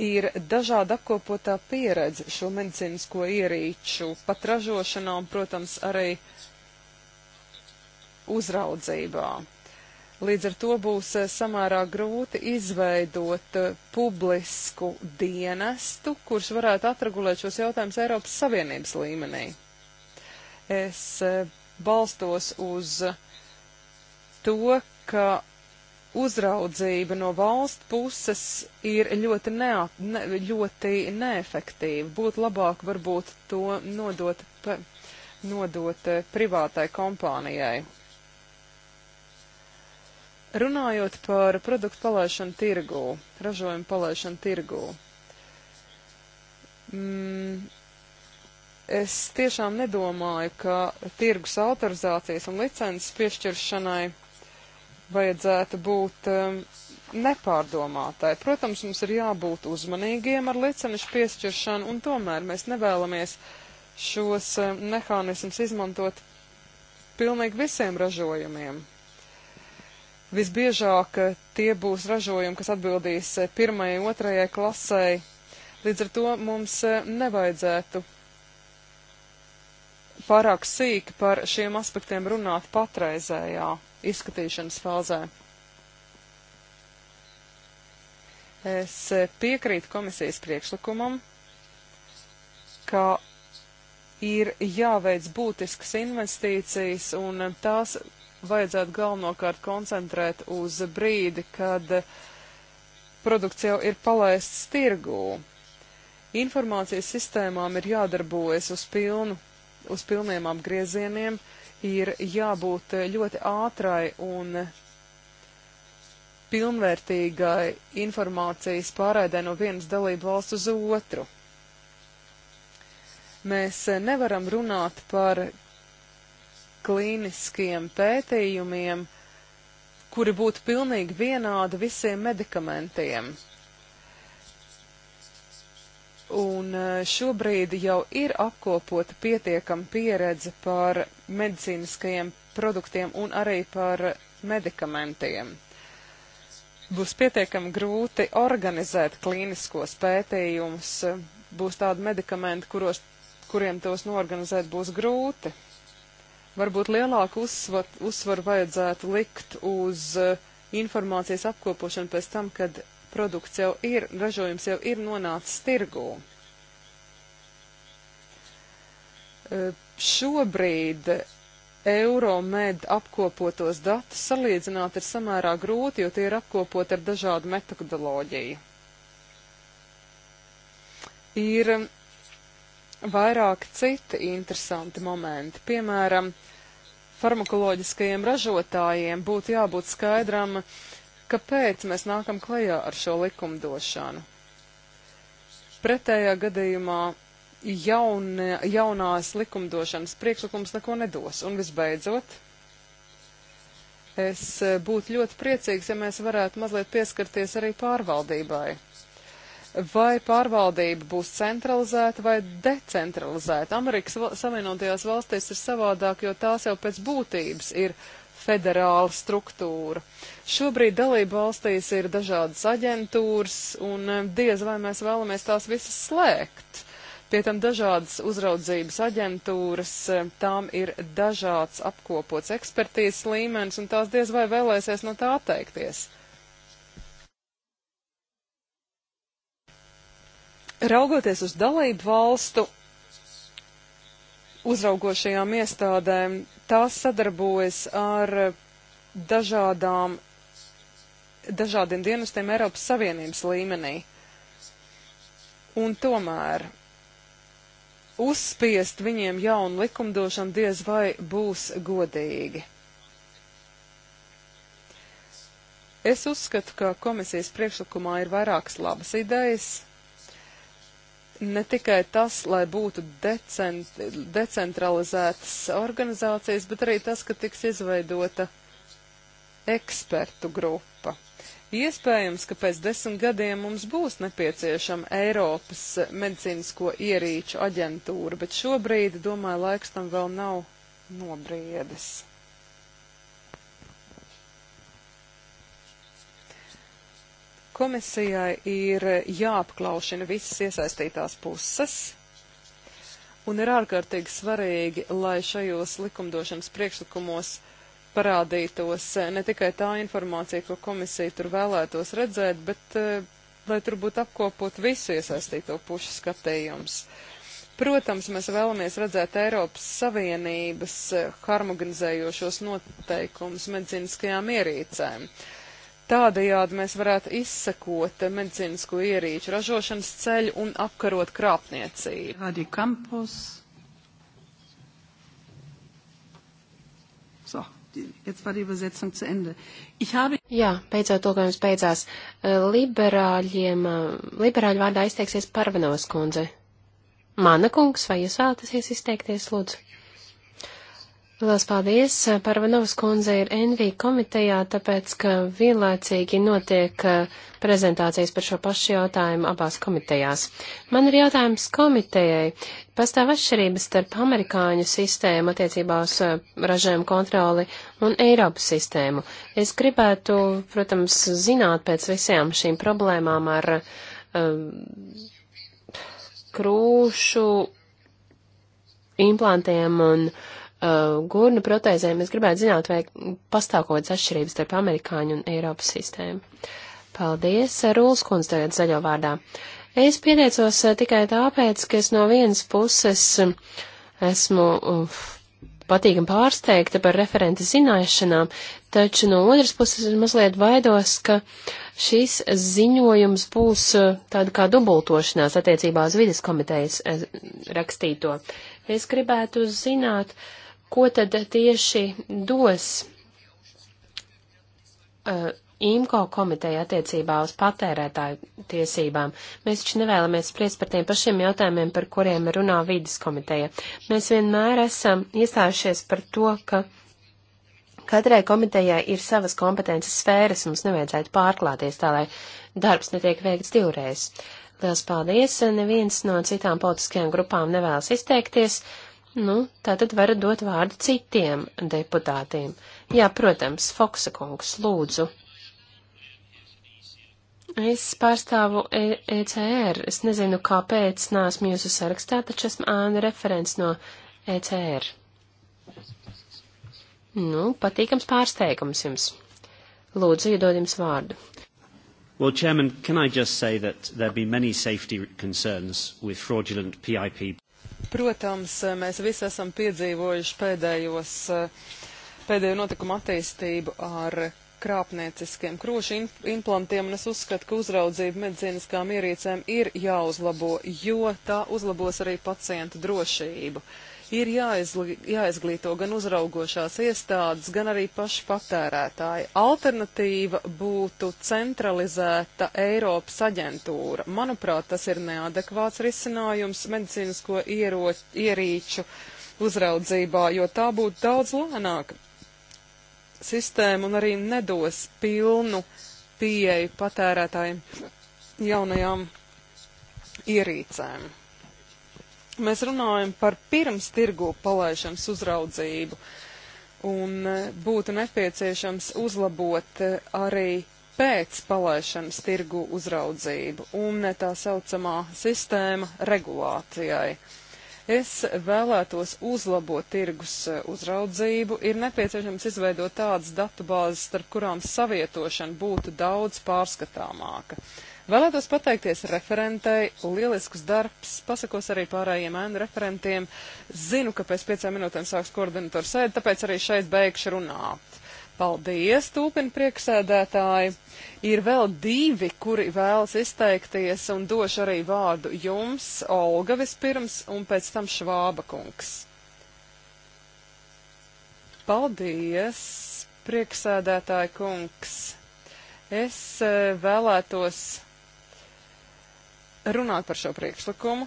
ir dažāda apkopotā pieredze šo medicīnisko ierīču pat ražošanā un, protams, arī uzraudzībā. Līdz ar to būs eh, samērā grūti izveidot eh, publisku dienestu, kurš varētu atregulēt šos jautājumus Eiropas Savienības līmenī. Es eh, balstos uz to, ka uzraudzība no valsts puses ir ļoti, nea, ne, ļoti neefektīva. Būtu labāk varbūt to nodot, nodot privātai kompānijai. Runājot par produktu palaišanu tirgū, ražojumu palaišanu tirgū, mm, es tiešām nedomāju, ka tirgus autorizācijas un licences piešķiršanai vajadzētu būt um, nepārdomātai. Protams, mums ir jābūt uzmanīgiem ar licenšu piešķiršanu, un tomēr mēs nevēlamies šos um, mehānismus izmantot pilnīgi visiem ražojumiem. Visbiežāk eh, tie būs ražojumi, kas atbildīs eh, pirmajai, otrajai klasei. Līdz ar to mums eh, nevajadzētu pārāk sīki par šiem aspektiem runāt patreizējā izskatīšanas fāzē. Es piekrītu komisijas priekšlikumam, ka ir jāveic būtiskas investīcijas un tās vajadzētu galvenokārt koncentrēt uz brīdi, kad produkts jau ir palaists tirgū. Informācijas sistēmām ir jādarbojas uz, pilnu, uz pilniem apgriezieniem, ir jābūt ļoti ātrai un pilnvērtīgai informācijas pārēdē no vienas dalību valsts uz otru. Mēs nevaram runāt par klīniskiem pētījumiem, kuri būtu pilnīgi vienādi visiem medikamentiem. Un eh, šobrīd jau ir apkopota pietiekama pieredze par medicīniskajiem produktiem un arī par medikamentiem. Būs pietiekami grūti organizēt klīniskos pētījumus, būs tādi medikamenti, kuros, kuriem tos norganizēt būs grūti. Varbūt lielāku uzsvaru, uzsvaru vajadzētu likt uz eh, informācijas apkopošanu pēc tam, kad produkts jau ir, ražojums jau ir nonācis tirgū. Eh, šobrīd Euromed apkopotos datus salīdzināt ir samērā grūti, jo tie ir apkopot ar dažādu metodoloģiju. Ir vairāk citi interesanti momenti. Piemēram, farmakoloģiskajiem ražotājiem būtu jābūt skaidram, kāpēc mēs nākam klajā ar šo likumdošanu. Pretējā gadījumā jaun, jaunās likumdošanas priekšlikums neko nedos. Un visbeidzot, es būtu ļoti priecīgs, ja mēs varētu mazliet pieskarties arī pārvaldībai vai pārvaldība būs centralizēta vai decentralizēta. Amerikas Savienotajās valstīs ir savādāk, jo tās jau pēc būtības ir federāla struktūra. Šobrīd dalību valstīs ir dažādas aģentūras, un diez vai mēs vēlamies tās visas slēgt. Pie tam dažādas uzraudzības aģentūras, tām ir dažāds apkopots ekspertīzes līmenis, un tās diez vai vēlēsies no tā atteikties. Raugoties uz dalību valstu uzraugošajām iestādēm, tās sadarbojas ar dažādām, dažādiem dienestiem Eiropas Savienības līmenī. Un tomēr uzspiest viņiem jaunu likumdošanu diez vai būs godīgi. Es uzskatu, ka komisijas priekšlikumā ir vairākas labas idejas, ne tikai tas, lai būtu decent, decentralizētas organizācijas, bet arī tas, ka tiks izveidota ekspertu grupa. Iespējams, ka pēc desmit gadiem mums būs nepieciešama Eiropas medicīnisko ierīču aģentūra, bet šobrīd, domāju, laiks tam vēl nav nobriedis. Komisijai ir jāapklaušina visas iesaistītās puses, un ir ārkārtīgi svarīgi, lai šajos likumdošanas priekšlikumos parādītos eh, ne tikai tā informācija, ko komisija tur vēlētos redzēt, bet eh, lai tur būtu apkopot visu iesaistīto pušu skatījums. Protams, mēs vēlamies redzēt Eiropas Savienības eh, harmonizējošos noteikumus medicīniskajām ierīcēm. Uh, Tādējādi mēs varētu izsekot medicīnisko ierīču ražošanas ceļu un apkarot krāpniecību. Radio Campos. So, jetzt war die Übersetzung zu Ende. Ich habe... Jā, beidzot to, ka jums beidzās. Liberāļiem, liberāļu vārdā izteiksies Parvanovas kundze. Mana kungs, vai jūs vēlaties izteikties, lūdzu? Lielas paldies! Parvanovas kundze ir NV komitejā, tāpēc, ka vienlaicīgi notiek eh, prezentācijas par šo pašu jautājumu abās komitejās. Man ir jautājums komitejai. Pastāv atšķirības starp amerikāņu sistēmu attiecībā uz eh, ražējumu kontroli un Eiropas sistēmu. Es gribētu, protams, zināt pēc visām šīm problēmām ar um, krūšu implantiem un uh, uh, gurnu protēzēm, es gribētu zināt, vai pastāv kaut kādas atšķirības starp amerikāņu un Eiropas sistēmu. Paldies, uh, Rūls kundze tagad zaļo vārdā. Es pieteicos uh, tikai tāpēc, ka es no vienas puses um, esmu uf, uh, patīkam pārsteigta par referenta zināšanām, taču no otras puses mazliet baidos, ka šis ziņojums būs tāda kā dubultošanās attiecībā uz vidas komitejas rakstīto. Es gribētu zināt, uh, ko tad tieši dos uh, IMCO komiteja attiecībā uz patērētāju tiesībām. Mēs taču nevēlamies spriest par tiem pašiem jautājumiem, par kuriem runā vīdes komiteja. Mēs vienmēr esam iestājušies par to, ka katrai komitejai ir savas kompetences sfēras, mums nevajadzētu pārklāties tā, lai darbs netiek veikts divreiz. Liels paldies! Neviens no citām politiskajām grupām nevēlas izteikties. Nu, tātad varat dot vārdu citiem deputātiem. Jā, protams, Foksa kungs, lūdzu. Es pārstāvu e ECR. Es nezinu, kāpēc nāsmu jūsu sarakstā, taču esmu āna referents no ECR. Nu, patīkams pārsteigums jums. Lūdzu, iedod jums vārdu. Well, Chairman, can I just say that there have been many safety concerns with fraudulent PIP Protams, eh, mēs visi esam piedzīvojuši pēdējos, eh, pēdējo notikumu attīstību ar krāpnieciskiem krošu implantiem, un es uzskatu, ka uzraudzība medicīniskām ierīcēm ir jāuzlabo, jo tā uzlabos arī pacientu drošību. Uh, ir jāizli, jāizglīto gan uzraugošās iestādes, gan arī paši patērētāji. Alternatīva būtu centralizēta Eiropas aģentūra. Manuprāt, tas ir neadekvāts risinājums medicīnisko iero, ierīču uzraudzībā, jo tā būtu daudz lēnāka sistēma un arī nedos pilnu pieeju patērētājiem jaunajām ierīcēm mēs runājam par pirms tirgu palaišanas uzraudzību, un e, būtu nepieciešams uzlabot e, arī pēc palaišanas tirgu uzraudzību un e, tā saucamā sistēma regulācijai. Es vēlētos uzlabot tirgus uzraudzību, ir nepieciešams izveidot tādas datubāzes, starp kurām savietošana būtu daudz pārskatāmāka. Uh, Vēlētos pateikties referentei, lielisks darbs, pasakos arī pārējiem ēnu referentiem. Zinu, ka pēc piecām minūtēm sāks koordinatoru sēdi, tāpēc arī šeit beigšu runāt. Paldies, tūpina prieksēdētāji. Ir vēl divi, kuri vēlas izteikties un došu arī vārdu jums, Olga vispirms un pēc tam Švāba kungs. Paldies, prieksēdētāji kungs. Es eh, vēlētos runāt par šo priekšlikumu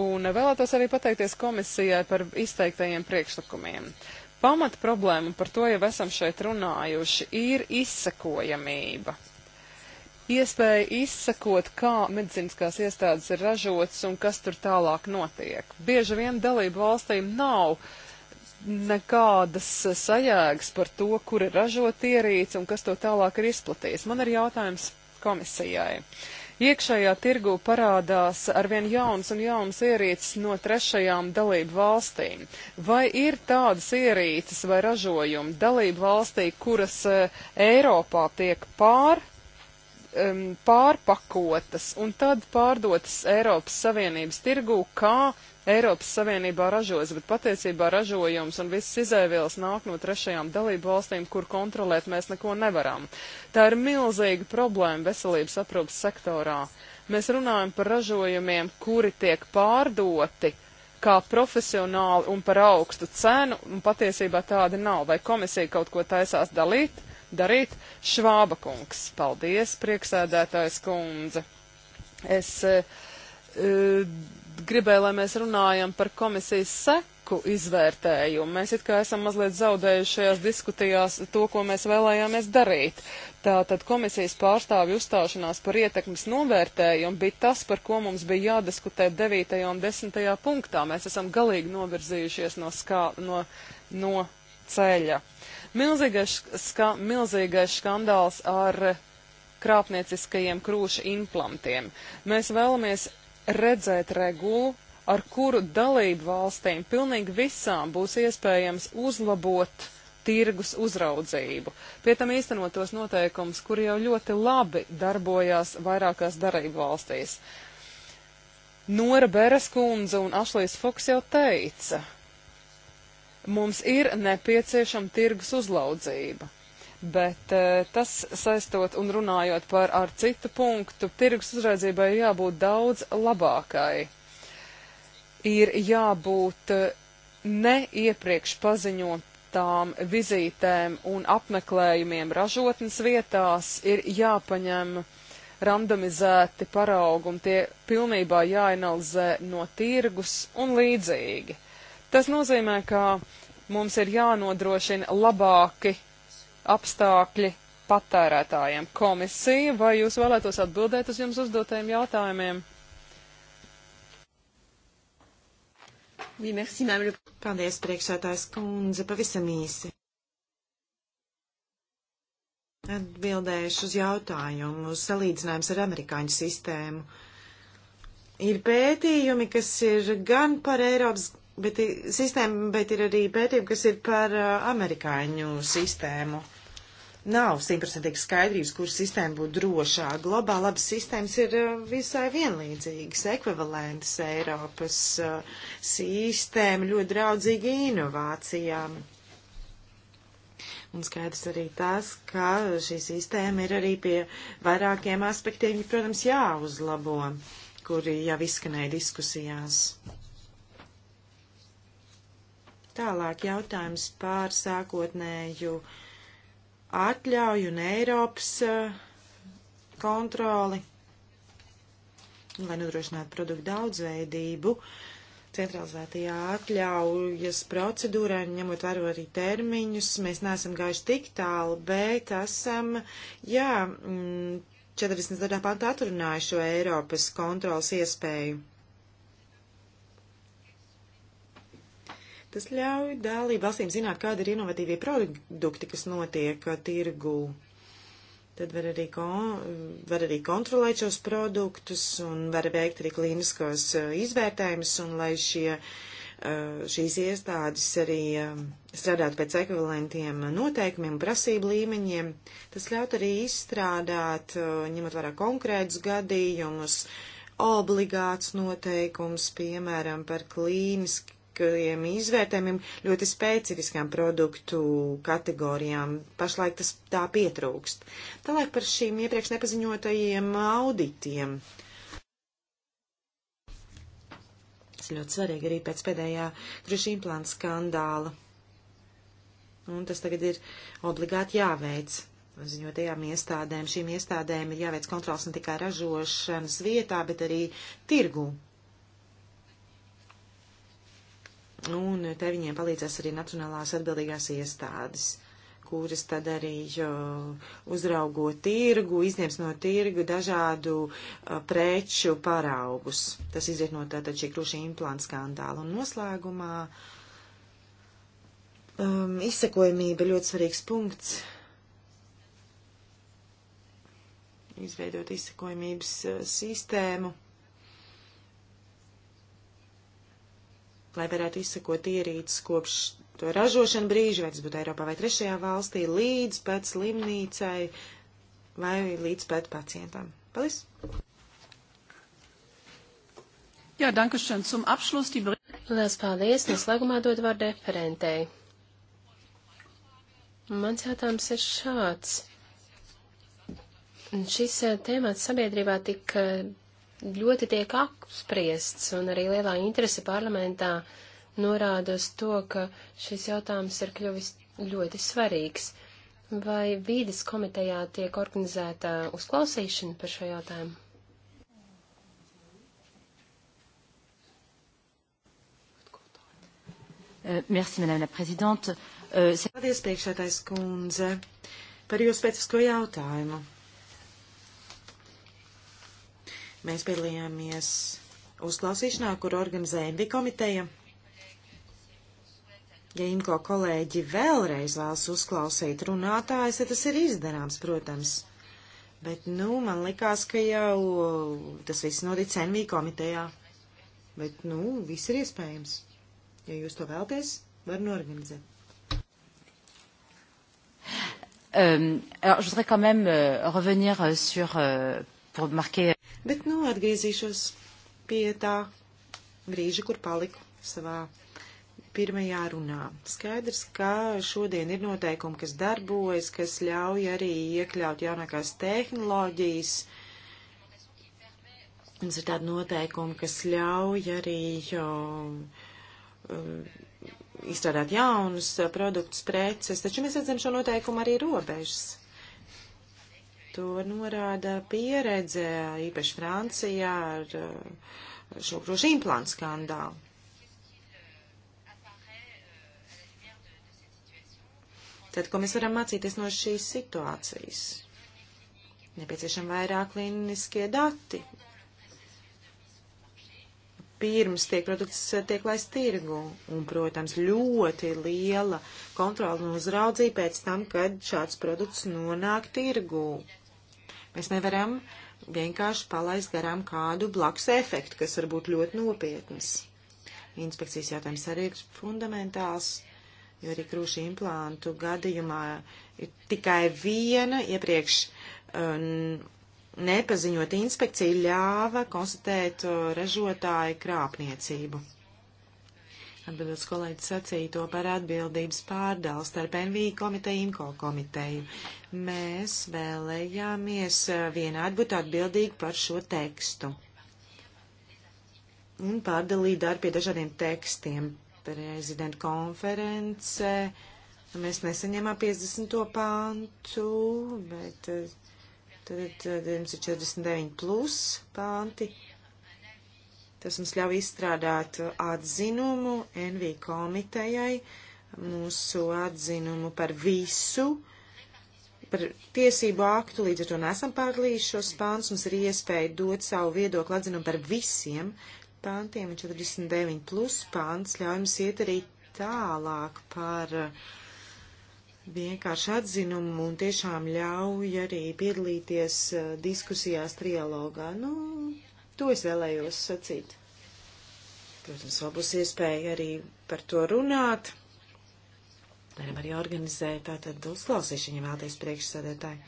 un vēlētos arī pateikties komisijai par izteiktajiem priekšlikumiem. Pamat problēma, par to jau esam šeit runājuši, ir izsekojamība. Iespēja izsekot, kā medicīniskās iestādes ir ražotas un kas tur tālāk notiek. Bieži vien dalību valstīm nav nekādas sajēgas par to, kur ir ražot ierīce un kas to tālāk ir izplatījis. Man ir jautājums komisijai. Uh, Iekšējā tirgū parādās arvien jauns un jauns ierīces no trešajām dalību valstīm. Vai ir tādas ierīces vai ražojumi dalību valstī, kuras eh, Eiropā tiek pār um, pārpakotas un tad pārdotas Eiropas Savienības tirgū, kā Eiropas Savienībā ražos, bet patiesībā ražojums un viss izēvielas nāk no trešajām dalību valstīm, kur kontrolēt mēs neko nevaram. Tā ir milzīga problēma veselības aprūpas sektorā. Mēs runājam par ražojumiem, kuri tiek pārdoti kā profesionāli un par augstu cenu, un patiesībā tāda nav. Vai komisija kaut ko taisās dalīt? darīt. Švāba kungs, paldies, prieksēdētājs kundze. Es e, e, gribēju, lai mēs runājam par komisijas seku izvērtējumu. Mēs it kā esam mazliet zaudējuši šajās diskutijās to, ko mēs vēlējāmies darīt. Tātad komisijas pārstāvju uzstāšanās par ietekmes novērtējumu bija tas, par ko mums bija jādiskutē 9. un 10. punktā. Mēs esam galīgi novirzījušies no, skā, no, no ceļa. Milzīgais, ska, milzīgais skandāls ar krāpnieciskajiem krūšu implantiem. Mēs vēlamies redzēt regulu, ar kuru dalību valstīm pilnīgi visām būs iespējams uzlabot tirgus uzraudzību. Pie tam īstenotos noteikums, kur jau ļoti labi darbojās vairākās darību valstīs. Nora Beres kundze un Ašlīs Foks jau teica, Mums ir nepieciešama tirgus uzlaudzība. Bet eh, tas saistot un runājot par ar citu punktu, tirgus uzraudzībai ir jābūt daudz labākai. Ir jābūt eh, ne iepriekš paziņotām vizītēm un apmeklējumiem ražotnes vietās, ir jāpaņem randomizēti paraugumi, tie pilnībā jāanalizē no tirgus un līdzīgi. Tas nozīmē, ka mums ir jānodrošina labāki apstākļi patērētājiem. Komisija, vai jūs vēlētos atbildēt uz jums uzdotajiem jautājumiem? Oui, merci, Paldies, priekšētājs kundze, pavisam īsi. Atbildēšu uz jautājumu, uz salīdzinājums ar amerikāņu sistēmu. Ir pētījumi, kas ir gan par Eiropas bet, sistēma, bet ir arī pētījumi, kas ir par uh, amerikāņu sistēmu. Nav simtprocentīgi skaidrības, kur sistēma būtu drošā. Globāli abas sistēmas ir uh, visai vienlīdzīgas, ekvivalentas Eiropas uh, sistēma, ļoti draudzīga inovācijām. Un skaidrs arī tas, ka šī sistēma ir arī pie vairākiem aspektiem, protams, jāuzlabo, kuri jau izskanēja diskusijās. Tālāk jautājums par sākotnēju atļauju un Eiropas eh, kontroli, lai nodrošinātu produktu daudzveidību. Centralizētajā atļaujas procedūrā, ņemot vērā arī termiņus, mēs neesam gājuši tik tālu, bet esam, jā, 40. Mm, pantā atrunājuši šo Eiropas kontrolas iespēju. Tas ļauj dalību valstīm zināt, kāda ir inovatīvie produkti, kas notiek uh, tirgū. Tad var arī, kon, mm, var arī kontrolēt šos produktus un var veikt arī klīniskos uh, izvērtējumus, un lai šie, uh, šīs iestādes arī um, strādātu pēc ekvivalentiem noteikumiem un prasību līmeņiem. Tas ļaut arī izstrādāt, ņemot vērā konkrētus gadījumus, obligāts noteikums, piemēram, par klīniski tehniskiem izvērtējumiem, ļoti specifiskām produktu kategorijām. Pašlaik tas tā pietrūkst. Tālāk par šīm iepriekš nepaziņotajiem auditiem. Tas ļoti svarīgi arī pēc pēdējā drošīmplāna skandāla. Un tas tagad ir obligāti jāveic ziņotajām iestādēm. Šīm iestādēm ir jāveic kontrols ne tikai ražošanas vietā, bet arī tirgū. Un te viņiem palīdzēs arī nacionālās atbildīgās iestādes, kuras tad arī uzraugo tirgu, izņems no tirgu dažādu preču paraugus. Tas iziet no tātad šī kruša implanta skandāla. Un noslēgumā um, izsekojamība ļoti svarīgs punkts. Izveidot izsekojamības sistēmu lai varētu izsekot ierīces kopš to ražošana brīži, vai tas būtu Eiropā vai trešajā valstī, līdz pat slimnīcai vai līdz pat pacientam. Paldies! Jā, dankušan, sum apšlūs tī brīdi. Lielas paldies, noslēgumā dod vārdu referentei. Mans jautājums ir šāds. Šis eh, tēmats sabiedrībā tik eh, ļoti tiek apspriests, un arī lielā interese parlamentā norāda uz to, ka šis jautājums ir kļuvis ļoti svarīgs. Vai vīdes komitejā tiek organizēta uzklausīšana par šo jautājumu? Eh, merci, Madame la Présidente. Eh, Paldies, priekšētais kundze, par jūsu specifisko jautājumu. Mēs piedalījāmies uzklausīšanā, kur organizēja Envi komiteja. Ja Inko kolēģi vēlreiz vēlas uzklausīt runātājs, ja tas ir izdarāms, protams. Bet, nu, man likās, ka jau tas viss notic Envi komitejā. Bet, nu, viss ir iespējams. Ja jūs to vēlties, var norganizēt. Euh, alors, je voudrais quand même euh, revenir euh, sur, euh, pour marquer. Bet, nu, atgriezīšos pie tā brīža, kur paliku savā pirmajā runā. Skaidrs, ka šodien ir noteikumi, kas darbojas, kas ļauj arī iekļaut jaunākās tehnoloģijas. Mums ir tādi noteikumi, kas ļauj arī jo, um, izstrādāt jaunus uh, produktus, preces, taču mēs redzam šo noteikumu arī robežas. To norāda pieredze, īpaši Francijā, ar eh, šo grožu implantu skandālu. Tad, ko mēs varam mācīties no šīs situācijas? Nepieciešam vairāk kliniskie dati. Pirms tiek produkts tiek laist tirgu. Un, protams, ļoti liela kontrola un uzraudzība pēc tam, kad šāds produkts nonāk tirgu. Mēs nevaram vienkārši palaist garām kādu blakus efektu, kas var būt ļoti nopietns. Inspekcijas jautājums arī ir fundamentāls, jo arī krūšu implantu gadījumā ir tikai viena iepriekš um, nepaziņota inspekcija ļāva konstatēt uh, ražotāju krāpniecību. Atbildot kolēģi sacīto par atbildības pārdalu starp NV komiteju, IMKO komiteju, mēs vēlējāmies eh, vienādi būt atbildīgi par šo tekstu un pārdalīt darbu pie dažādiem tekstiem. Prezidenta konference, mēs nesaņēmām 50. pāntu, bet eh, tad, tad, tad mums ir 49 plus pānti. Uh, Tas mums ļauj izstrādāt atzinumu NV komitejai, mūsu atzinumu par visu, par tiesību aktu, līdz ar to nesam pārlīdz šos pāns, mums ir iespēja dot savu viedokli atzinumu par visiem pāntiem, un 49 plus pāns ļauj mums iet arī tālāk par vienkārši atzinumu un tiešām ļauj arī piedalīties eh, diskusijās trialogā. Nu, To es vēlējos sacīt. Protams, vēl būs iespēja arī par to runāt. Varam arī organizēt tātad uzklausīšanu, ja vēlaties priekšsēdētāji.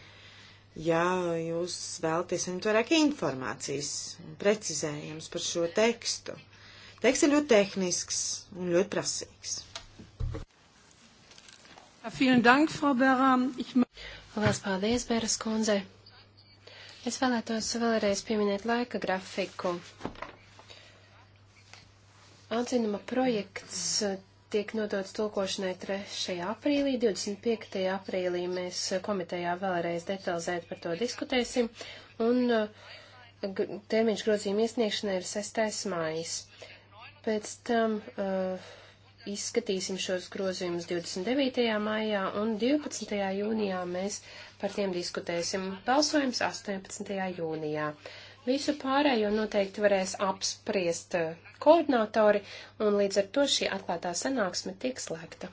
Ja jūs vēlaties saņemt vairāk informācijas un precizējums par šo tekstu, teksts ir ļoti tehnisks un ļoti prasīgs. Lielas paldies, Bēras kundze. Es vēlētos vēlreiz pieminēt laika grafiku. Atzinuma projekts eh, tiek nodots tulkošanai 3. aprīlī, 25. aprīlī mēs eh, komitejā vēlreiz detalizēt par to diskutēsim, un eh, termiņš grozījuma iesniegšanai ir 6. mājas. Pēc tam uh, izskatīsim šos grozījumus 29. maijā un 12. jūnijā mēs par tiem diskutēsim. Balsojums 18. jūnijā. Visu pārējo noteikti varēs apspriest eh, koordinatori un līdz ar to šī atklātā sanāksme tiek slēgta.